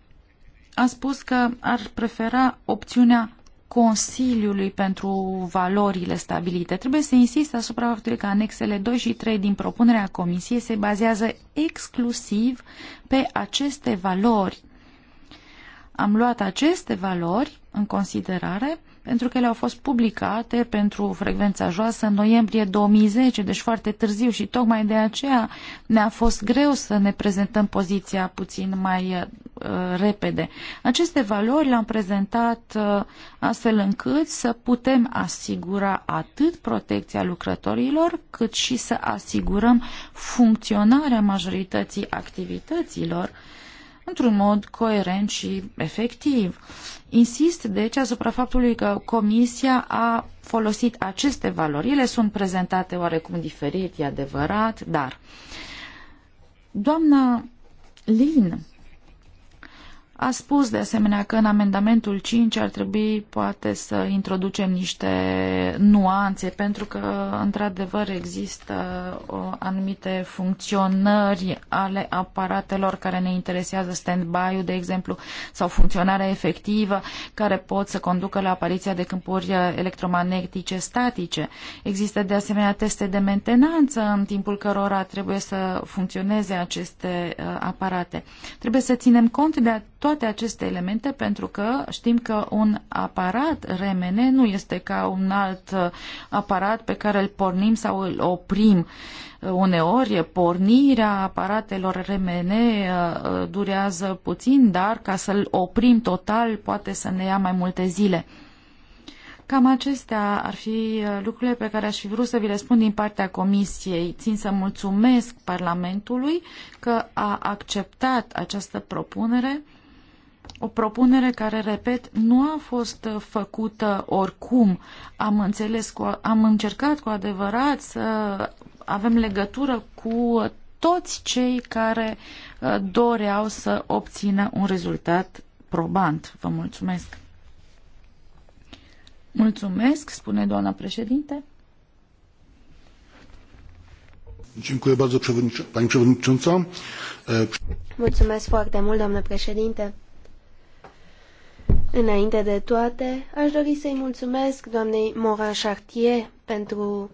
a spus că ar prefera opțiunea Consiliului pentru valorile stabilite. Trebuie să insist asupra faptului că anexele 2 și 3 din propunerea Comisiei se bazează exclusiv pe aceste valori. Am luat aceste valori în considerare pentru că ele au fost publicate pentru frecvența joasă în noiembrie 2010, deci foarte târziu și tocmai de aceea ne-a fost greu să ne prezentăm poziția puțin mai uh, repede. Aceste valori le-am prezentat uh, astfel încât să putem asigura atât protecția lucrătorilor, cât și să asigurăm funcționarea majorității activităților uh, într-un mod coerent și efectiv. Insist deci asupra faptului că Comisia a folosit aceste valori. Ele sunt prezentate oarecum diferit, e adevărat, dar doamna Lin a spus de asemenea că în amendamentul 5 ar trebui poate să introducem niște nuanțe, pentru că într-adevăr există o, anumite funcționări ale aparatelor care ne interesează, stand-by-ul, de exemplu, sau funcționarea efectivă, care pot să conducă la apariția de câmpuri electromagnetice statice. Există de asemenea teste de mentenanță în timpul cărora trebuie să funcționeze aceste uh, aparate. Trebuie să ținem cont de toate toate aceste elemente pentru că știm că un aparat remene nu este ca un alt uh, aparat pe care îl pornim sau îl oprim. Uh, uneori pornirea aparatelor remene uh, durează puțin, dar ca să-l oprim total poate să ne ia mai multe zile. Cam acestea ar fi lucrurile pe care aș fi vrut să vi le spun din partea Comisiei. Țin să mulțumesc Parlamentului că a acceptat această propunere o propunere care, repet, nu a fost uh, făcută oricum. Am înțeles, cu, am încercat cu adevărat să avem legătură cu toți cei care uh, doreau să obțină un rezultat probant. Vă mulțumesc! Mulțumesc, spune doamna președinte. Mulțumesc foarte mult, doamnă președinte. Înainte de toate, aș dori să-i mulțumesc doamnei Morin Chartier pentru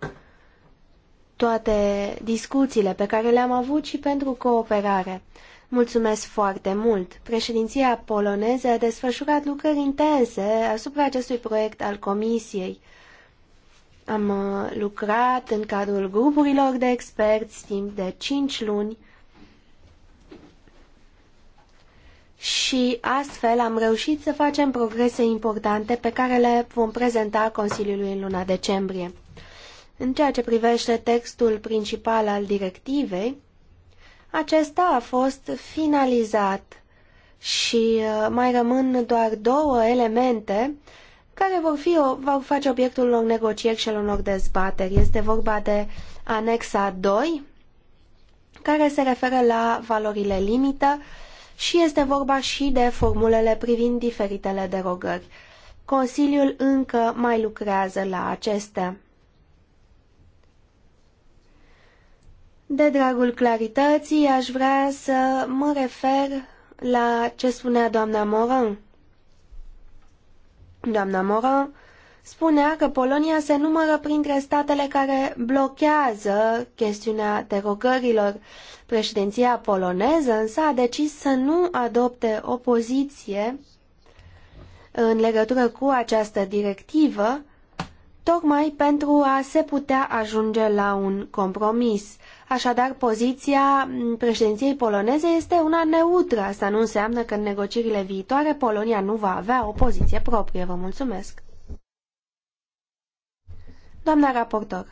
toate discuțiile pe care le-am avut și pentru cooperare. Mulțumesc foarte mult! Președinția poloneză a desfășurat lucrări intense asupra acestui proiect al Comisiei. Am uh, lucrat în cadrul grupurilor de experți timp de cinci luni și astfel am reușit să facem progrese importante pe care le vom prezenta Consiliului în luna decembrie. În ceea ce privește textul principal al directivei, acesta a fost finalizat și uh, mai rămân doar două elemente care vor, fi, vor face obiectul unor negocieri și al unor dezbateri. Este vorba de anexa 2, care se referă la valorile limită și este vorba și de formulele privind diferitele derogări. Consiliul încă mai lucrează la acestea. De dragul clarității, aș vrea să mă refer la ce spunea doamna Moran. Doamna Moran spunea că Polonia se numără printre statele care blochează chestiunea derogărilor. Președinția poloneză însă a decis să nu adopte o poziție în legătură cu această directivă, tocmai pentru a se putea ajunge la un compromis. Așadar, poziția președinției poloneze este una neutră. Asta nu înseamnă că în negocierile viitoare Polonia nu va avea o poziție proprie. Vă mulțumesc! Doamna raportor.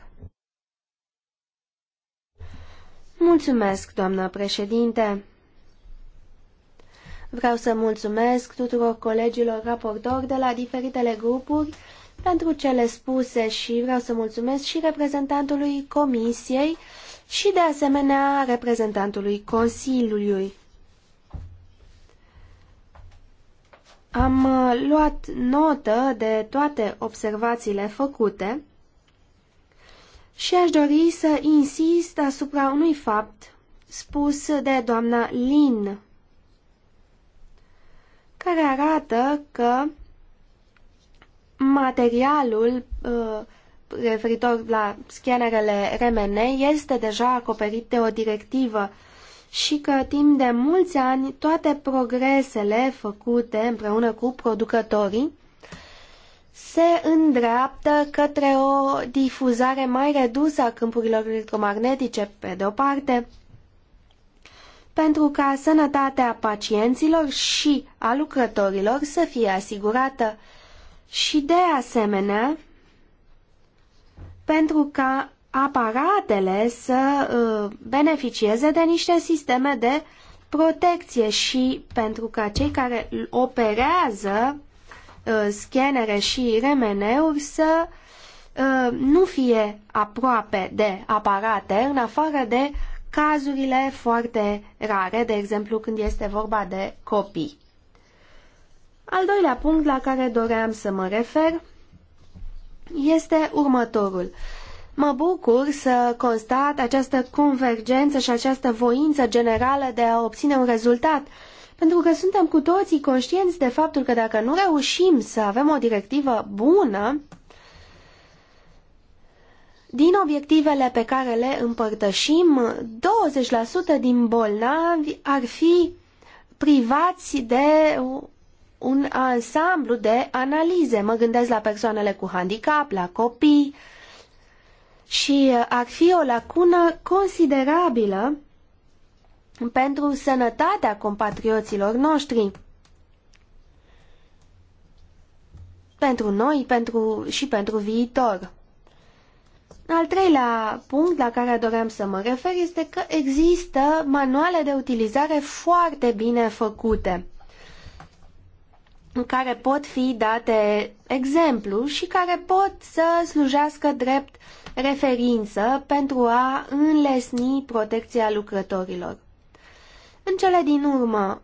Mulțumesc, doamnă președinte. Vreau să mulțumesc tuturor colegilor raportori de la diferitele grupuri pentru cele spuse și vreau să mulțumesc și reprezentantului Comisiei și de asemenea reprezentantului Consiliului. Am uh, luat notă de toate observațiile făcute și aș dori să insist asupra unui fapt spus de doamna Lin, care arată că materialul uh, referitor la scanerele RMN este deja acoperit de o directivă și că timp de mulți ani toate progresele făcute împreună cu producătorii se îndreaptă către o difuzare mai redusă a câmpurilor electromagnetice, pe de o parte, pentru ca sănătatea pacienților și a lucrătorilor să fie asigurată și, de asemenea, pentru ca aparatele să uh, beneficieze de niște sisteme de protecție și pentru ca cei care operează Uh, scanere și remeneuri să uh, nu fie aproape de aparate, în afară de cazurile foarte rare, de exemplu când este vorba de copii. Al doilea punct la care doream să mă refer este următorul. Mă bucur să constat această convergență și această voință generală de a obține un rezultat pentru că suntem cu toții conștienți de faptul că dacă nu reușim să avem o directivă bună, din obiectivele pe care le împărtășim, 20% din bolnavi ar fi privați de un ansamblu de analize. Mă gândesc la persoanele cu handicap, la copii și ar fi o lacună considerabilă pentru sănătatea compatrioților noștri. Pentru noi pentru, și pentru viitor. Al treilea punct la care doream să mă refer este că există manuale de utilizare foarte bine făcute în care pot fi date exemplu și care pot să slujească drept referință pentru a înlesni protecția lucrătorilor. În cele din urmă,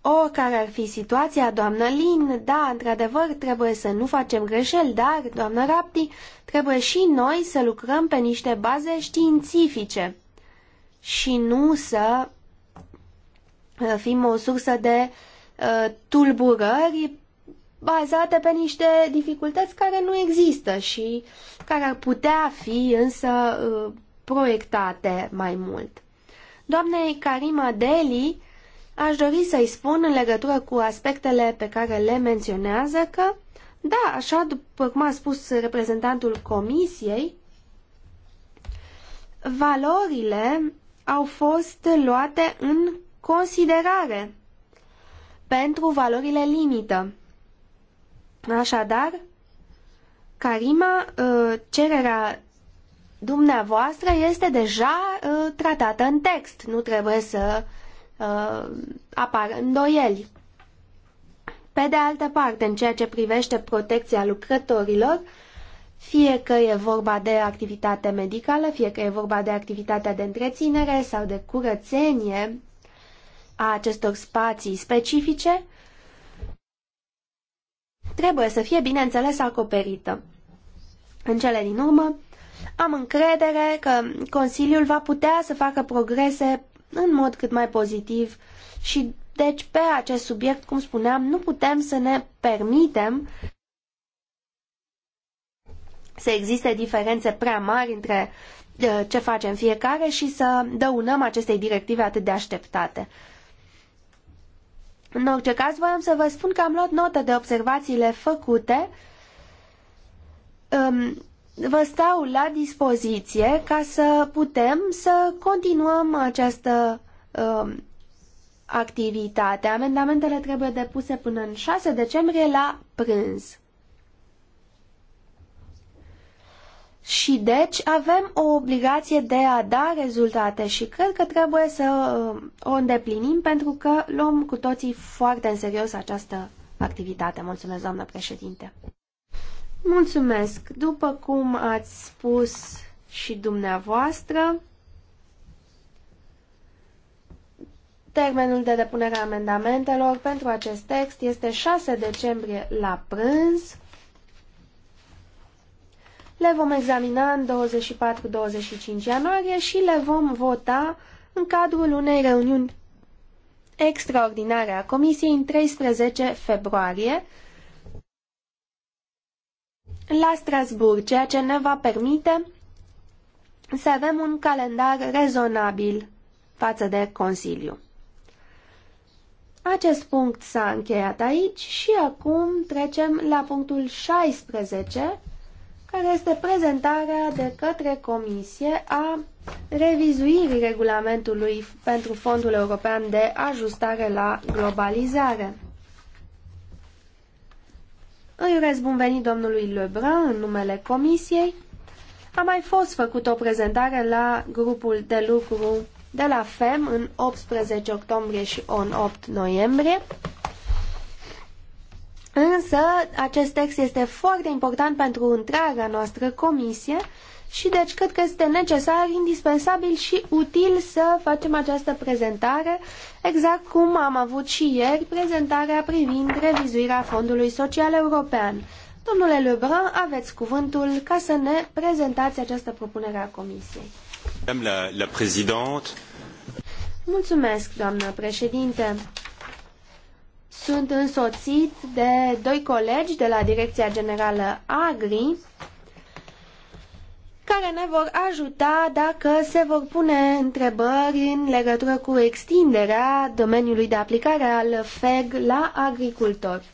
oricare ar fi situația, doamnă Lin, da, într-adevăr, trebuie să nu facem greșeli, dar, doamnă Rapti, trebuie și noi să lucrăm pe niște baze științifice și nu să uh, fim o sursă de uh, tulburări bazate pe niște dificultăți care nu există și care ar putea fi însă uh, proiectate mai mult. Doamnei Karima Deli, aș dori să-i spun în legătură cu aspectele pe care le menționează că, da, așa după cum a spus reprezentantul comisiei, valorile au fost luate în considerare pentru valorile limită. Așadar, Karima uh, cererea dumneavoastră este deja uh, tratată în text. Nu trebuie să uh, apară îndoieli. Pe de altă parte, în ceea ce privește protecția lucrătorilor, fie că e vorba de activitate medicală, fie că e vorba de activitatea de întreținere sau de curățenie a acestor spații specifice, trebuie să fie, bineînțeles, acoperită. În cele din urmă, am încredere că Consiliul va putea să facă progrese în mod cât mai pozitiv și deci pe acest subiect, cum spuneam, nu putem să ne permitem să existe diferențe prea mari între uh, ce facem fiecare și să dăunăm acestei directive atât de așteptate. În orice caz, voiam să vă spun că am luat notă de observațiile făcute um, vă stau la dispoziție ca să putem să continuăm această uh, activitate. Amendamentele trebuie depuse până în 6 decembrie la prânz. Și deci avem o obligație de a da rezultate și cred că trebuie să um, o îndeplinim pentru că luăm cu toții foarte în serios această activitate. Mulțumesc, doamnă președinte! Mulțumesc! După cum ați spus și dumneavoastră, termenul de depunere a amendamentelor pentru acest text este 6 decembrie la prânz. Le vom examina în 24-25 ianuarie și le vom vota în cadrul unei reuniuni extraordinare a Comisiei în 13 februarie, la Strasburg, ceea ce ne va permite să avem un calendar rezonabil față de Consiliu. Acest punct s-a încheiat aici și acum trecem la punctul 16, care este prezentarea de către Comisie a revizuirii regulamentului pentru Fondul European de Ajustare la Globalizare. Îi urez bun venit domnului Lebrun în numele comisiei. A mai fost făcut o prezentare la grupul de lucru de la FEM în 18 octombrie și în 8 noiembrie. Însă, acest text este foarte important pentru întreaga noastră comisie și deci cred că este necesar, indispensabil și util să facem această prezentare, exact cum am avut și ieri prezentarea privind revizuirea Fondului Social European. Domnule Lebrun, aveți cuvântul ca să ne prezentați această propunere a Comisiei. Madame la, la Mulțumesc, doamnă președinte. Sunt însoțit de doi colegi de la Direcția Generală Agri, care ne vor ajuta dacă se vor pune întrebări în legătură cu extinderea domeniului de aplicare al FEG la agricultori.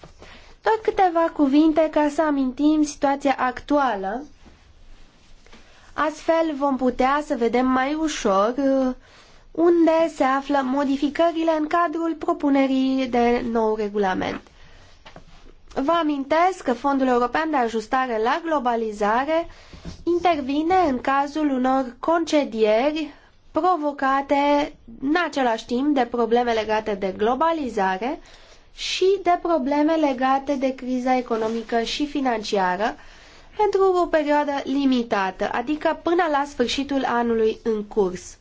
Doar câteva cuvinte ca să amintim situația actuală. Astfel vom putea să vedem mai ușor uh, unde se află modificările în cadrul propunerii de nou regulament. Vă amintesc că Fondul European de Ajustare la Globalizare intervine în cazul unor concedieri provocate în același timp de probleme legate de globalizare și de probleme legate de criza economică și financiară pentru o perioadă limitată, adică până la sfârșitul anului în curs.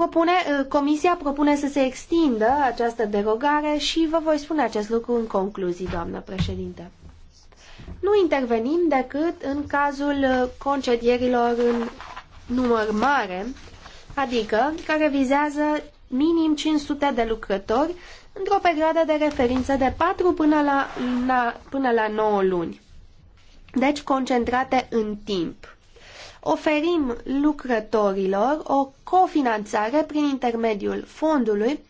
Propune, uh, comisia propune să se extindă această derogare și vă voi spune acest lucru în concluzii, doamnă președinte. Nu intervenim decât în cazul uh, concedierilor în număr mare, adică care vizează minim 500 de lucrători într-o perioadă de referință de 4 până la, la, până la 9 luni, deci concentrate în timp oferim lucrătorilor o cofinanțare prin intermediul fondului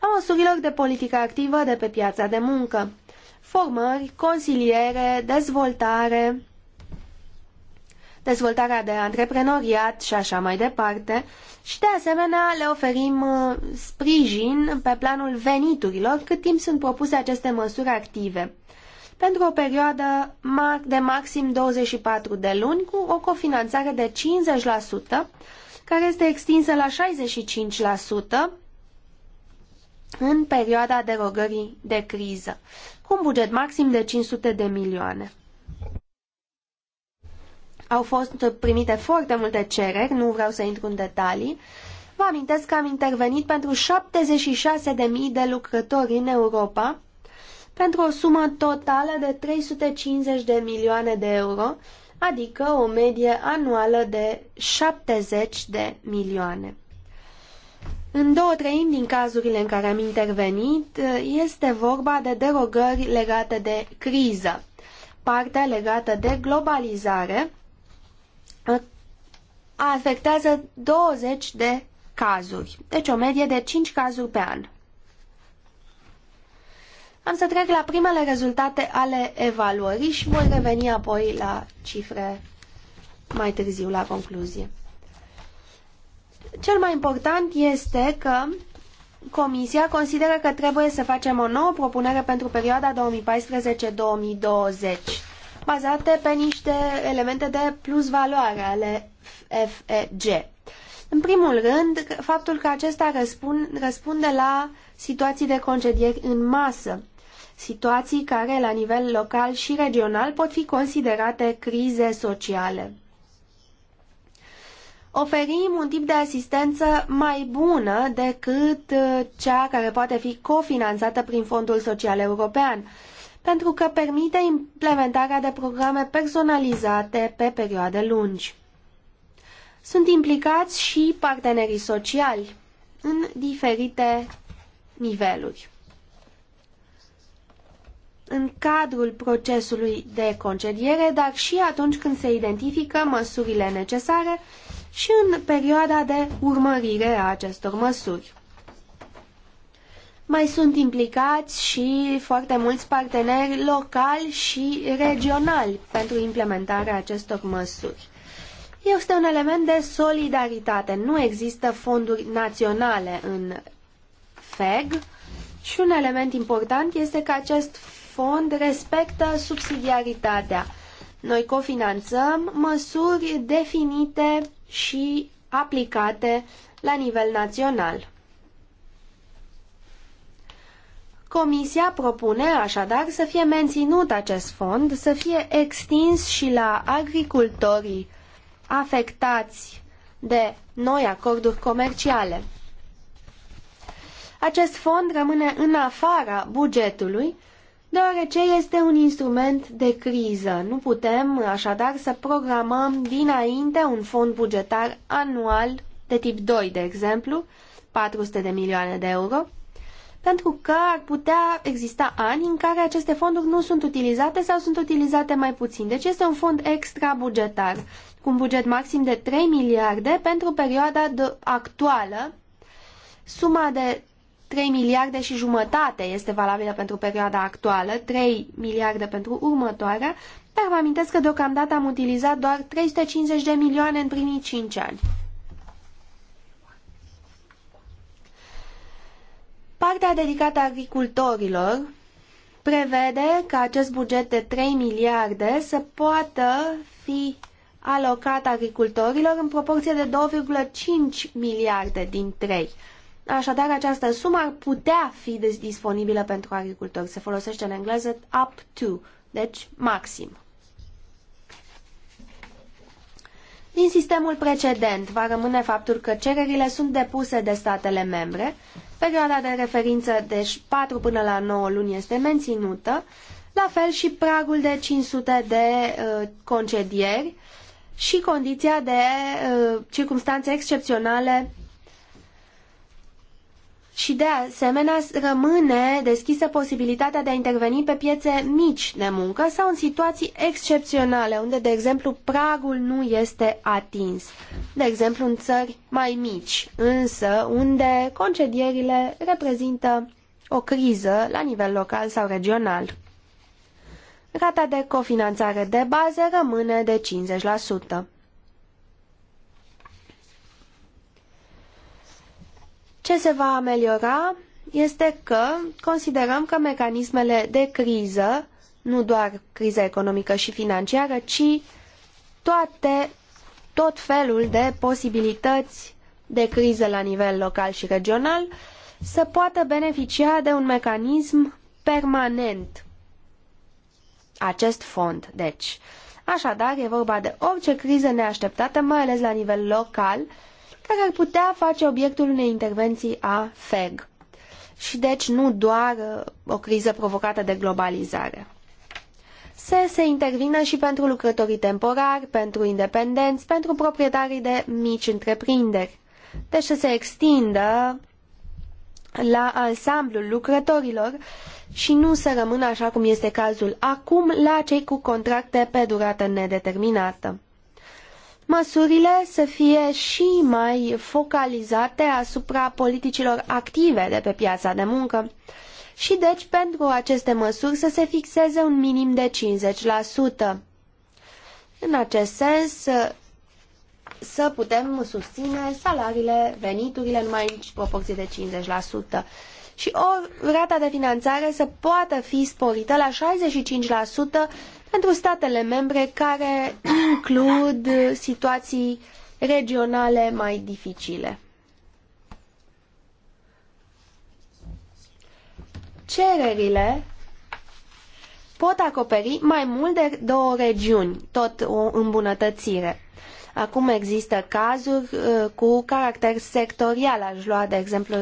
a măsurilor de politică activă de pe piața de muncă, formări, consiliere, dezvoltare, dezvoltarea de antreprenoriat și așa mai departe și de asemenea le oferim uh, sprijin pe planul veniturilor cât timp sunt propuse aceste măsuri active pentru o perioadă de maxim 24 de luni cu o cofinanțare de 50% care este extinsă la 65% în perioada derogării de criză, cu un buget maxim de 500 de milioane. Au fost primite foarte multe cereri, nu vreau să intru în detalii. Vă amintesc că am intervenit pentru 76.000 de lucrători în Europa, pentru o sumă totală de 350 de milioane de euro, adică o medie anuală de 70 de milioane. În două treimi din cazurile în care am intervenit, este vorba de derogări legate de criză. Partea legată de globalizare afectează 20 de cazuri, deci o medie de 5 cazuri pe an. Am să trec la primele rezultate ale evaluării și voi reveni apoi la cifre mai târziu, la concluzie. Cel mai important este că Comisia consideră că trebuie să facem o nouă propunere pentru perioada 2014-2020, bazate pe niște elemente de plus valoare ale FEG. În primul rând, faptul că acesta răspund, răspunde la uh, situații de concedieri în masă, situații care, la nivel local și regional, pot fi considerate crize sociale. Oferim un tip de asistență mai bună decât uh, cea care poate fi cofinanțată prin Fondul Social European, pentru că permite implementarea de programe personalizate pe perioade lungi. Sunt implicați și partenerii sociali în diferite niveluri. În cadrul procesului de concediere, dar și atunci când se identifică măsurile necesare și în perioada de urmărire a acestor măsuri. Mai sunt implicați și foarte mulți parteneri locali și regionali pentru implementarea acestor măsuri. Este un element de solidaritate. Nu există fonduri naționale în FEG și un element important este că acest fond respectă subsidiaritatea. Noi cofinanțăm măsuri definite și aplicate la nivel național. Comisia propune așadar să fie menținut acest fond, să fie extins și la agricultorii afectați de noi acorduri comerciale. Acest fond rămâne în afara bugetului, deoarece este un instrument de criză. Nu putem, așadar, să programăm dinainte un fond bugetar anual de tip 2, de exemplu, 400 de milioane de euro, pentru că ar putea exista ani în care aceste fonduri nu sunt utilizate sau sunt utilizate mai puțin. Deci este un fond extra bugetar, cu un buget maxim de 3 miliarde pentru perioada actuală. Suma de 3 miliarde și jumătate este valabilă pentru perioada actuală, 3 miliarde pentru următoarea, dar vă amintesc că deocamdată am utilizat doar 350 de milioane în primii 5 ani. Partea dedicată agricultorilor prevede că acest buget de 3 miliarde să poată fi alocat agricultorilor în proporție de 2,5 miliarde din 3 Așadar, această sumă ar putea fi disponibilă pentru agricultori. Se folosește în engleză up to, deci maxim. Din sistemul precedent va rămâne faptul că cererile sunt depuse de statele membre, perioada de referință de deci 4 până la 9 luni este menținută, la fel și pragul de 500 de uh, concedieri și condiția de uh, circunstanțe excepționale și de asemenea rămâne deschisă posibilitatea de a interveni pe piețe mici de muncă sau în situații excepționale, unde, de exemplu, pragul nu este atins. De exemplu, în țări mai mici, însă unde concedierile reprezintă o criză la nivel local sau regional. Rata de cofinanțare de bază rămâne de 50%. Ce se va ameliora este că considerăm că mecanismele de criză, nu doar criza economică și financiară, ci toate, tot felul de posibilități de criză la nivel local și regional, să poată beneficia de un mecanism permanent. Acest fond, deci. Așadar, e vorba de orice criză neașteptată, mai ales la nivel local, care ar putea face obiectul unei intervenții a FEG și deci nu doar uh, o criză provocată de globalizare. Se, se intervină și pentru lucrătorii temporari, pentru independenți, pentru proprietarii de mici întreprinderi. Deci să se extindă la ansamblul lucrătorilor și nu să rămână așa cum este cazul acum la cei cu contracte pe durată nedeterminată măsurile să fie și mai focalizate asupra politicilor active de pe piața de muncă și deci pentru aceste măsuri să se fixeze un minim de 50%. În acest sens, să putem susține salariile, veniturile numai în proporție de 50% și o rata de finanțare să poată fi sporită la 65% pentru statele membre care includ situații regionale mai dificile. Cererile pot acoperi mai mult de două regiuni, tot o îmbunătățire. Acum există cazuri uh, cu caracter sectorial, aș lua de exemplu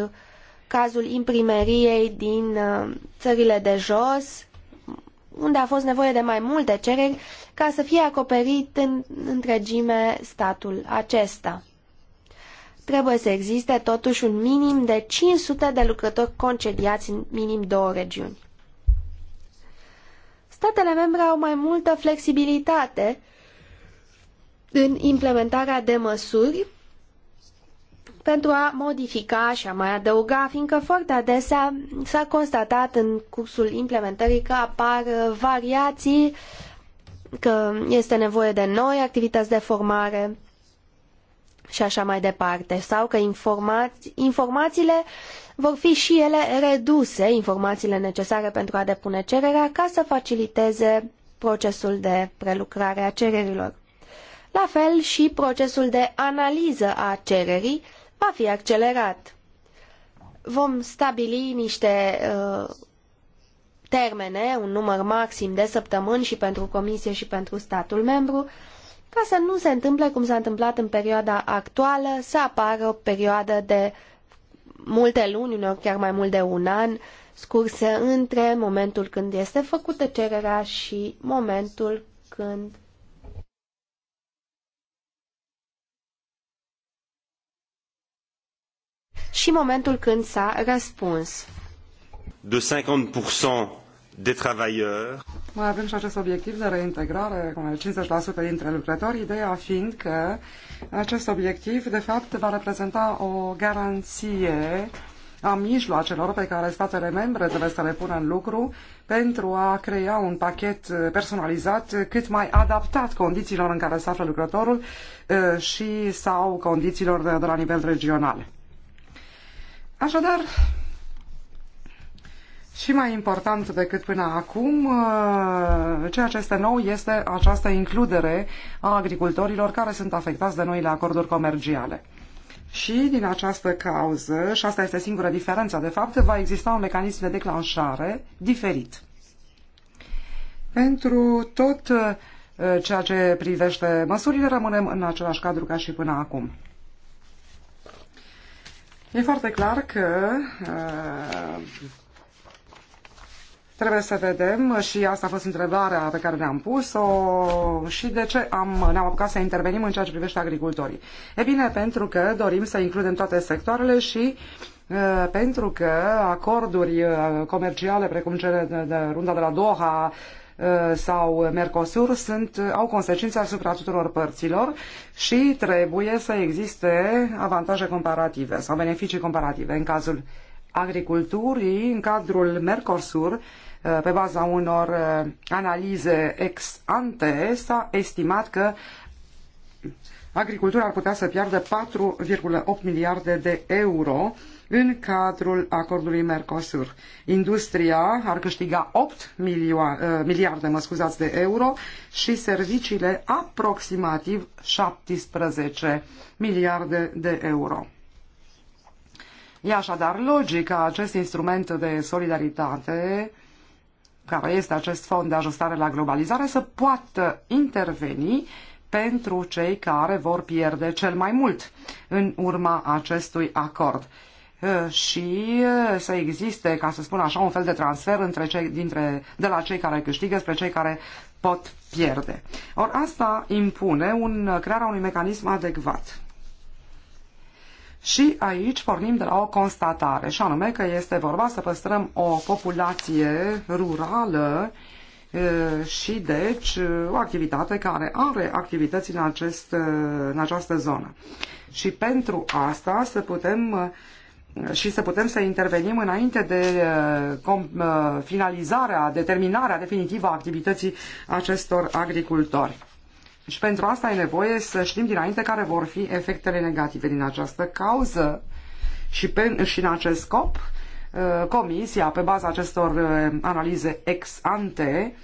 cazul imprimeriei din uh, țările de jos, unde a fost nevoie de mai multe cereri ca să fie acoperit în întregime statul acesta. Trebuie să existe totuși un minim de 500 de lucrători concediați în minim două regiuni. Statele membre au mai multă flexibilitate în implementarea de măsuri pentru a modifica și a mai adăuga, fiindcă foarte adesea s-a constatat în cursul implementării că apar variații, că este nevoie de noi activități de formare și așa mai departe, sau că informați, informațiile vor fi și ele reduse, informațiile necesare pentru a depune cererea, ca să faciliteze procesul de prelucrare a cererilor. La fel și procesul de analiză a cererii, va fi accelerat. Vom stabili niște uh, termene, un număr maxim de săptămâni și pentru Comisie și pentru statul membru, ca să nu se întâmple cum s-a întâmplat în perioada actuală, să apară o perioadă de multe luni, uneori chiar mai mult de un an, scurse între momentul când este făcută cererea și momentul când și momentul când s-a răspuns. De 50% de travailleurs. Mai avem și acest obiectiv de reintegrare, 50% dintre lucrători, ideea fiind că acest obiectiv, de fapt, va reprezenta o garanție a mijloacelor pe care statele membre trebuie să le pună în lucru pentru a crea un pachet personalizat cât mai adaptat condițiilor în care se află lucrătorul eh, și sau condițiilor de, de la nivel regional. Așadar, și mai important decât până acum, uh, ceea ce este nou este această includere a agricultorilor care sunt afectați de noile acorduri comerciale. Și din această cauză, și asta este singura diferență, de fapt, va exista un mecanism de declanșare diferit. Pentru tot uh, ceea ce privește măsurile, rămânem în același cadru ca și până acum. E foarte clar că uh, Trebuie să vedem și asta a fost întrebarea pe care ne-am pus-o și de ce am, ne-am apucat să intervenim în ceea ce privește agricultorii. E bine, pentru că dorim să includem toate sectoarele și uh, pentru că acorduri uh, comerciale precum cele de, de runda de la Doha, Uh, sau Mercosur sunt, uh, au consecințe asupra tuturor părților și trebuie să existe avantaje comparative sau beneficii comparative. În cazul agriculturii, în cadrul Mercosur, uh, pe baza unor analize ex ante, s-a estimat că agricultura ar putea să piardă 4,8 miliarde de euro în cadrul acordului Mercosur. Industria ar câștiga 8 eh, miliarde mă scuzați, de euro și serviciile aproximativ 17 miliarde de euro. E așadar logica acest instrument de solidaritate care este acest fond de ajustare la globalizare să poată interveni pentru cei care vor pierde cel mai mult în urma acestui acord și să existe, ca să spun așa, un fel de transfer între cei, dintre, de la cei care câștigă spre cei care pot pierde. Or, asta impune un, crearea unui mecanism adecvat. Și aici pornim de la o constatare, și anume că este vorba să păstrăm o populație rurală și deci o activitate care are activități în, acest, în această zonă. Și pentru asta să putem și să putem să intervenim înainte de uh, uh, finalizarea, determinarea definitivă a activității acestor agricultori. Și pentru asta e nevoie să știm dinainte care vor fi efectele negative din această cauză și, pe, și în acest scop uh, Comisia, pe baza acestor analize ex ante,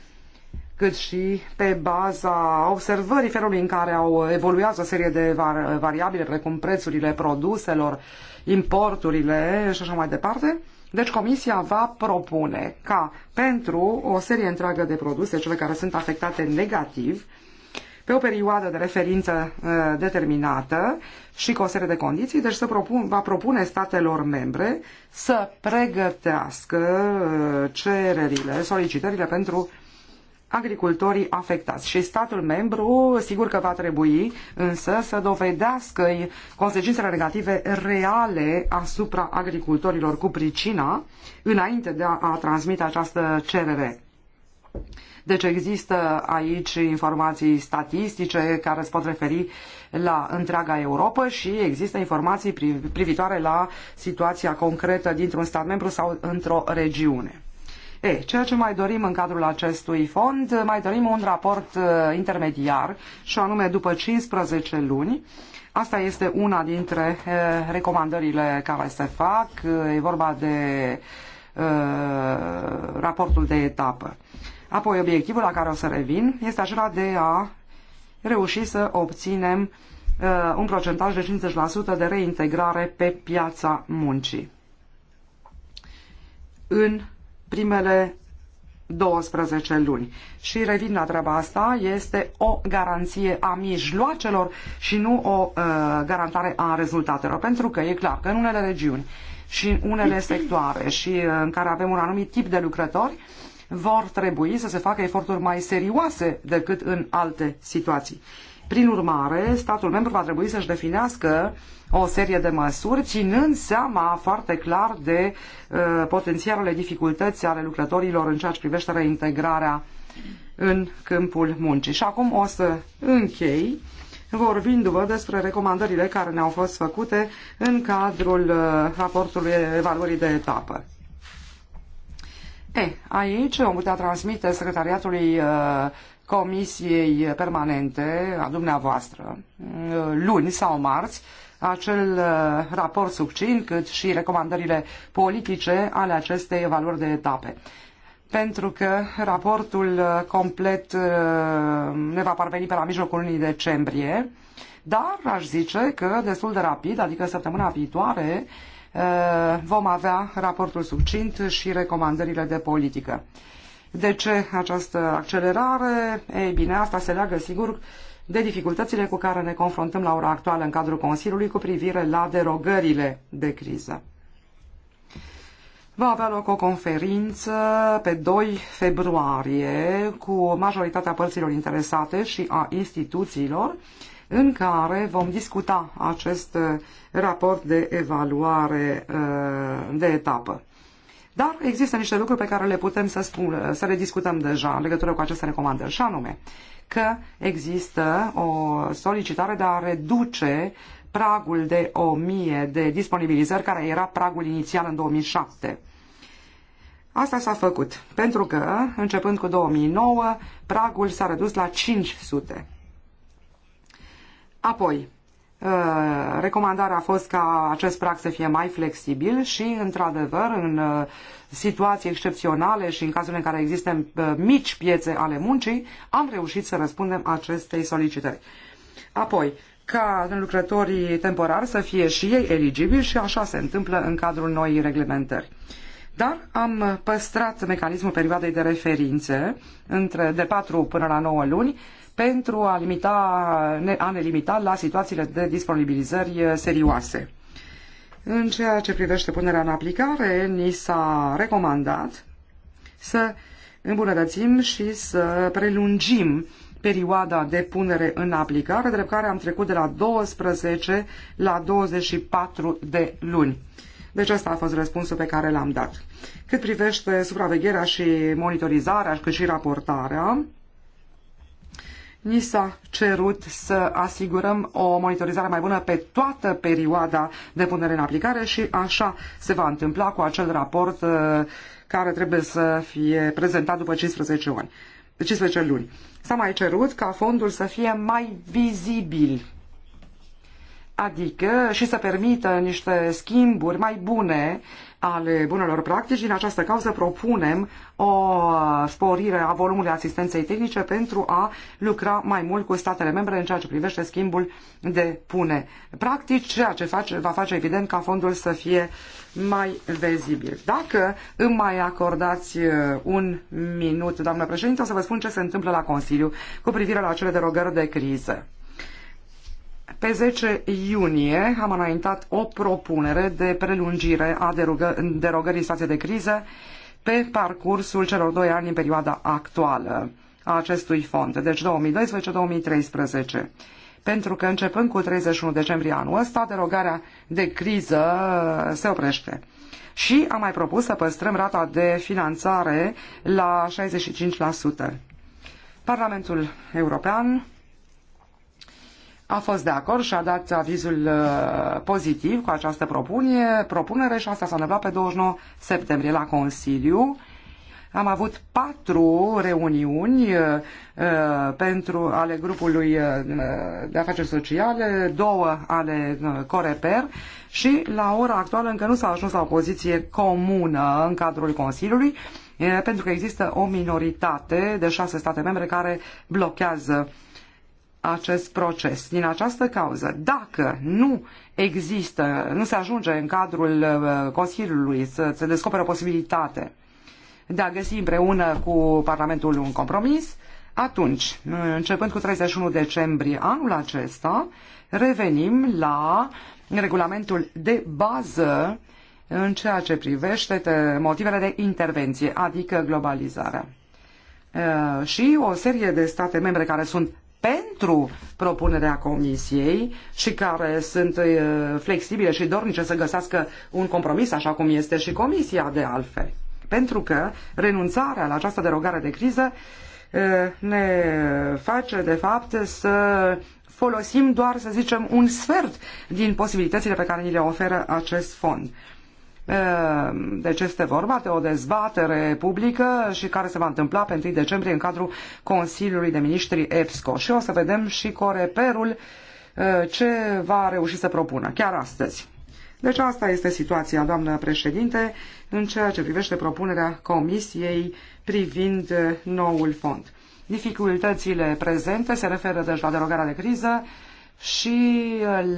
cât și pe baza observării felului în care au evoluat o serie de variabile, precum prețurile produselor, importurile și așa mai departe. Deci Comisia va propune ca pentru o serie întreagă de produse, cele care sunt afectate negativ, pe o perioadă de referință uh, determinată și cu o serie de condiții, deci să propun, va propune statelor membre să pregătească uh, cererile, solicitările pentru agricultorii afectați. Și statul membru, sigur că va trebui însă să dovedească consecințele negative reale asupra agricultorilor cu pricina înainte de a, transmite această cerere. Deci există aici informații statistice care se pot referi la întreaga Europa și există informații privitoare la situația concretă dintr-un stat membru sau într-o regiune. E, eh, ceea ce mai dorim în cadrul acestui fond, eh, mai dorim un raport eh, intermediar și anume după 15 luni. Asta este una dintre recomandările care se fac. E vorba de raportul de etapă. Apoi, obiectivul la care o să revin este acela de a reuși să obținem un procentaj de 50% de reintegrare pe piața muncii în primele 12 luni. Și revin la treaba asta, este o garanție a mijloacelor și nu o uh, garantare a rezultatelor, pentru că e clar că în unele regiuni și în unele sectoare și uh, în care avem un anumit tip de lucrători, vor trebui să se facă eforturi mai serioase decât în alte situații. Prin urmare, statul membru va trebui să-și definească uh, o serie de măsuri, ținând seama foarte clar de uh, potențialele dificultăți ale lucrătorilor în ceea ce privește reintegrarea în câmpul muncii. Și acum o să închei vorbindu-vă despre recomandările care ne-au fost făcute în cadrul uh, raportului evaluării de etapă. E, aici o putea transmite secretariatului uh, Comisiei Permanente a dumneavoastră luni sau marți acel uh, raport succint, cât și recomandările politice ale acestei evaluări de etape. Pentru că raportul uh, complet uh, ne va parveni pe la mijlocul lunii decembrie, dar aș zice că destul de rapid, adică săptămâna viitoare, vom avea raportul succint și recomandările de politică. De ce această accelerare? Ei bine, asta se leagă sigur de dificultățile cu care ne confruntăm la ora actuală în cadrul Consiliului cu privire la derogările de criză. Va avea loc o conferință pe 2 februarie cu majoritatea părților interesate și a instituțiilor în care vom discuta acest raport de evaluare uh, de etapă. Dar există niște lucruri pe care le putem să, spun, să le discutăm deja în legătură cu aceste recomandări, și anume că există o solicitare de a reduce pragul de 1000 de disponibilizări care era pragul inițial în 2007. Asta s-a făcut, pentru că, începând cu 2009, pragul s-a redus la 500. Apoi, Uh, recomandarea a fost ca acest prag să fie mai flexibil și, într-adevăr, în uh, situații excepționale și în cazul în care există uh, mici piețe ale muncii, am reușit să răspundem acestei solicitări. Apoi, ca lucrătorii temporari să fie și ei eligibili și așa se întâmplă în cadrul noii reglementări. Dar am păstrat mecanismul perioadei de referințe între, de 4 până la 9 luni pentru a, limita, a ne limita la situațiile de disponibilizări eh, serioase. În ceea ce privește punerea în aplicare, ni s-a recomandat să îmbunătățim și să prelungim perioada de punere în aplicare, drept care am trecut de la 12 la 24 de luni. Deci asta a fost răspunsul pe care l-am dat. Cât privește supravegherea și monitorizarea, cât și raportarea, Ni s-a cerut să asigurăm o monitorizare mai bună pe toată perioada de punere în aplicare și așa se va întâmpla cu acel raport uh, care trebuie să fie prezentat după 15 ani. 15 luni. S-a mai cerut ca fondul să fie mai vizibil, adică și să permită niște schimburi mai bune ale bunelor practici. Din această cauză propunem o sporire a volumului asistenței tehnice pentru a lucra mai mult cu statele membre în ceea ce privește schimbul de pune practici, ceea ce face, va face evident ca fondul să fie mai vizibil Dacă îmi mai acordați uh, un minut, doamnă președinte, o să vă spun ce se întâmplă la Consiliu cu privire la acele derogări de criză. Pe 10 iunie am înaintat o propunere de prelungire a derogării stației de criză pe parcursul celor doi ani în perioada actuală a acestui fond, deci 2012-2013. Pentru că începând cu 31 decembrie anul ăsta, derogarea de criză uh, se oprește. Și am mai propus să păstrăm rata de finanțare la 65%. Parlamentul European a fost de acord și a dat avizul uh, pozitiv cu această propunere, propunere și asta s-a întâmplat pe 29 septembrie la Consiliu. Am avut patru reuniuni uh, uh pentru ale grupului uh, de afaceri sociale, două ale Coreper și la ora actuală încă nu s-a ajuns la o poziție comună în cadrul Consiliului, uh, pentru că există o minoritate de șase state membre care blochează acest proces. Din această cauză, dacă nu există, nu se ajunge în cadrul uh, Consiliului să se descoperă posibilitate de a găsi împreună cu Parlamentul un compromis, atunci, uh, începând cu 31 decembrie anul acesta, revenim la regulamentul de bază în ceea ce privește motivele de intervenție, adică globalizarea. Uh, și o serie de state membre care sunt pentru propunerea Comisiei și care sunt uh, flexibile și dornice să găsească un compromis, așa cum este și Comisia de altfel. Pentru că renunțarea la această derogare de criză uh, ne face, de fapt, să folosim doar, să zicem, un sfert din posibilitățile pe care ni le oferă acest fond. Ehm, deci este vorba de o dezbatere publică și care se va întâmpla pe 1 decembrie în cadrul Consiliului de Ministri EPSCO. Și o să vedem și coreperul ehm, ce va reuși să propună chiar astăzi. Deci asta este situația, doamnă președinte, în ceea ce privește propunerea Comisiei privind ehm, noul fond. Dificultățile prezente se referă deci la derogarea de criză și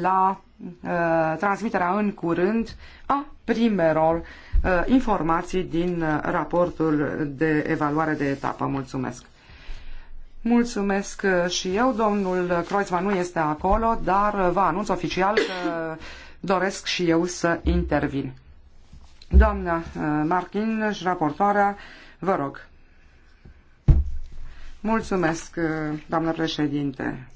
la Uh, transmiterea în curând a primelor uh, informații din uh, raportul de evaluare de etapă. Mulțumesc! Mulțumesc și eu. Domnul Croizman nu este acolo, dar vă anunț oficial că doresc și eu să intervin. Doamna Marchin și raportoarea, vă rog. Mulțumesc, doamnă președinte.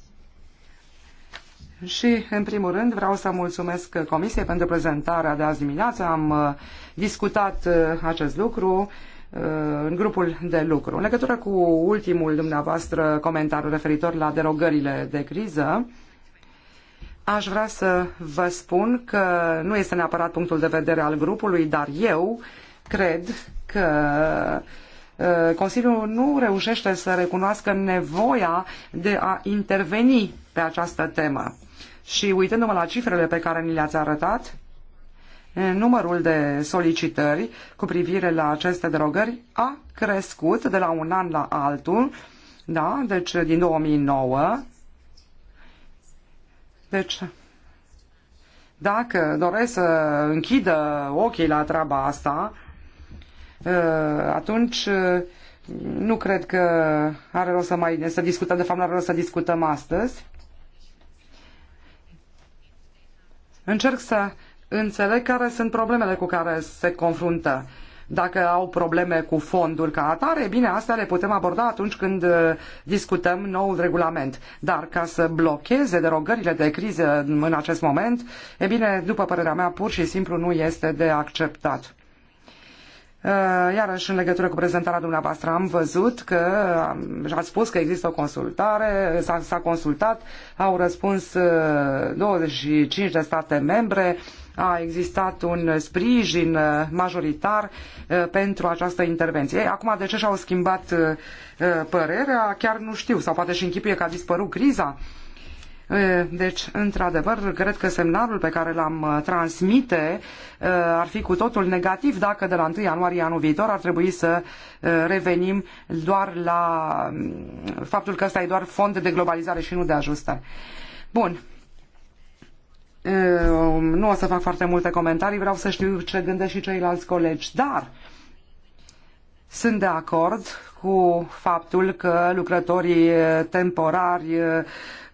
Și, în primul rând, vreau să mulțumesc Comisiei pentru prezentarea de azi dimineață. Am uh, discutat uh, acest lucru uh, în grupul de lucru. În legătură cu ultimul dumneavoastră comentariu referitor la derogările de criză, aș vrea să vă spun că nu este neapărat punctul de vedere al grupului, dar eu cred că Consiliul nu reușește să recunoască nevoia de a interveni pe această temă. Și uitându-mă la cifrele pe care ni le-ați arătat, numărul de solicitări cu privire la aceste derogări a crescut de la un an la altul, da, deci din 2009. Deci, dacă doresc să închidă ochii la treaba asta, atunci nu cred că are rost să mai să discutăm, de fapt nu are rost să discutăm astăzi. Încerc să înțeleg care sunt problemele cu care se confruntă. Dacă au probleme cu fondul ca atare, bine, astea le putem aborda atunci când uh, discutăm noul regulament. Dar ca să blocheze derogările de criză în acest moment, e bine, după părerea mea, pur și simplu nu este de acceptat. Uh, iarăși, în legătură cu prezentarea dumneavoastră, am văzut că ați spus că există o consultare, s-a, consultat, au răspuns 25 uh, de state membre, a existat un sprijin uh, majoritar pentru această intervenție. Acum, de ce și-au schimbat părerea, chiar nu știu, sau poate și închipuie că a dispărut criza. Deci, într-adevăr, cred că semnalul pe care l-am uh, transmite uh, ar fi cu totul negativ dacă de la 1 ianuarie anul viitor ar trebui să uh, revenim doar la mm, faptul că ăsta e doar fond de globalizare și nu de ajustare. Bun. Um, nu o să fac foarte multe comentarii, vreau să știu ce gândesc și ceilalți colegi, dar sunt de acord cu faptul că lucrătorii temporari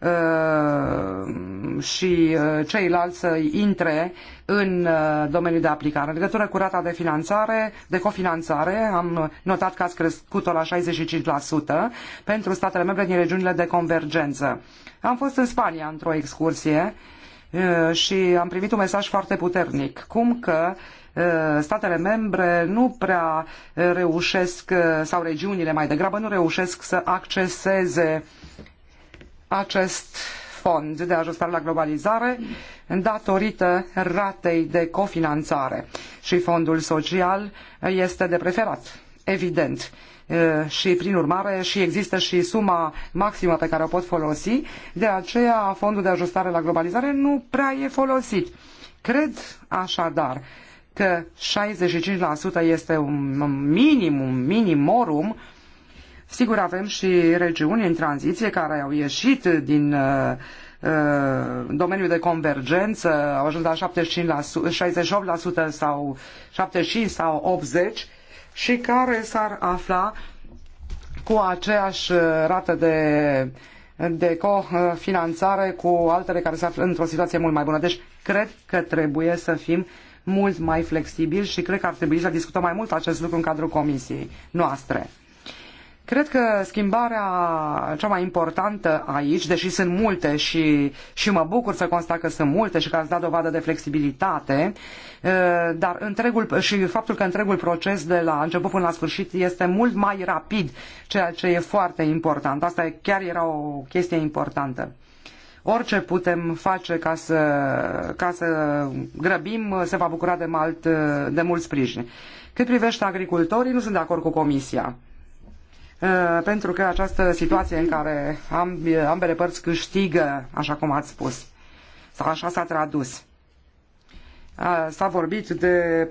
Uh, și uh, ceilalți să intre în uh, domeniul de aplicare. În legătură cu rata de finanțare, de cofinanțare, am notat că ați crescut-o la 65% pentru statele membre din regiunile de convergență. Am fost în Spania într-o excursie și am primit un mesaj foarte puternic, cum că statele membre nu prea reușesc, sau regiunile mai degrabă, nu reușesc să acceseze acest fond de ajustare la globalizare datorită ratei de cofinanțare și fondul social este de preferat, evident și prin urmare și există și suma maximă pe care o pot folosi, de aceea fondul de ajustare la globalizare nu prea e folosit. Cred așadar că 65% este un minimum un minimorum Sigur, avem și regiuni în tranziție care au ieșit din uh, uh, domeniul de convergență, au ajuns la 75%, 68% sau 75% sau 80% și care s-ar afla cu aceeași uh, rată de, de cofinanțare cu altele care se află într-o situație mult mai bună. Deci cred că trebuie să fim mult mai flexibili și cred că ar trebui să discutăm mai mult acest lucru în cadrul comisiei noastre. Cred că schimbarea cea mai importantă aici, deși sunt multe și, și mă bucur să constat că sunt multe și că ați dat dovadă de flexibilitate, eh, dar întregul, și faptul că întregul proces de la început până la sfârșit este mult mai rapid, ceea ce e foarte important. Asta chiar era o chestie importantă. Orice putem face ca să, ca să grăbim se va bucura de, mult eh, de mult sprijin. Cât privește agricultorii, nu sunt de acord cu Comisia Uh, pentru că această situație în care uh, ambele părți câștigă, așa cum ați spus, sau așa s-a tradus, uh, S-a vorbit de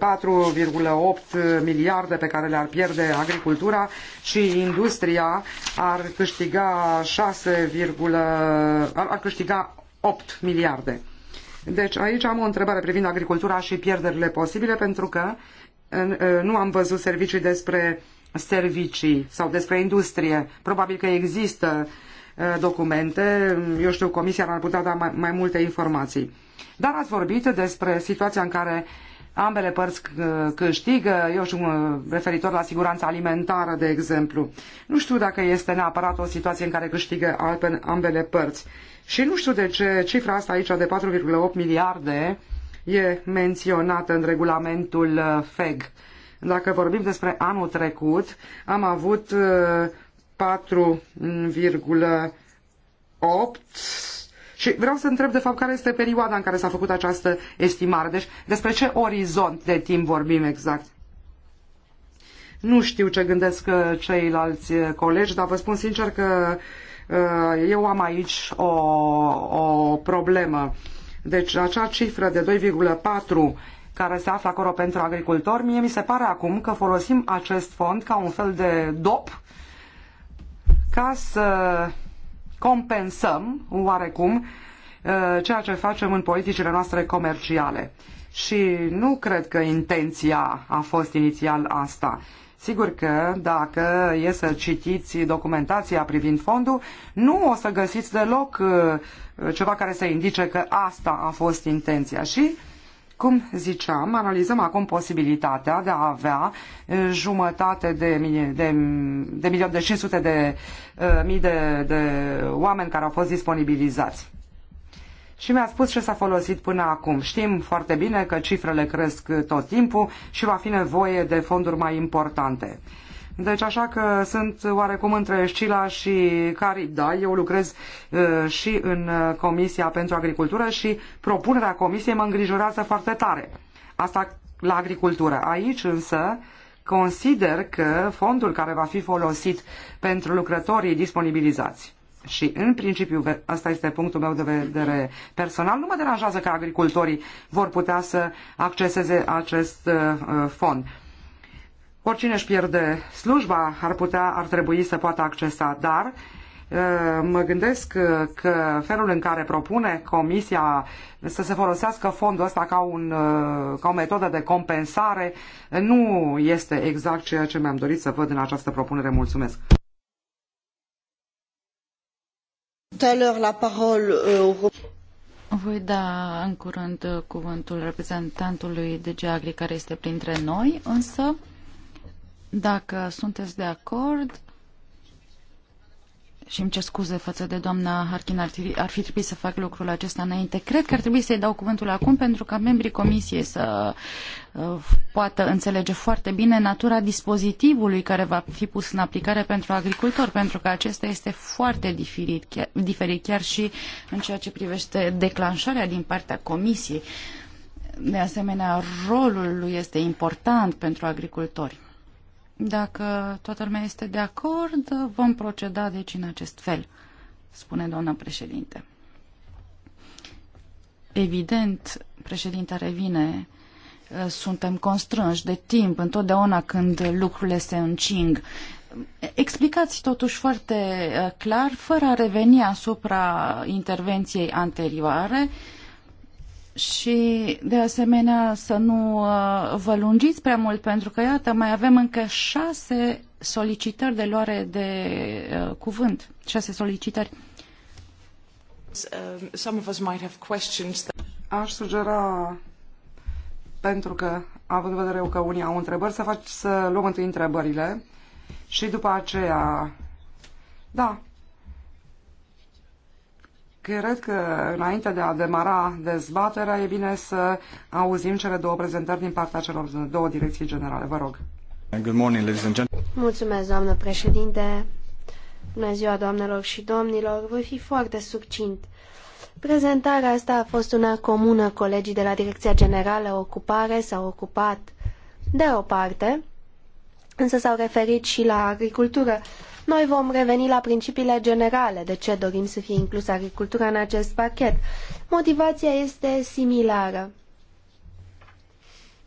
4,8 miliarde pe care le-ar pierde agricultura și industria ar câștiga 6, ar câștiga 8 miliarde. Deci aici am o întrebare privind agricultura și pierderile posibile pentru că nu am văzut servicii despre servicii sau despre industrie. Probabil că există documente, eu știu, comisia ar putea da mai, mai multe informații. Dar ați vorbit despre situația în care ambele părți câștigă, eu știu, referitor la siguranța alimentară, de exemplu. Nu știu dacă este neapărat o situație în care câștigă ambele părți. Și nu știu de ce cifra asta aici de 4,8 miliarde e menționată în regulamentul FEG. Dacă vorbim despre anul trecut, am avut 4,8 uh, și vreau să întreb, de fapt, care este perioada în care s-a făcut această estimare. Deci, despre ce orizont de timp vorbim exact? Nu știu ce gândesc uh, ceilalți uh, colegi, dar vă spun sincer că eu am aici o, o problemă. Deci, acea cifră de 2,4 care se află acolo pentru agricultori, mie mi se pare acum că folosim acest fond ca un fel de dop ca să compensăm oarecum uh, ceea ce facem în politicile noastre comerciale. Și nu cred că intenția a fost inițial asta. Sigur că dacă e să citiți documentația privind fondul, nu o să găsiți deloc uh, ceva care să indice că asta a fost intenția. Și uh, cum ziceam, analizăm acum posibilitatea de a avea jumătate de, de, de milion de 500 de mii de, de oameni care au fost disponibilizați. Și mi-a spus ce s-a folosit până acum. Știm foarte bine că cifrele cresc tot timpul și va fi nevoie de fonduri mai importante. Deci așa că sunt oarecum între Scila și Carida. Eu lucrez uh, și în uh, Comisia pentru Agricultură și propunerea Comisiei mă îngrijorează foarte tare. Asta la agricultură. Aici însă consider că fondul care va fi folosit pentru lucrătorii disponibilizați și în principiu, asta este punctul meu de vedere personal, nu mă deranjează că agricultorii vor putea să acceseze acest uh, uh fond. Oricine își pierde slujba ar putea, ar trebui să poată accesa, dar mă gândesc că felul în care propune Comisia să se folosească fondul ăsta ca, un, ca o metodă de compensare nu este exact ceea ce mi-am dorit să văd în această propunere. Mulțumesc! Euh, Voi da în curând cuvântul reprezentantului DG Agri care este printre noi, însă dacă sunteți de acord, și îmi cer scuze față de doamna Harkin, ar, ar fi trebuit să fac lucrul acesta înainte. Cred că ar trebui să-i dau cuvântul acum pentru ca membrii comisiei să uh, poată înțelege foarte bine natura dispozitivului care va fi pus în aplicare pentru agricultor, pentru că acesta este foarte diferit chiar, diferit, chiar și în ceea ce privește declanșarea din partea comisiei. De asemenea, rolul lui este important pentru agricultori. Dacă toată lumea este de acord, vom proceda deci în acest fel, spune doamna președinte. Evident, președinta revine, uh, suntem constrânși de timp întotdeauna când lucrurile se încing. Explicați totuși foarte uh, clar, fără a reveni asupra intervenției anterioare, uh, și de asemenea să nu uh, vă lungiți prea mult pentru că iată mai avem încă șase solicitări de luare de uh, cuvânt, șase solicitări. Um, some of us might have questions that... Aș sugera pentru că având în vedere că unii au întrebări, să faci să luăm întâi întrebările și după aceea da, Cred că înainte de a demara dezbaterea e bine să auzim cele două prezentări din partea celor două direcții generale. Vă rog. Good morning, ladies and gentlemen. Mulțumesc, doamnă președinte. Bună ziua, doamnelor și domnilor. Voi fi foarte succint. Prezentarea asta a fost una comună. Colegii de la Direcția Generală Ocupare s-au ocupat de o parte, însă s-au referit și la agricultură. Noi vom reveni la principiile generale de ce dorim să fie inclusă agricultura în acest pachet. Motivația este similară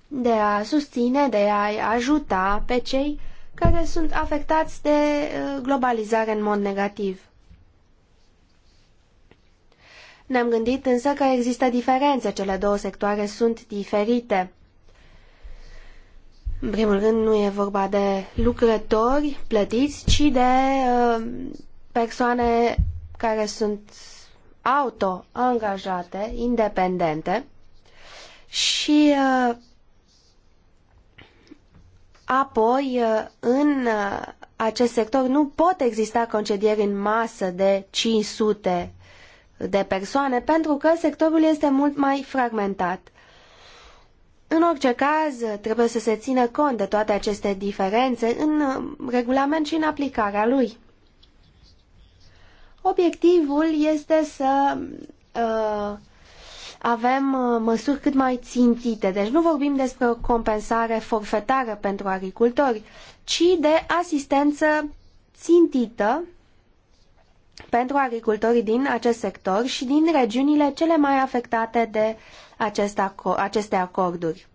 de a susține, de a ajuta pe cei care sunt afectați de uh, globalizare în mod negativ. Ne-am gândit însă că există diferențe, cele două sectoare sunt diferite. În primul rând, nu e vorba de lucrători plătiți, ci de uh, persoane care sunt auto-angajate, independente și uh, apoi uh, în uh, acest sector nu pot exista concedieri în masă de 500 de persoane pentru că sectorul este mult mai fragmentat. În orice caz, trebuie să se țină cont de toate aceste diferențe în uh, regulament și în aplicarea lui. Obiectivul este să uh, avem uh, măsuri cât mai țintite. Deci nu vorbim despre o compensare forfetară pentru agricultori, ci de asistență țintită pentru agricultorii din acest sector și din regiunile cele mai afectate de acest aco aceste acorduri.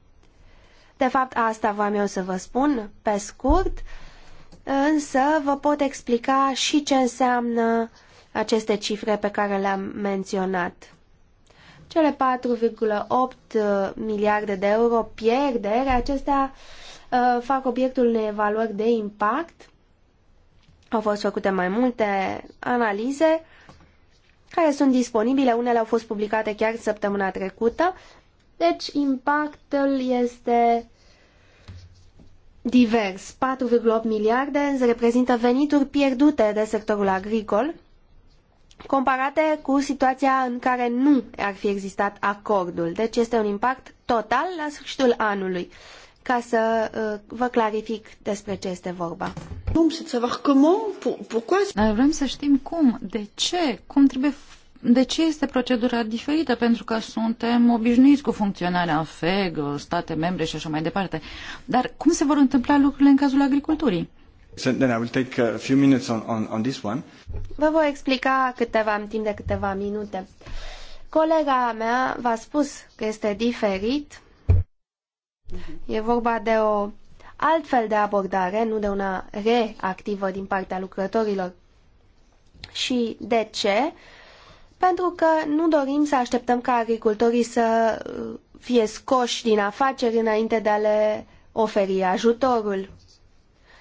De fapt, asta v-am eu să vă spun pe scurt, însă vă pot explica și ce înseamnă aceste cifre pe care le-am menționat. Cele 4,8 uh, miliarde de euro pierderi, acestea uh, fac obiectul unei evaluări de impact au fost făcute mai multe analize care sunt disponibile, unele au fost publicate chiar săptămâna trecută, deci impactul este divers. 4,8 miliarde reprezintă venituri pierdute de sectorul agricol, comparate cu situația în care nu ar fi existat acordul. Deci este un impact total la sfârșitul anului, ca să uh, vă clarific despre ce este vorba. Dar vrem să știm cum, de ce, cum trebuie de ce este procedura diferită? Pentru că suntem obișnuiți cu funcționarea FEG, state membre și așa mai departe. Dar cum se vor întâmpla lucrurile în cazul agriculturii? then I will take a few minutes on, on, this one. Vă voi explica câteva, în timp de câteva minute. Colega mea v-a spus că este diferit. E vorba de o altfel de abordare, nu de una reactivă din partea lucrătorilor. Și de ce? Pentru că nu dorim să așteptăm ca agricultorii să uh, fie scoși din afaceri înainte de a le oferi ajutorul.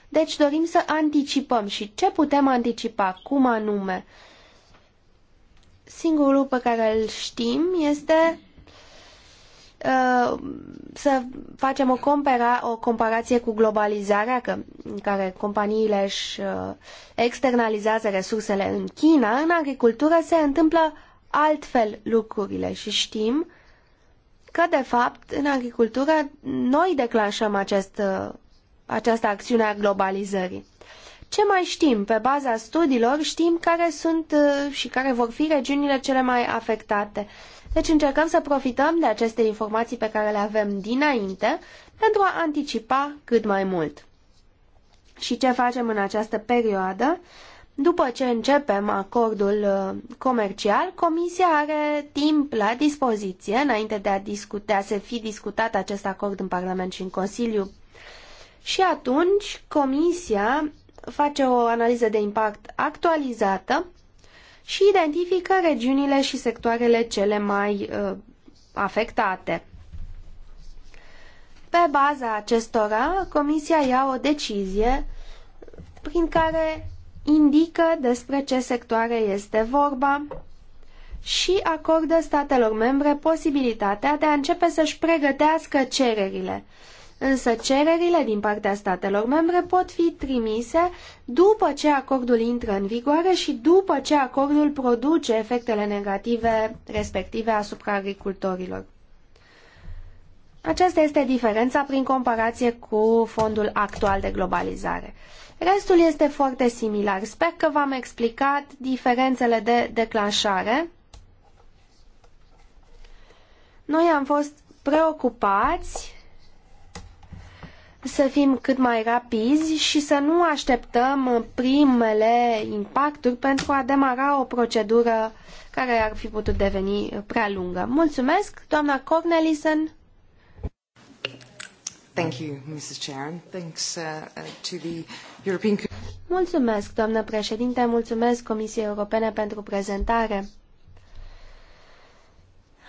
Deci dorim să anticipăm și ce putem anticipa, cum anume. Singurul lucru pe care îl știm este Uh, să facem o, compara, o comparație cu globalizarea, că, în care companiile își uh, externalizează resursele în China, în agricultură se întâmplă altfel lucrurile și știm că, de fapt, în agricultură noi declanșăm acest, uh, această acțiune a globalizării. Ce mai știm? Pe baza studiilor știm care sunt uh, și care vor fi regiunile cele mai afectate. Deci încercăm să profităm de aceste informații pe care le avem dinainte pentru a anticipa cât mai mult. Și ce facem în această perioadă? După ce începem acordul uh, comercial, Comisia are timp la dispoziție înainte de a, discutea, să fi discutat acest acord în Parlament și în Consiliu. Și atunci Comisia face o analiză de impact actualizată și identifică regiunile și sectoarele cele mai uh, afectate. Pe baza acestora, Comisia ia o decizie prin care indică despre ce sectoare este vorba și acordă statelor membre posibilitatea de a începe să-și pregătească cererile Însă cererile din partea statelor membre pot fi trimise după ce acordul intră în vigoare și după ce acordul produce efectele negative respective asupra agricultorilor. Aceasta este diferența prin comparație cu fondul actual de globalizare. Restul este foarte similar. Sper că v-am explicat diferențele de declanșare. Noi am fost preocupați să fim cât mai rapizi și să nu așteptăm primele impacturi pentru a demara o procedură care ar fi putut deveni prea lungă. Mulțumesc, doamna Cornelison. Thank you, Mrs. Chair. Thanks uh, uh, to the European Mulțumesc, doamnă președinte, mulțumesc Comisiei Europene pentru prezentare.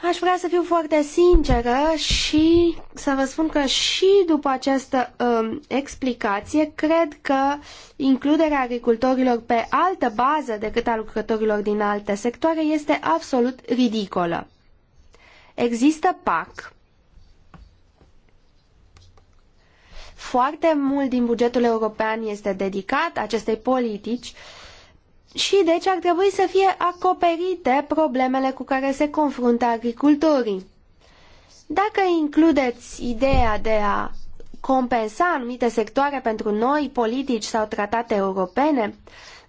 Aș vrea să fiu foarte sinceră și să vă spun că și după această um, explicație, cred că includerea agricultorilor pe altă bază decât a lucrătorilor din alte sectoare este absolut ridicolă. Există PAC. Foarte mult din bugetul european este dedicat acestei politici uh, și deci ar trebui să fie acoperite problemele cu care se confruntă agricultorii. Dacă includeți ideea de a compensa anumite sectoare pentru noi politici sau tratate europene,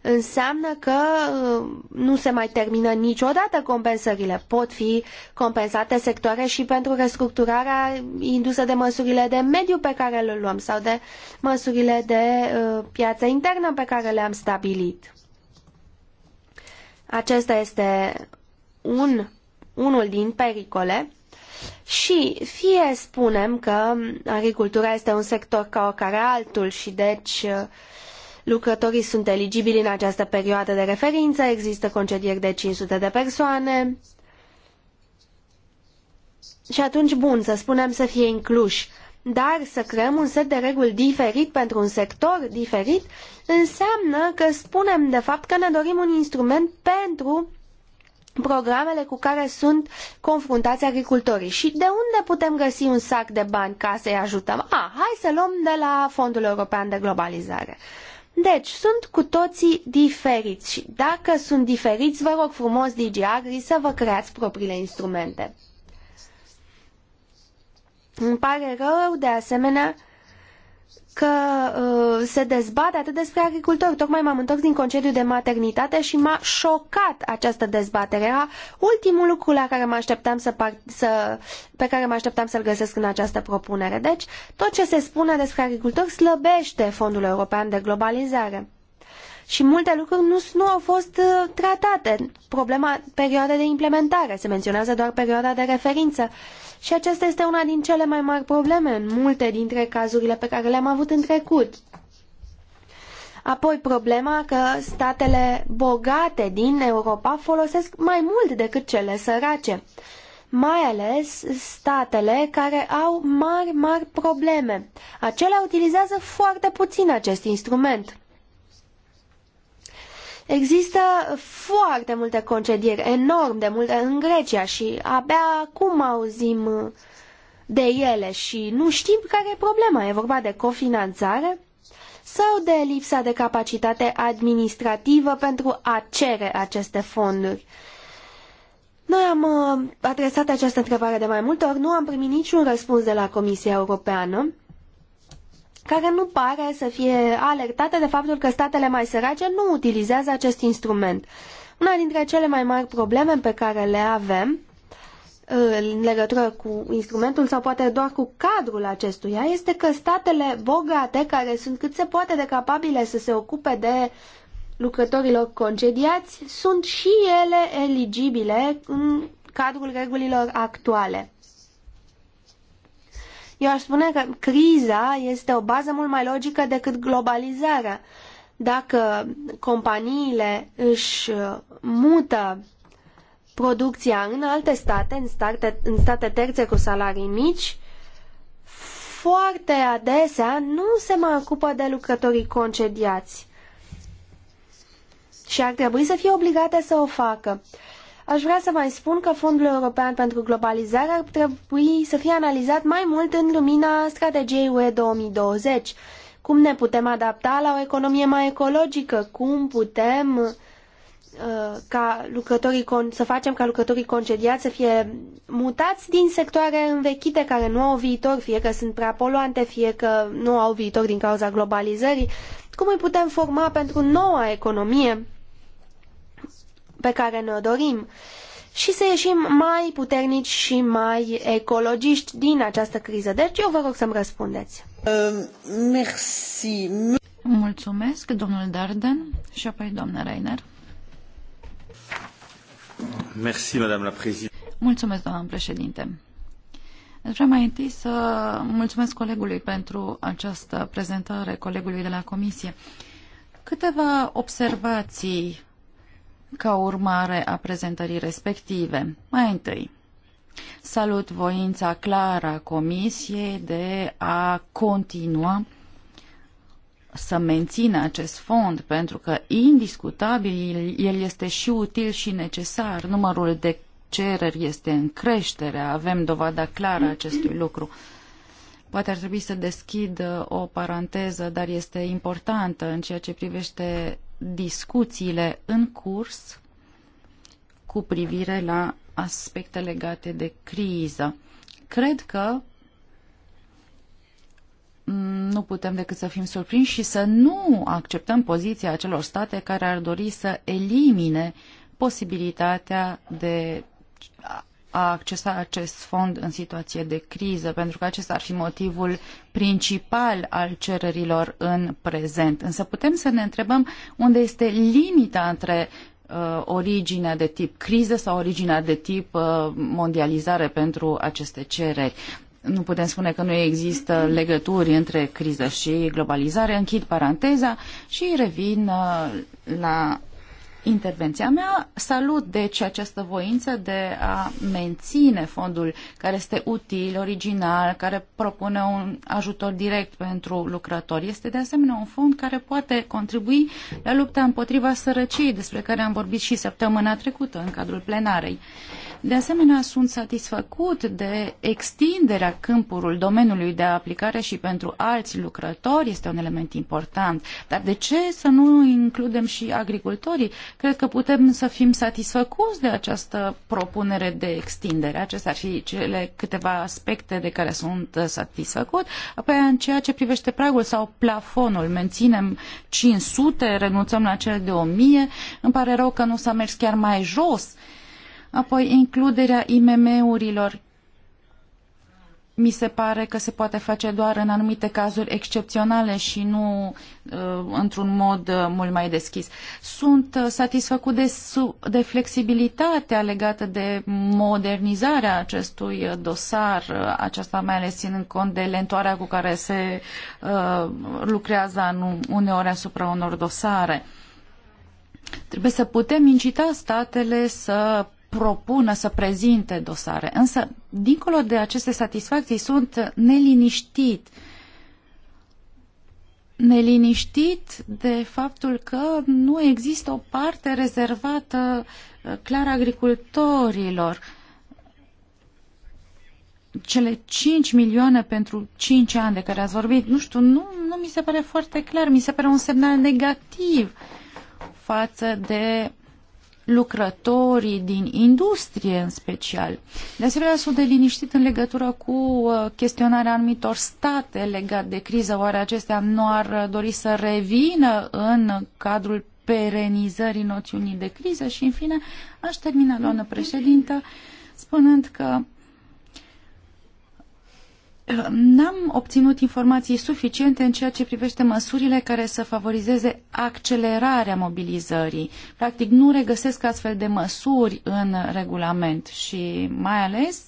înseamnă că uh, nu se mai termină niciodată compensările. Pot fi compensate sectoare și pentru restructurarea indusă de măsurile de mediu pe care le luăm sau de măsurile de uh, piață internă pe care le-am stabilit. Acesta este un, unul din pericole și fie spunem că agricultura este un sector ca oricare altul și deci uh, lucrătorii sunt eligibili în această perioadă de referință, există concedieri de 500 de persoane și atunci, bun, să spunem să fie incluși dar să creăm un set de reguli diferit pentru un sector diferit înseamnă că spunem de fapt că ne dorim un instrument pentru programele cu care sunt confruntați agricultorii și de unde putem găsi un sac de bani ca să-i ajutăm? A, hai să luăm de la Fondul European de Globalizare. Deci, sunt cu toții diferiți și dacă sunt diferiți, vă rog frumos, Agri, să vă creați propriile instrumente. Îmi pare rău, de asemenea, că uh, se dezbate atât despre agricultori. Tocmai m-am întors din concediu de maternitate și m-a șocat această dezbatere. Era ultimul lucru la care mă așteptam să, să pe care mă așteptam să-l găsesc în această propunere. Deci, tot ce se spune despre agricultori slăbește Fondul European de Globalizare. Și multe lucruri nu, nu au fost uh, tratate. Problema perioadei de implementare, se menționează doar perioada de referință. Uh, și aceasta este una din cele mai mari probleme în multe dintre cazurile pe care le-am avut în trecut. Apoi problema că statele bogate din Europa folosesc mai mult decât cele sărace, mai ales statele care au mari, mari probleme. Acelea utilizează foarte puțin acest instrument. Există foarte multe concedieri, enorm de multe, în Grecia și abia acum auzim de ele și nu știm care e problema. E vorba de cofinanțare sau de lipsa de capacitate administrativă pentru a cere aceste fonduri. Noi am uh, adresat această întrebare de mai multe ori, nu am primit niciun răspuns de la Comisia Europeană care nu pare să fie alertată de faptul că statele mai sărace nu utilizează acest instrument. Una dintre cele mai mari probleme pe care le avem uh, în legătură cu instrumentul sau poate doar cu cadrul acestuia este că statele bogate care sunt cât se poate de capabile să se ocupe de lucrătorilor concediați sunt și ele eligibile în cadrul regulilor actuale. Eu aș spune că criza este o bază mult mai logică decât globalizarea. Dacă companiile își mută producția în alte state, în state, în state terțe cu salarii mici, foarte adesea nu se mai ocupă de lucrătorii concediați. Și ar trebui să fie obligate să o facă. Aș vrea să mai spun că Fondul European pentru Globalizare ar trebui să fie analizat mai mult în lumina strategiei UE 2020. Cum ne putem adapta la o economie mai ecologică? Cum putem uh, ca lucrătorii să facem ca lucrătorii concediați să fie mutați din sectoare învechite care nu au viitor, fie că sunt prea poluante, fie că nu au viitor din cauza globalizării. Cum îi putem forma pentru noua economie? pe care ne-o dorim și să ieșim mai puternici și mai ecologiști din această criză. Deci eu vă rog să-mi răspundeți. Uh, Mulțumesc, domnul Darden și apoi doamna Reiner. Merci, madame la Mulțumesc, doamnă președinte. Vreau mai întâi să mulțumesc colegului pentru această prezentare, colegului de la Comisie. Câteva observații ca urmare a prezentării respective. Mai întâi, salut voința clară a Comisiei de a continua să mențină acest fond, pentru că indiscutabil el este și util și necesar. Numărul de cereri este în creștere, avem dovada clară a acestui lucru. Poate ar trebui să deschid uh, o paranteză, dar este importantă în ceea ce privește discuțiile în curs cu privire la aspecte legate de criză. Cred că nu putem decât să fim surprinși și să nu acceptăm poziția acelor state care ar dori să elimine posibilitatea de a accesa acest fond în situație de criză, pentru că acesta ar fi motivul principal al cererilor în prezent. Însă putem să ne întrebăm unde este limita între uh, originea de tip criză sau originea de tip uh, mondializare pentru aceste cereri. Nu putem spune că nu există legături între criză și globalizare. Închid paranteza și revin uh, la intervenția mea. Salut, deci, această voință de a menține fondul care este util, original, care propune un ajutor direct pentru lucrători. Este, de asemenea, un fond care poate contribui la lupta împotriva sărăciei, despre care am vorbit și săptămâna trecută în cadrul plenarei. Uh, de asemenea, sunt satisfăcut de extinderea câmpurul domeniului de aplicare și pentru alți lucrători, este un element important. Dar de ce să nu includem și agricultorii? Cred că putem să fim satisfăcuți de această propunere de extindere. Acestea ar fi cele câteva aspecte de care sunt satisfăcut. Apoi, în ceea ce privește pragul sau plafonul, menținem 500, renunțăm la cele de 1000. Îmi pare rău că nu s-a mers chiar mai jos. Apoi, includerea IMM-urilor mi se pare că se poate face doar în anumite cazuri excepționale și nu uh, într-un mod uh, mult mai deschis. Sunt uh, satisfăcut de, de flexibilitatea legată de modernizarea acestui uh, dosar, uh, aceasta mai ales ținând cont de lentoarea cu care se uh, lucrează în, uneori asupra unor dosare. Trebuie să putem incita statele să propună să prezinte dosare. Însă, dincolo de aceste satisfacții, sunt neliniștit. Neliniștit de faptul că nu există o parte rezervată uh, clar agricultorilor. Cele 5 milioane pentru 5 ani de care ați vorbit, nu știu, nu, nu mi se pare foarte clar, mi se pare un semnal negativ față de lucrătorii din industrie în special. De asemenea, sunt de liniștit în legătură cu uh, chestionarea anumitor state legat de criză. Oare acestea nu ar uh, dori să revină în cadrul perenizării noțiunii de criză? Și, în fine, aș termina, doamnă președintă, spunând că N-am obținut informații suficiente în ceea ce privește măsurile care să favorizeze accelerarea mobilizării. Practic, nu regăsesc astfel de măsuri în regulament și mai ales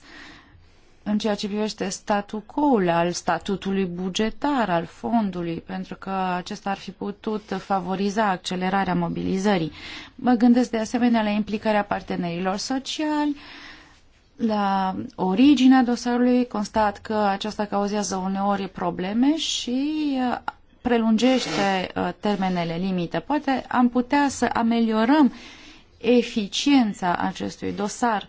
în ceea ce privește statul coul al statutului bugetar al fondului, pentru că acesta ar fi putut favoriza accelerarea mobilizării. Mă gândesc de asemenea la implicarea partenerilor sociali, uh, la originea dosarului constat că aceasta cauzează uneori probleme și uh, prelungește uh, termenele limite. Poate am putea să ameliorăm eficiența acestui dosar.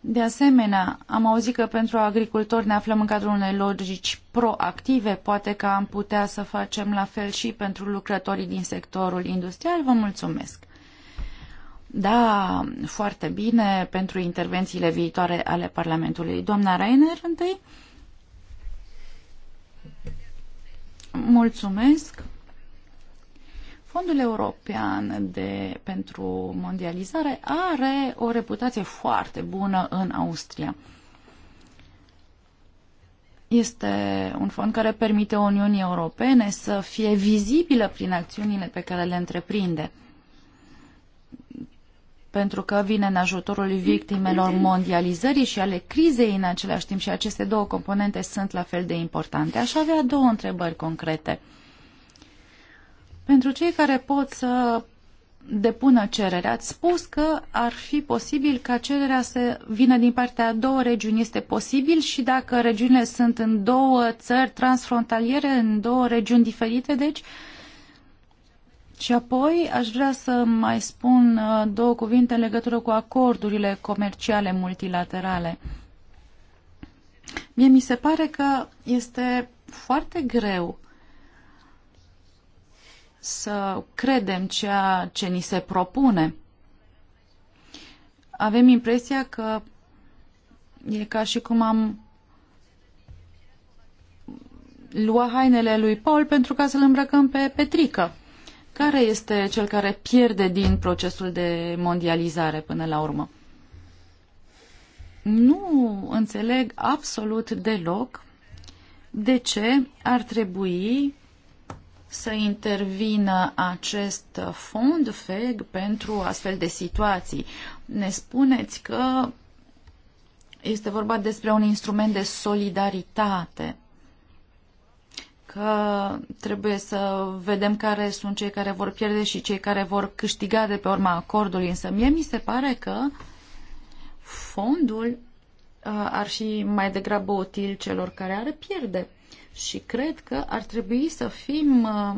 De asemenea, am auzit că pentru agricultori ne aflăm în cadrul unei logici proactive. Poate că am putea să facem la fel și pentru lucrătorii din sectorul industrial. Vă mulțumesc! Da, foarte bine pentru intervențiile viitoare ale Parlamentului. Doamna Rainer, întâi. Mulțumesc. Fondul European de, pentru Mondializare are o reputație foarte bună în Austria. Este un fond care permite Uniunii Europene să fie vizibilă prin acțiunile pe care le întreprinde – pentru că vine în ajutorul victimelor mondializării și ale crizei în același timp și aceste două componente sunt la fel de importante. Aș avea două întrebări concrete. Pentru cei care pot să depună cererea, ați spus că ar fi posibil ca cererea să vină din partea a două regiuni. Este posibil și dacă regiunile sunt în două țări transfrontaliere, în două regiuni diferite, deci și apoi aș vrea să mai spun uh, două cuvinte în legătură cu acordurile comerciale multilaterale. Mie mi se pare că este foarte greu să credem ceea ce ni se propune. Avem impresia că e ca și cum am lua hainele lui Paul pentru ca să-l îmbrăcăm pe Petrică. Care este cel care pierde din procesul de mondializare până la urmă? Nu înțeleg absolut deloc de ce ar trebui să intervină acest fond FEG pentru astfel de situații. Ne spuneți că este vorba despre un instrument de solidaritate că trebuie să vedem care sunt cei care vor pierde și cei care vor câștiga de pe urma acordului. Însă mie mi se pare că fondul uh, ar fi mai degrabă util celor care ar pierde. Și cred că ar trebui să fim uh,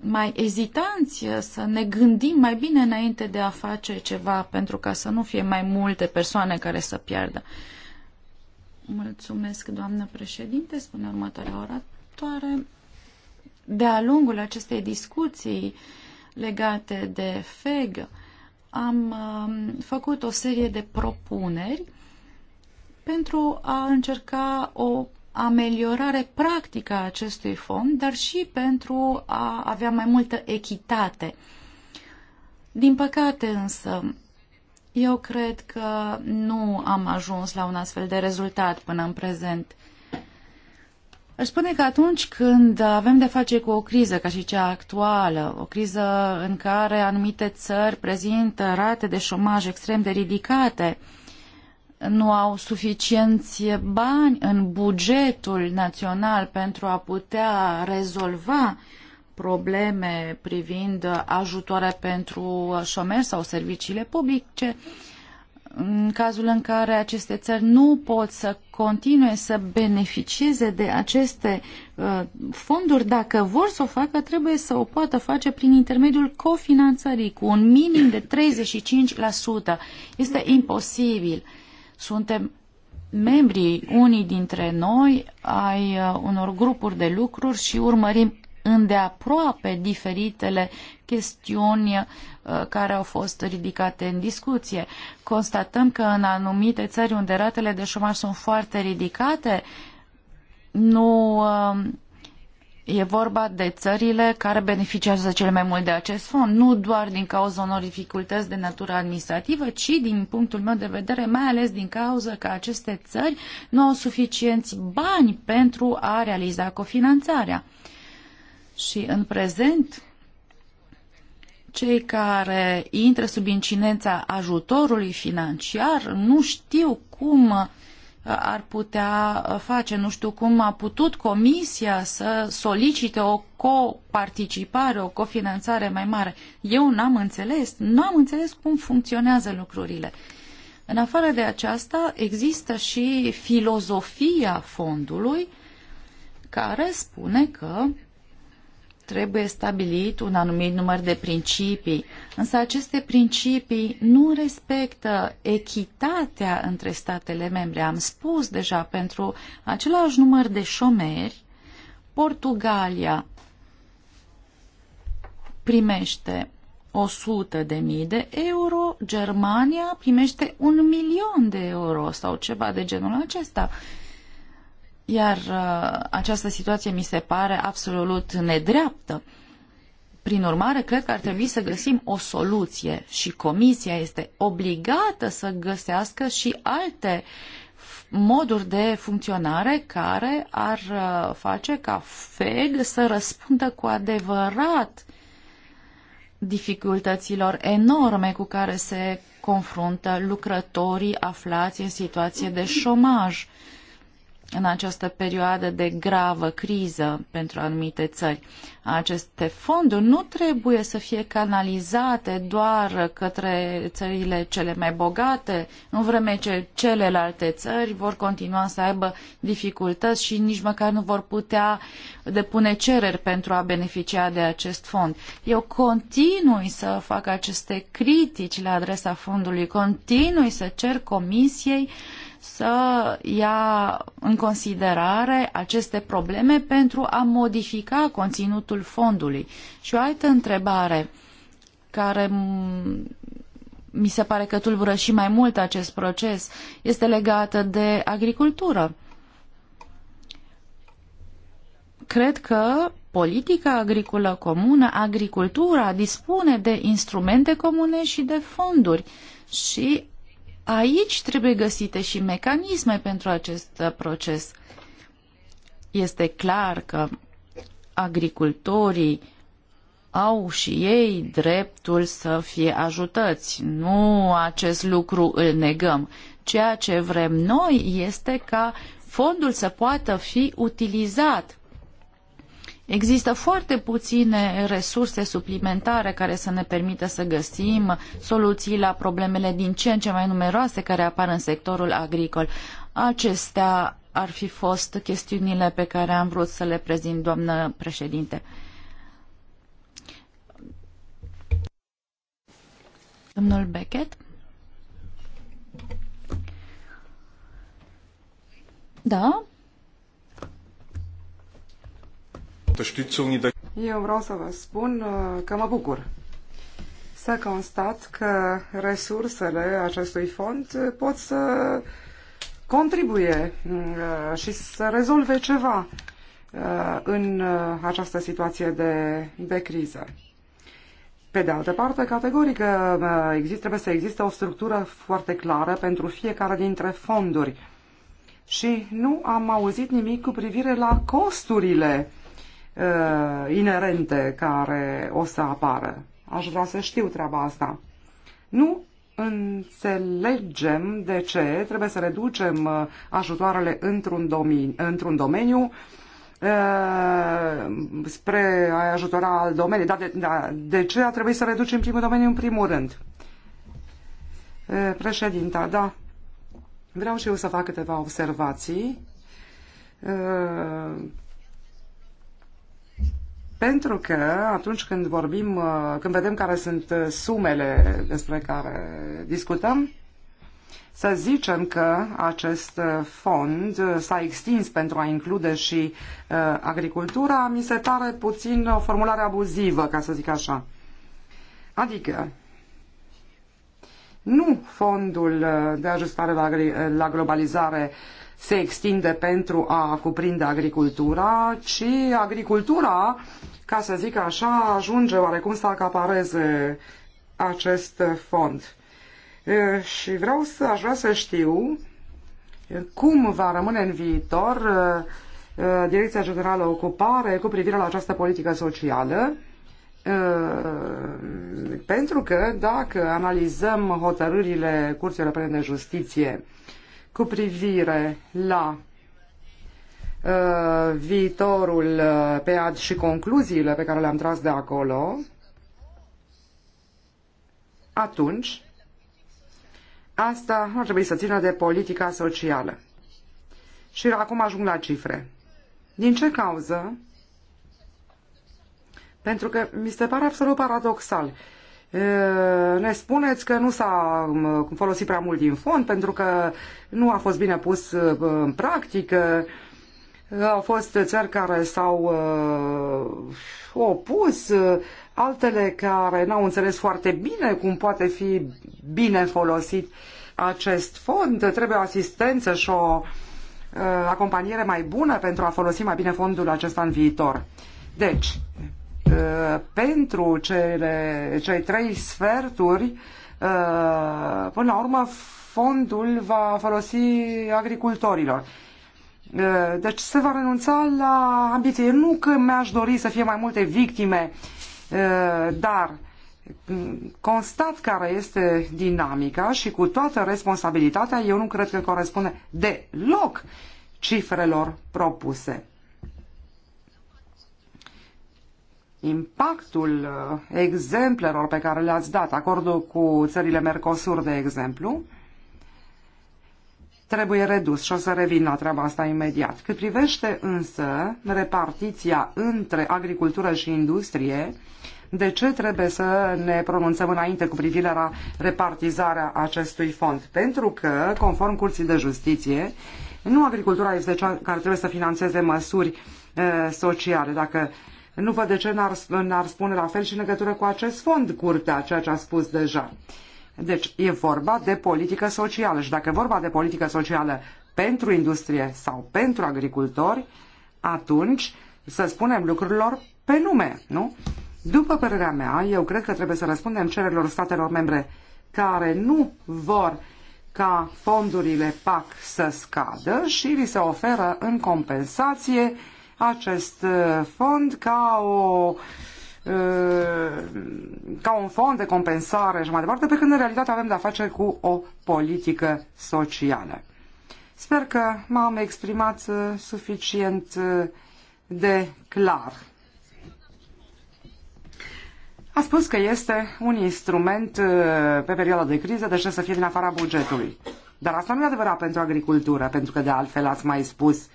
mai ezitanți, să ne gândim mai bine înainte de a face ceva, pentru ca să nu fie mai multe persoane care să piardă. Uh, Mulțumesc, doamnă președinte, spune următoarea oratoare. De-a lungul acestei discuții legate de FEG, am um, făcut o serie de propuneri pentru a încerca o ameliorare practică a acestui fond, dar și pentru a avea mai multă echitate. Din păcate însă, eu cred că nu am ajuns la un astfel de rezultat până în prezent. Aș spune că atunci când avem de face cu o criză ca și cea actuală, o criză în care anumite țări prezintă rate de șomaj extrem de ridicate, nu au suficienți bani în bugetul național pentru a putea rezolva uh, probleme privind ajutoare pentru șomeri sau serviciile publice, în cazul în care aceste țări nu pot să continue să beneficieze de aceste uh, fonduri, dacă vor să o facă, trebuie să o poată face prin intermediul cofinanțării cu un minim de 35%. Este imposibil. Suntem membrii unii dintre noi ai uh, unor grupuri de lucruri și urmărim îndeaproape diferitele chestiuni uh, care au fost ridicate în discuție. Constatăm că în anumite țări unde ratele de șomaj sunt foarte ridicate, nu um, e vorba de țările care beneficiază cel mai mult de acest fond, nu doar din cauza unor dificultăți de natură administrativă, ci din punctul meu de vedere, mai ales din cauza că aceste țări nu au suficienți bani pentru a realiza cofinanțarea. Și în prezent, cei care intră sub incidența ajutorului financiar nu știu cum uh, ar putea uh, face, nu știu cum a putut comisia să solicite o coparticipare, o cofinanțare mai mare. Eu n-am înțeles, nu am înțeles cum funcționează lucrurile. În afară de aceasta, există și filozofia fondului care spune că trebuie stabilit un anumit număr de principii, însă aceste principii nu respectă echitatea între statele membre. Am spus deja, pentru același număr de șomeri, Portugalia primește 100 de mii de euro, Germania primește un milion de euro sau ceva de genul acesta. Iar uh, această situație mi se pare absolut nedreaptă. Prin urmare, cred că ar trebui să găsim o soluție și Comisia este obligată să găsească și alte moduri de funcționare care ar uh, face ca FEG să răspundă cu adevărat dificultăților enorme cu care se confruntă lucrătorii aflați în situație de șomaj în această perioadă de gravă criză pentru anumite țări. Aceste fonduri nu trebuie să fie canalizate doar către țările cele mai bogate, în vreme ce celelalte țări vor continua să aibă dificultăți și nici măcar nu vor putea depune cereri pentru a beneficia de acest fond. Eu continui să fac aceste critici la adresa fondului, continui să cer comisiei uh, să ia în considerare aceste probleme pentru a modifica conținutul fondului. Și o altă întrebare care mi se pare că tulbură și mai mult acest proces este legată de agricultură. Cred că politica agricolă comună, agricultura dispune de instrumente comune și de fonduri și Aici trebuie găsite și mecanisme pentru acest uh, proces. Este clar că agricultorii au și ei dreptul să fie ajutați. Nu acest lucru îl negăm. Ceea ce vrem noi este ca fondul să poată fi utilizat Există foarte puține resurse suplimentare care să ne permită să găsim soluții la problemele din ce în ce mai numeroase care apar în sectorul agricol. Acestea ar fi fost chestiunile pe care am vrut să le prezint, doamnă președinte. Domnul Beckett? Da, Eu vreau să vă spun uh, că mă bucur să constat că resursele acestui fond pot să contribuie uh, și să rezolve ceva uh, în această situație de, de criză. Pe de altă parte, categoric există, trebuie să existe o structură foarte clară pentru fiecare dintre fonduri. Și nu am auzit nimic cu privire la costurile uh, uh, inerente care o să apară. Aș vrea să știu treaba asta. Nu înțelegem de ce trebuie să reducem uh, ajutoarele într-un, domin, într-un domeniu uh, spre a ajutora al domeniu. Dar de, da, de ce a trebuit să reducem primul domeniu în primul rând? Uh, președinta, da. Vreau și eu să fac câteva observații pentru că atunci când vorbim, uh, când vedem care sunt uh, sumele despre care discutăm, să zicem că acest uh, fond s-a extins pentru a include și uh, agricultura, mi se pare puțin o formulare abuzivă, ca să zic așa. Adică, nu fondul de ajustare la, la globalizare uh, se extinde pentru a cuprinde agricultura, ci agricultura, ca să zic așa, ajunge oarecum să acapareze acest fond. Și vreau să, aș vrea să știu cum va rămâne în viitor Direcția Generală Ocupare cu privire la această politică socială, pentru că dacă analizăm hotărârile Curții Europene de Justiție cu privire la uh, viitorul uh, PEAD și concluziile pe care le-am tras de acolo, atunci asta ar trebui să țină de politica socială. Și acum ajung la cifre. Din ce cauză? Pentru că mi se pare absolut paradoxal. Uh, ne spuneți că nu s-a folosit prea mult din fond pentru că nu a fost bine pus în practică. Au fost țări care s-au opus, altele care n-au înțeles foarte bine cum poate fi bine folosit acest fond. Trebuie o asistență și o acompaniere mai bună pentru a folosi mai bine fondul acesta în viitor. Deci, Uh, pentru cele, cei trei sferturi, uh, până la urmă, fondul va folosi agricultorilor. Uh, deci se va renunța la ambiție. Nu că mi-aș dori să fie mai multe victime, dar constat care este dinamica și cu toată responsabilitatea, eu nu cred că corespunde deloc cifrelor propuse. impactul uh, exemplelor pe care le-ați dat, acordul cu țările Mercosur, de exemplu, trebuie redus și o să revin la treaba asta imediat. Cât privește însă repartiția între agricultură și industrie, de ce trebuie să ne pronunțăm înainte cu privire la repartizarea acestui fond? Pentru că, conform Curții de Justiție, nu agricultura este cea care trebuie să financeze măsuri uh, sociale. Dacă uh, nu văd de ce n-ar, spune la fel și în legătură cu acest fond curtea, ceea ce a spus deja. Deci e vorba de politică socială și dacă e vorba de politică socială pentru industrie sau pentru agricultori, atunci să spunem lucrurilor pe nume, nu? După părerea mea, eu cred că trebuie să răspundem cererilor statelor membre care nu vor ca fondurile PAC să scadă și li se oferă în compensație acest uh, fond ca o uh, ca un fond de compensare și mai departe, pe când în realitate avem de-a face cu o politică socială. Sper că m-am exprimat uh, suficient de clar. A spus că este un instrument pe perioada de criză, deci să fie din afara bugetului. Dar asta nu e adevărat pentru agricultură, pentru că de altfel ați mai spus uh,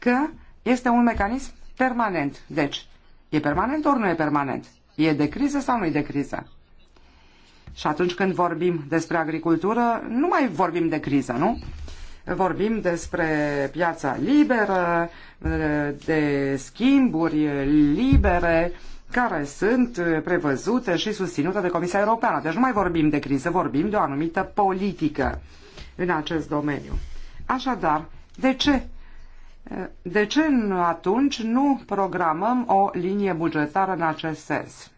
că este un mecanism permanent. Deci, e permanent ori nu e permanent? E de criză sau nu e de criză? Și atunci când vorbim despre agricultură, nu mai vorbim de criză, nu? Vorbim despre piața liberă, de schimburi libere care sunt prevăzute și susținute de Comisia Europeană. Deci nu mai vorbim de criză, vorbim de o anumită politică în acest domeniu. Așadar, de ce de ce atunci nu programăm o linie bugetară în acest sens?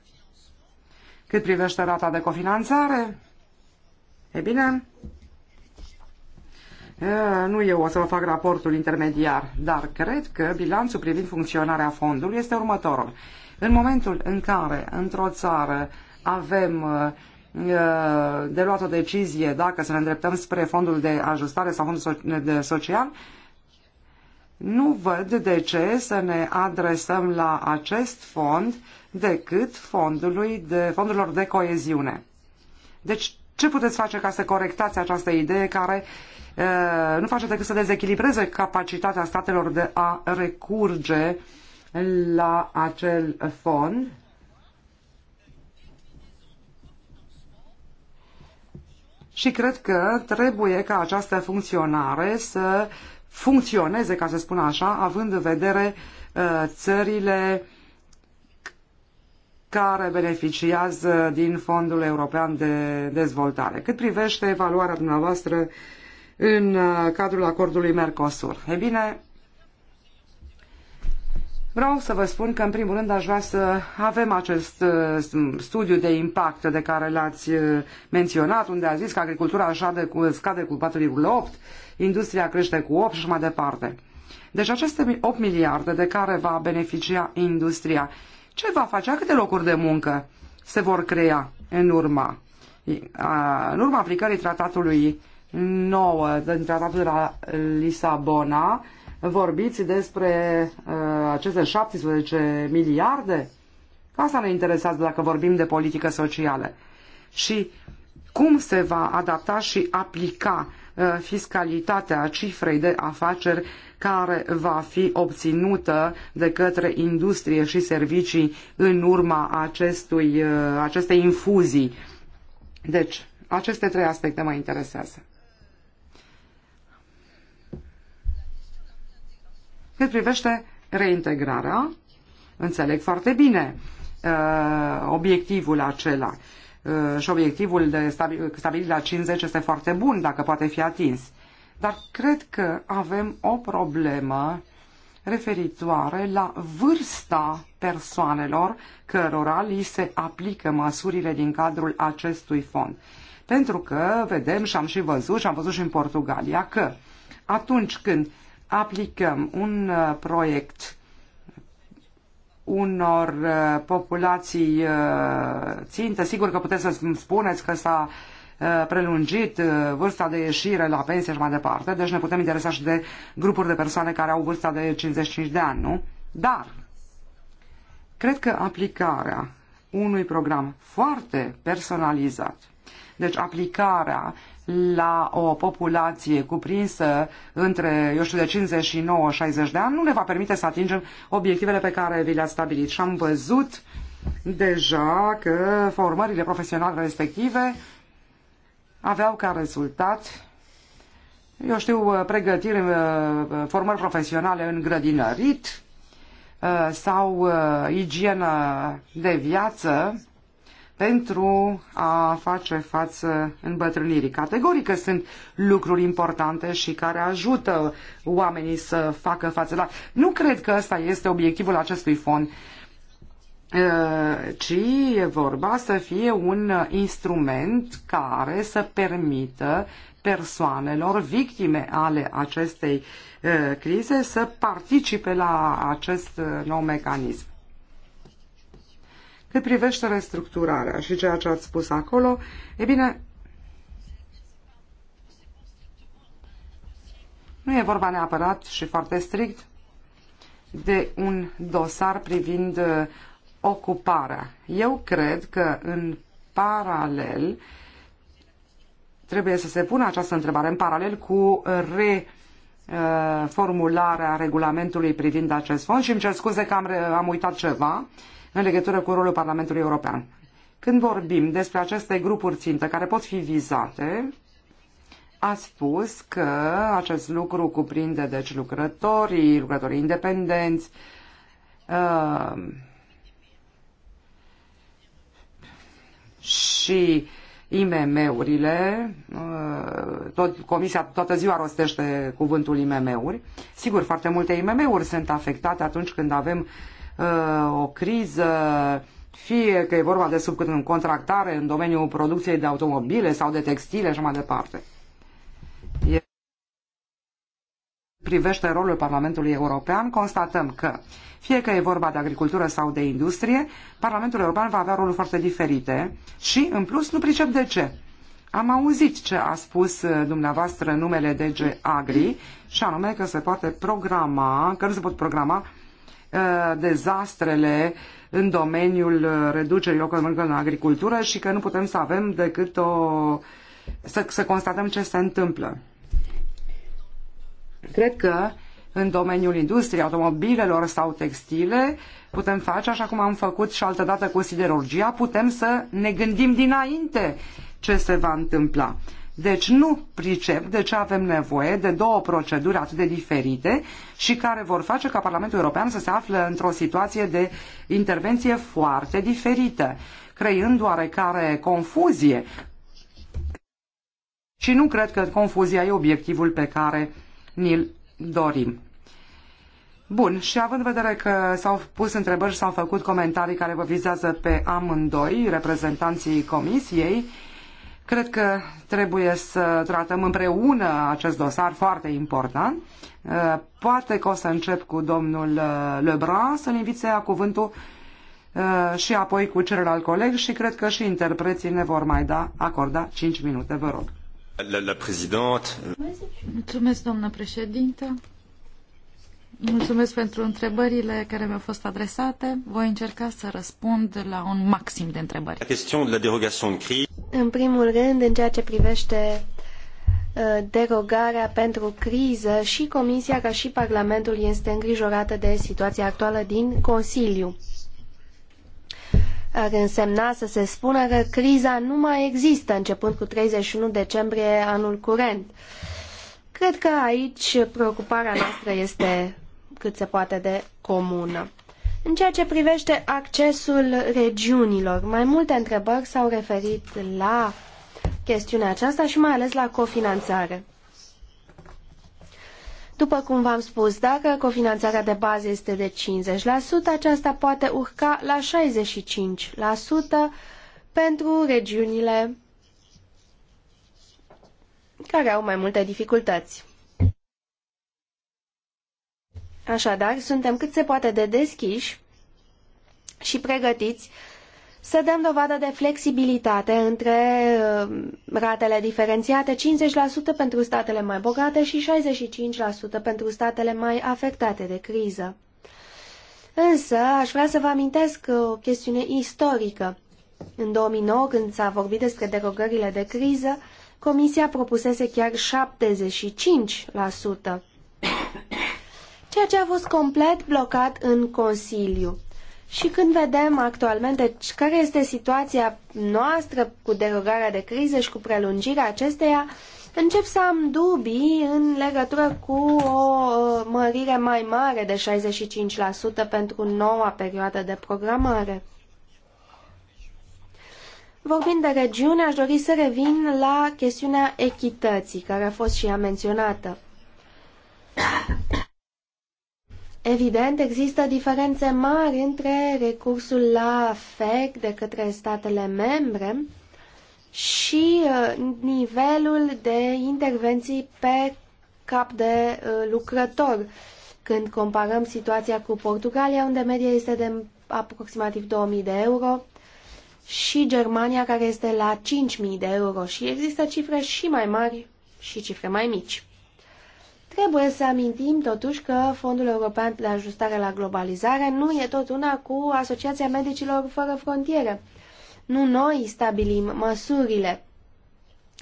Cât privește rata de cofinanțare, e bine, nu eu o să vă fac raportul intermediar, dar cred că bilanțul privind funcționarea fondului este următorul. În momentul în care într-o țară avem de luat o decizie dacă să ne îndreptăm spre fondul de ajustare sau fondul social, nu văd de ce să ne adresăm la acest fond decât fondului de, fondurilor de coeziune. Deci, ce puteți face ca să corectați această idee care e, nu face decât să dezechilibreze capacitatea statelor de a recurge la acel fond? Și cred că trebuie ca această funcționare să uh, funcționeze, ca să spun așa, având în vedere uh, țările care beneficiază din Fondul European de Dezvoltare. Cât privește evaluarea dumneavoastră în uh, cadrul acordului Mercosur. E bine, vreau să vă spun că, în primul rând, aș vrea să avem acest uh, studiu de impact de care l-ați menționat, unde a zis că agricultura așa de, scade cu 4,8%, industria crește cu 8 și mai departe. Deci aceste 8 miliarde de care va beneficia industria, ce va face? Câte locuri de muncă se vor crea în urma, în urma aplicării tratatului nou, din tratatul de la Lisabona, vorbiți despre aceste 17 miliarde? Ca asta ne interesează dacă vorbim de politică socială. Și cum se va adapta și aplica Uh, fiscalitatea cifrei de afaceri care va fi obținută de către industrie și servicii în urma acestui, uh, acestei infuzii. Deci, aceste trei aspecte mă interesează. Cât privește reintegrarea, înțeleg foarte bine uh, obiectivul acela. Uh, Uh, și obiectivul de stabilit la 50 este foarte bun dacă poate fi atins. Dar cred că avem o problemă referitoare la vârsta persoanelor cărora li se aplică măsurile din cadrul acestui fond. Pentru că vedem și am și văzut și am văzut și în Portugalia că atunci când aplicăm un uh, proiect unor uh, populații uh, țintă. Sigur că puteți să spuneți că s-a uh, prelungit vârsta de ieșire la pensie și mai departe, deci ne putem interesa și de grupuri de persoane care au vârsta de 55 de ani, nu? Dar cred că aplicarea unui program foarte personalizat, deci aplicarea la o populație cuprinsă între, eu știu, de 59 60 de ani, nu ne va permite să atingem obiectivele pe care vi le-ați stabilit. Și am văzut deja că formările profesionale respective aveau ca rezultat eu știu, pregătiri, uh, formări profesionale în grădinărit uh, sau uh, igienă de viață pentru a face față îmbătrânirii. Categorică sunt lucruri importante și care ajută oamenii să facă față. Dar nu cred că ăsta este obiectivul acestui fond, ci e vorba să fie un instrument care să permită persoanelor victime ale acestei crize să participe la acest nou mecanism. Cât privește restructurarea și ceea ce ați spus acolo, e bine, nu e vorba neapărat și foarte strict de un dosar privind uh, ocuparea. Eu cred că în paralel trebuie să se pună această întrebare în paralel cu re uh, formularea regulamentului privind acest fond și îmi cer scuze că am, am uitat ceva. Uh, în legătură cu rolul Parlamentului European. Când vorbim despre aceste grupuri țintă care pot fi vizate, a spus că acest lucru cuprinde deci lucrătorii, lucrătorii independenți, uh, și IMM-urile, uh, tot, comisia toată ziua rostește cuvântul IMM-uri. Sigur, foarte multe IMM-uri sunt afectate atunci când avem Uh, o criză, fie că e vorba de subcontractare în domeniul producției de automobile sau de textile și mai departe. E... Privește rolul Parlamentului European, constatăm că fie că e vorba de agricultură sau de industrie, Parlamentul European va avea roluri foarte diferite și, în plus, nu pricep de ce. Am auzit ce a spus uh, dumneavoastră numele DG Agri și anume că se poate programa, că nu se pot programa uh, Uh, dezastrele în domeniul uh, reducerii locurilor de muncă în agricultură și că nu putem să avem decât o... să, să constatăm ce se întâmplă. Cred că în domeniul industriei, automobilelor sau textile, putem face, așa cum am făcut și altădată cu siderurgia, putem să ne gândim dinainte ce se va întâmpla. Deci nu pricep de deci ce avem nevoie de două proceduri atât de diferite și care vor face ca Parlamentul European să se afle într-o situație de intervenție foarte diferită, creând oarecare confuzie. Și nu cred că confuzia e obiectivul pe care ni-l dorim. Bun, și având în vedere că s-au pus întrebări și s-au făcut comentarii care vă vizează pe amândoi, reprezentanții comisiei, Cred că trebuie să tratăm împreună acest dosar foarte important. Uh, poate că o să încep cu domnul uh, Lebrun să-l invit să ia cuvântul uh, și apoi cu celălalt coleg și cred că și interpreții ne vor mai da acorda 5 minute, vă rog. La, la președinte. Mulțumesc, doamnă președintă. Mulțumesc pentru întrebările care mi-au fost adresate. Voi încerca să răspund la un maxim de întrebări. La de la derogation de crise. În primul rând, în ceea ce privește uh, derogarea pentru criză și Comisia ca și Parlamentul este îngrijorată de situația actuală din Consiliu. Ar însemna să se spună că criza nu mai există începând cu 31 decembrie anul curent. Cred că aici preocuparea noastră este cât se poate de comună. În ceea ce privește accesul regiunilor, mai multe întrebări s-au referit la chestiunea aceasta și mai ales la cofinanțare. După cum v-am spus, dacă cofinanțarea de bază este de 50%, aceasta poate urca la 65% pentru regiunile care au mai multe dificultăți. Așadar, suntem cât se poate de deschiși și pregătiți să dăm dovadă de flexibilitate între uh, ratele diferențiate 50% pentru statele mai bogate și 65% pentru statele mai afectate de criză. Însă, aș vrea să vă amintesc o chestiune istorică. În 2009, când s-a vorbit despre derogările de criză, Comisia propusese chiar 75% ceea ce a fost complet blocat în Consiliu. Și când vedem actualmente care este situația noastră cu derogarea de criză și cu prelungirea acesteia, încep să am dubii în legătură cu o mărire mai mare de 65% pentru noua perioadă de programare. Vorbind de regiune, aș dori să revin la chestiunea echității, care a fost și ea menționată. Evident, există diferențe mari între recursul la FEC de către statele membre și uh, nivelul de intervenții pe cap de uh, lucrător. Când comparăm situația cu Portugalia, unde media este de aproximativ 2000 de euro, și Germania, care este la 5000 de euro și există cifre și mai mari și cifre mai mici. Trebuie să amintim totuși că Fondul European de Ajustare la Globalizare nu e tot una cu Asociația Medicilor Fără Frontiere. Nu noi stabilim măsurile.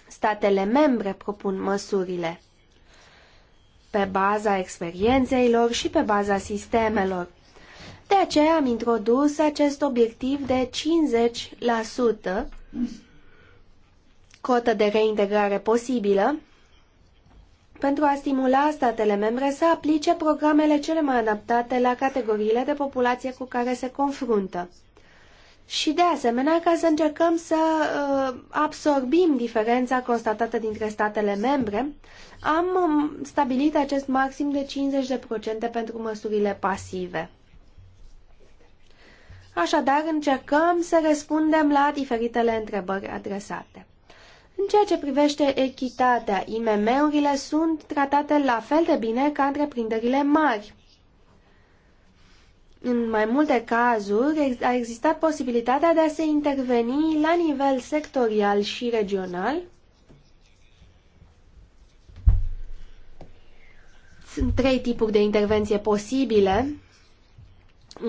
Statele membre propun măsurile pe baza experienței lor și pe baza sistemelor. De aceea am introdus acest obiectiv de 50% cotă de reintegrare posibilă pentru a stimula statele membre să aplice programele cele mai adaptate la categoriile de populație cu care se confruntă. Și de asemenea ca să încercăm să uh, absorbim diferența constatată dintre statele membre, am um, stabilit acest maxim de 50% pentru măsurile pasive. Așadar, încercăm să răspundem la diferitele întrebări adresate. În ceea ce privește echitatea, IMM-urile sunt tratate la fel de bine ca întreprinderile mari. În mai multe cazuri a existat posibilitatea de a se interveni la nivel sectorial și regional. Sunt trei tipuri de intervenție posibile.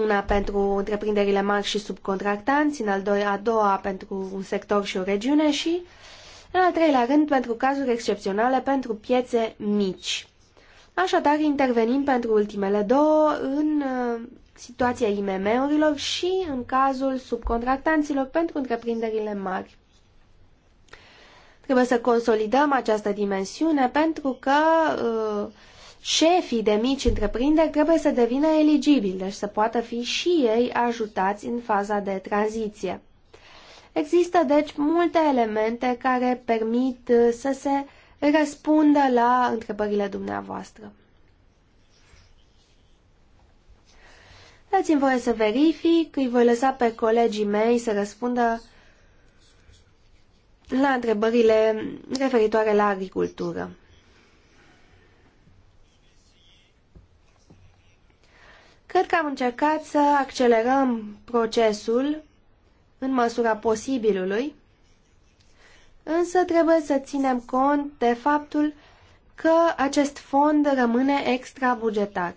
Una pentru întreprinderile mari și subcontractanți, în al doilea, a doua pentru un sector și o regiune și în al treilea rând, pentru cazuri excepționale pentru piețe mici. Așadar, intervenim pentru ultimele două în uh, situația IMM-urilor și în cazul subcontractanților pentru întreprinderile mari. Trebuie să consolidăm această dimensiune pentru că uh, șefii de mici întreprinderi trebuie să devină eligibili, deci să poată fi și ei ajutați în faza de tranziție. Există, deci, multe elemente care permit uh, să se răspundă la întrebările dumneavoastră. Dați-mi voie să verific, îi voi lăsa pe colegii mei să răspundă la întrebările referitoare la agricultură. Cred că am încercat să accelerăm procesul în măsura posibilului, însă trebuie să ținem cont de faptul că acest fond rămâne extrabugetar.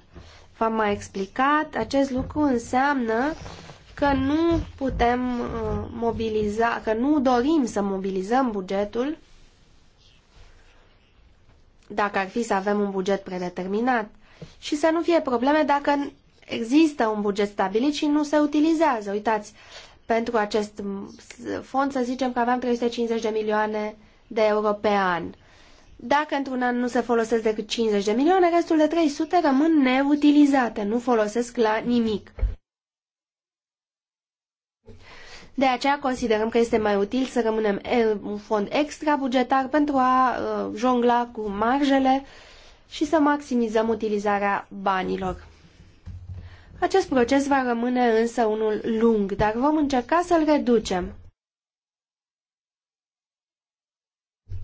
V-am mai explicat, acest lucru înseamnă că nu putem uh, mobiliza, că nu dorim să mobilizăm bugetul dacă ar fi să avem un buget predeterminat și să nu fie probleme dacă există un buget stabilit și nu se utilizează. Uitați, pentru acest fond, să zicem că aveam 350 de milioane de euro pe an. Dacă într-un an nu se folosesc decât 50 de milioane, restul de 300 rămân neutilizate, nu folosesc la nimic. De aceea considerăm că este mai util să rămânem un fond extra bugetar pentru a uh, jongla cu marjele și să maximizăm utilizarea banilor. Acest proces va rămâne însă unul lung, dar vom încerca să-l reducem.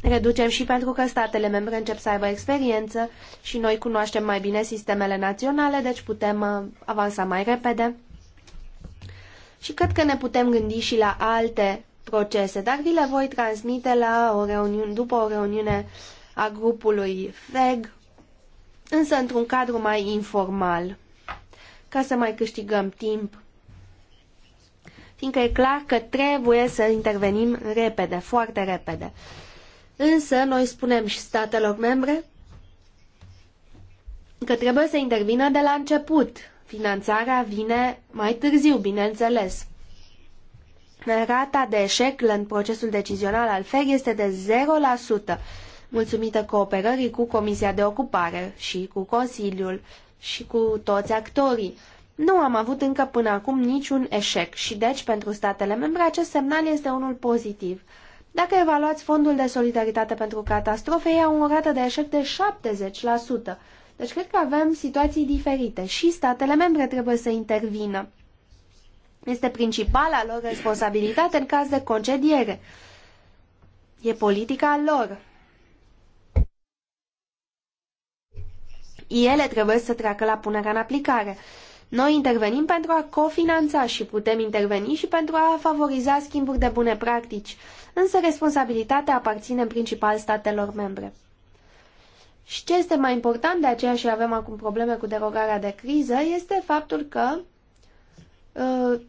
Reducem și pentru că statele membre încep să aibă experiență și noi cunoaștem mai bine sistemele naționale, deci putem uh, avansa mai repede. Și cred că ne putem gândi și la alte procese, dar vi le voi transmite la o reuniune, după o reuniune a grupului FEG, însă într-un cadru mai informal ca să mai câștigăm timp. Fiindcă e clar că trebuie să intervenim repede, foarte repede. Însă, noi spunem și statelor membre că trebuie să intervină de la început. Finanțarea vine mai târziu, bineînțeles. Rata de eșec în procesul decizional al FEG este de 0%, mulțumită cooperării cu Comisia de Ocupare și cu Consiliul și cu toți actorii. Nu am avut încă până acum niciun eșec și deci pentru statele membre acest semnal este unul pozitiv. Dacă evaluați fondul de solidaritate pentru catastrofe, ea o rată de eșec de 70%. Deci cred că avem situații diferite și statele membre trebuie să intervină. Este principala lor responsabilitate în caz de concediere. E politica lor. ele trebuie să treacă la punerea în aplicare. Noi intervenim pentru a cofinanța și putem interveni și pentru a favoriza schimburi de bune practici, însă responsabilitatea aparține în principal statelor membre. Și ce este mai important, de aceea și avem acum probleme cu derogarea de criză, este faptul că uh,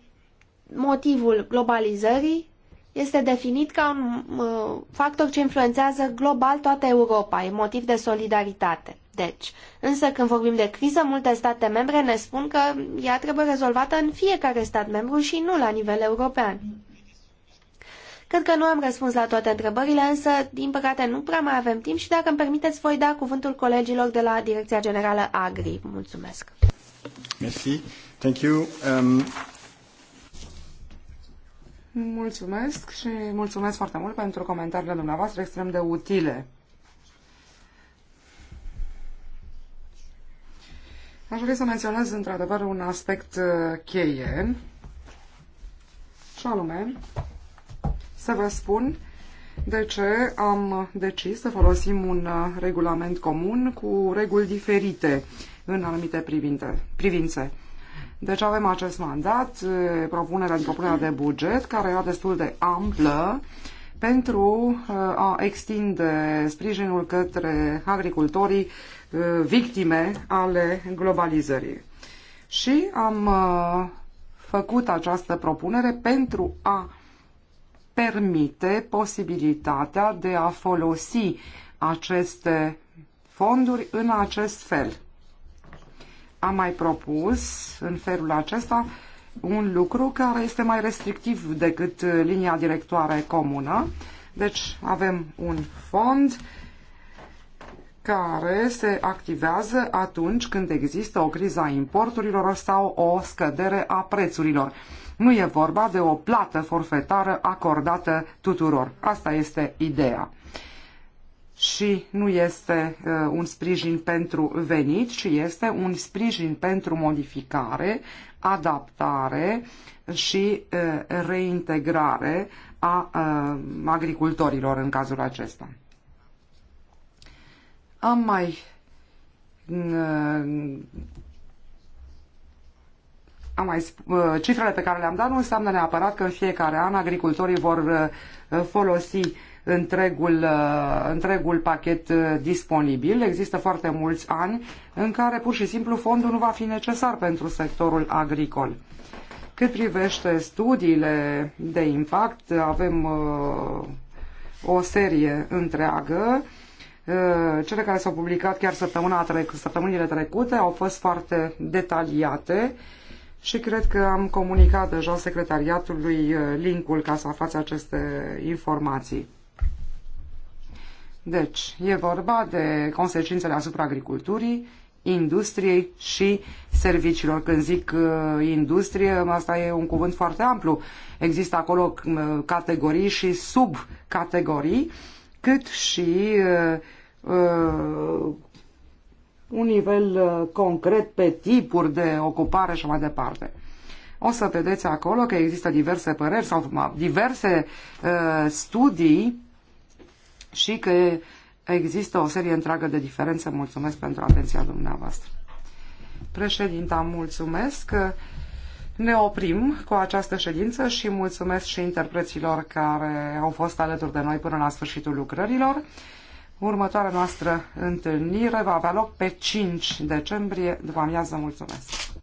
motivul globalizării este definit ca un uh, factor ce influențează global toată Europa, e motiv de solidaritate. Deci, însă când vorbim de criză, multe state membre ne spun că ea trebuie rezolvată în fiecare stat membru și nu la nivel european. Cred că nu am răspuns la toate întrebările, însă, din păcate, nu prea mai avem timp și dacă îmi permiteți, voi da cuvântul colegilor de la Direcția Generală Agri. Mulțumesc! Merci. Thank you. Um... Mulțumesc și mulțumesc foarte mult pentru comentariile dumneavoastră extrem de utile. Aș vrea să menționez într-adevăr un aspect uh, cheie și anume să vă spun de ce am decis să folosim un uh, regulament comun cu reguli diferite în anumite privinte, privințe. Deci avem acest mandat, uh, propunerea din propunerea de buget, care era destul de amplă pentru a extinde sprijinul către agricultorii Uh, victime ale globalizării. Și am uh, făcut această propunere pentru a permite posibilitatea de a folosi aceste fonduri în acest fel. Am mai propus în felul acesta un lucru care este mai restrictiv decât linia directoare comună. Deci avem un fond uh, care se activează atunci când există o criză a importurilor sau o scădere a prețurilor. Nu e vorba de o plată forfetară acordată tuturor. Asta este ideea. Și nu este uh, un sprijin pentru venit, ci este un sprijin pentru modificare, adaptare și uh, reintegrare a uh, agricultorilor în cazul acesta. Am mai uh, am mai, uh, cifrele pe care le-am dat nu înseamnă neapărat că în fiecare an agricultorii vor uh, folosi întregul, întregul pachet disponibil. Există foarte mulți ani în care pur și simplu fondul nu va fi necesar pentru sectorul agricol. Cât privește studiile de impact, avem o serie întreagă Eh, cele care s-au publicat chiar săptămâna trec, săptămânile trecute au fost foarte detaliate și cred că am comunicat deja secretariatului eh, linkul ca să aflați aceste informații. Deci, e vorba de consecințele asupra agriculturii, industriei și serviciilor. Când zic eh, industrie, asta e un cuvânt foarte amplu. Există acolo categorii și subcategorii, cât și uh, uh, un nivel uh, concret pe tipuri de ocupare și mai departe. O să vedeți acolo că există diverse păreri sau diverse uh, studii și că există o serie întreagă de diferențe. Mulțumesc pentru atenția dumneavoastră. Președinta, mulțumesc. Ne oprim cu această ședință și mulțumesc și interpreților care au fost alături de noi până la sfârșitul lucrărilor. Următoarea noastră întâlnire va avea loc pe 5 decembrie după amiază. Mulțumesc!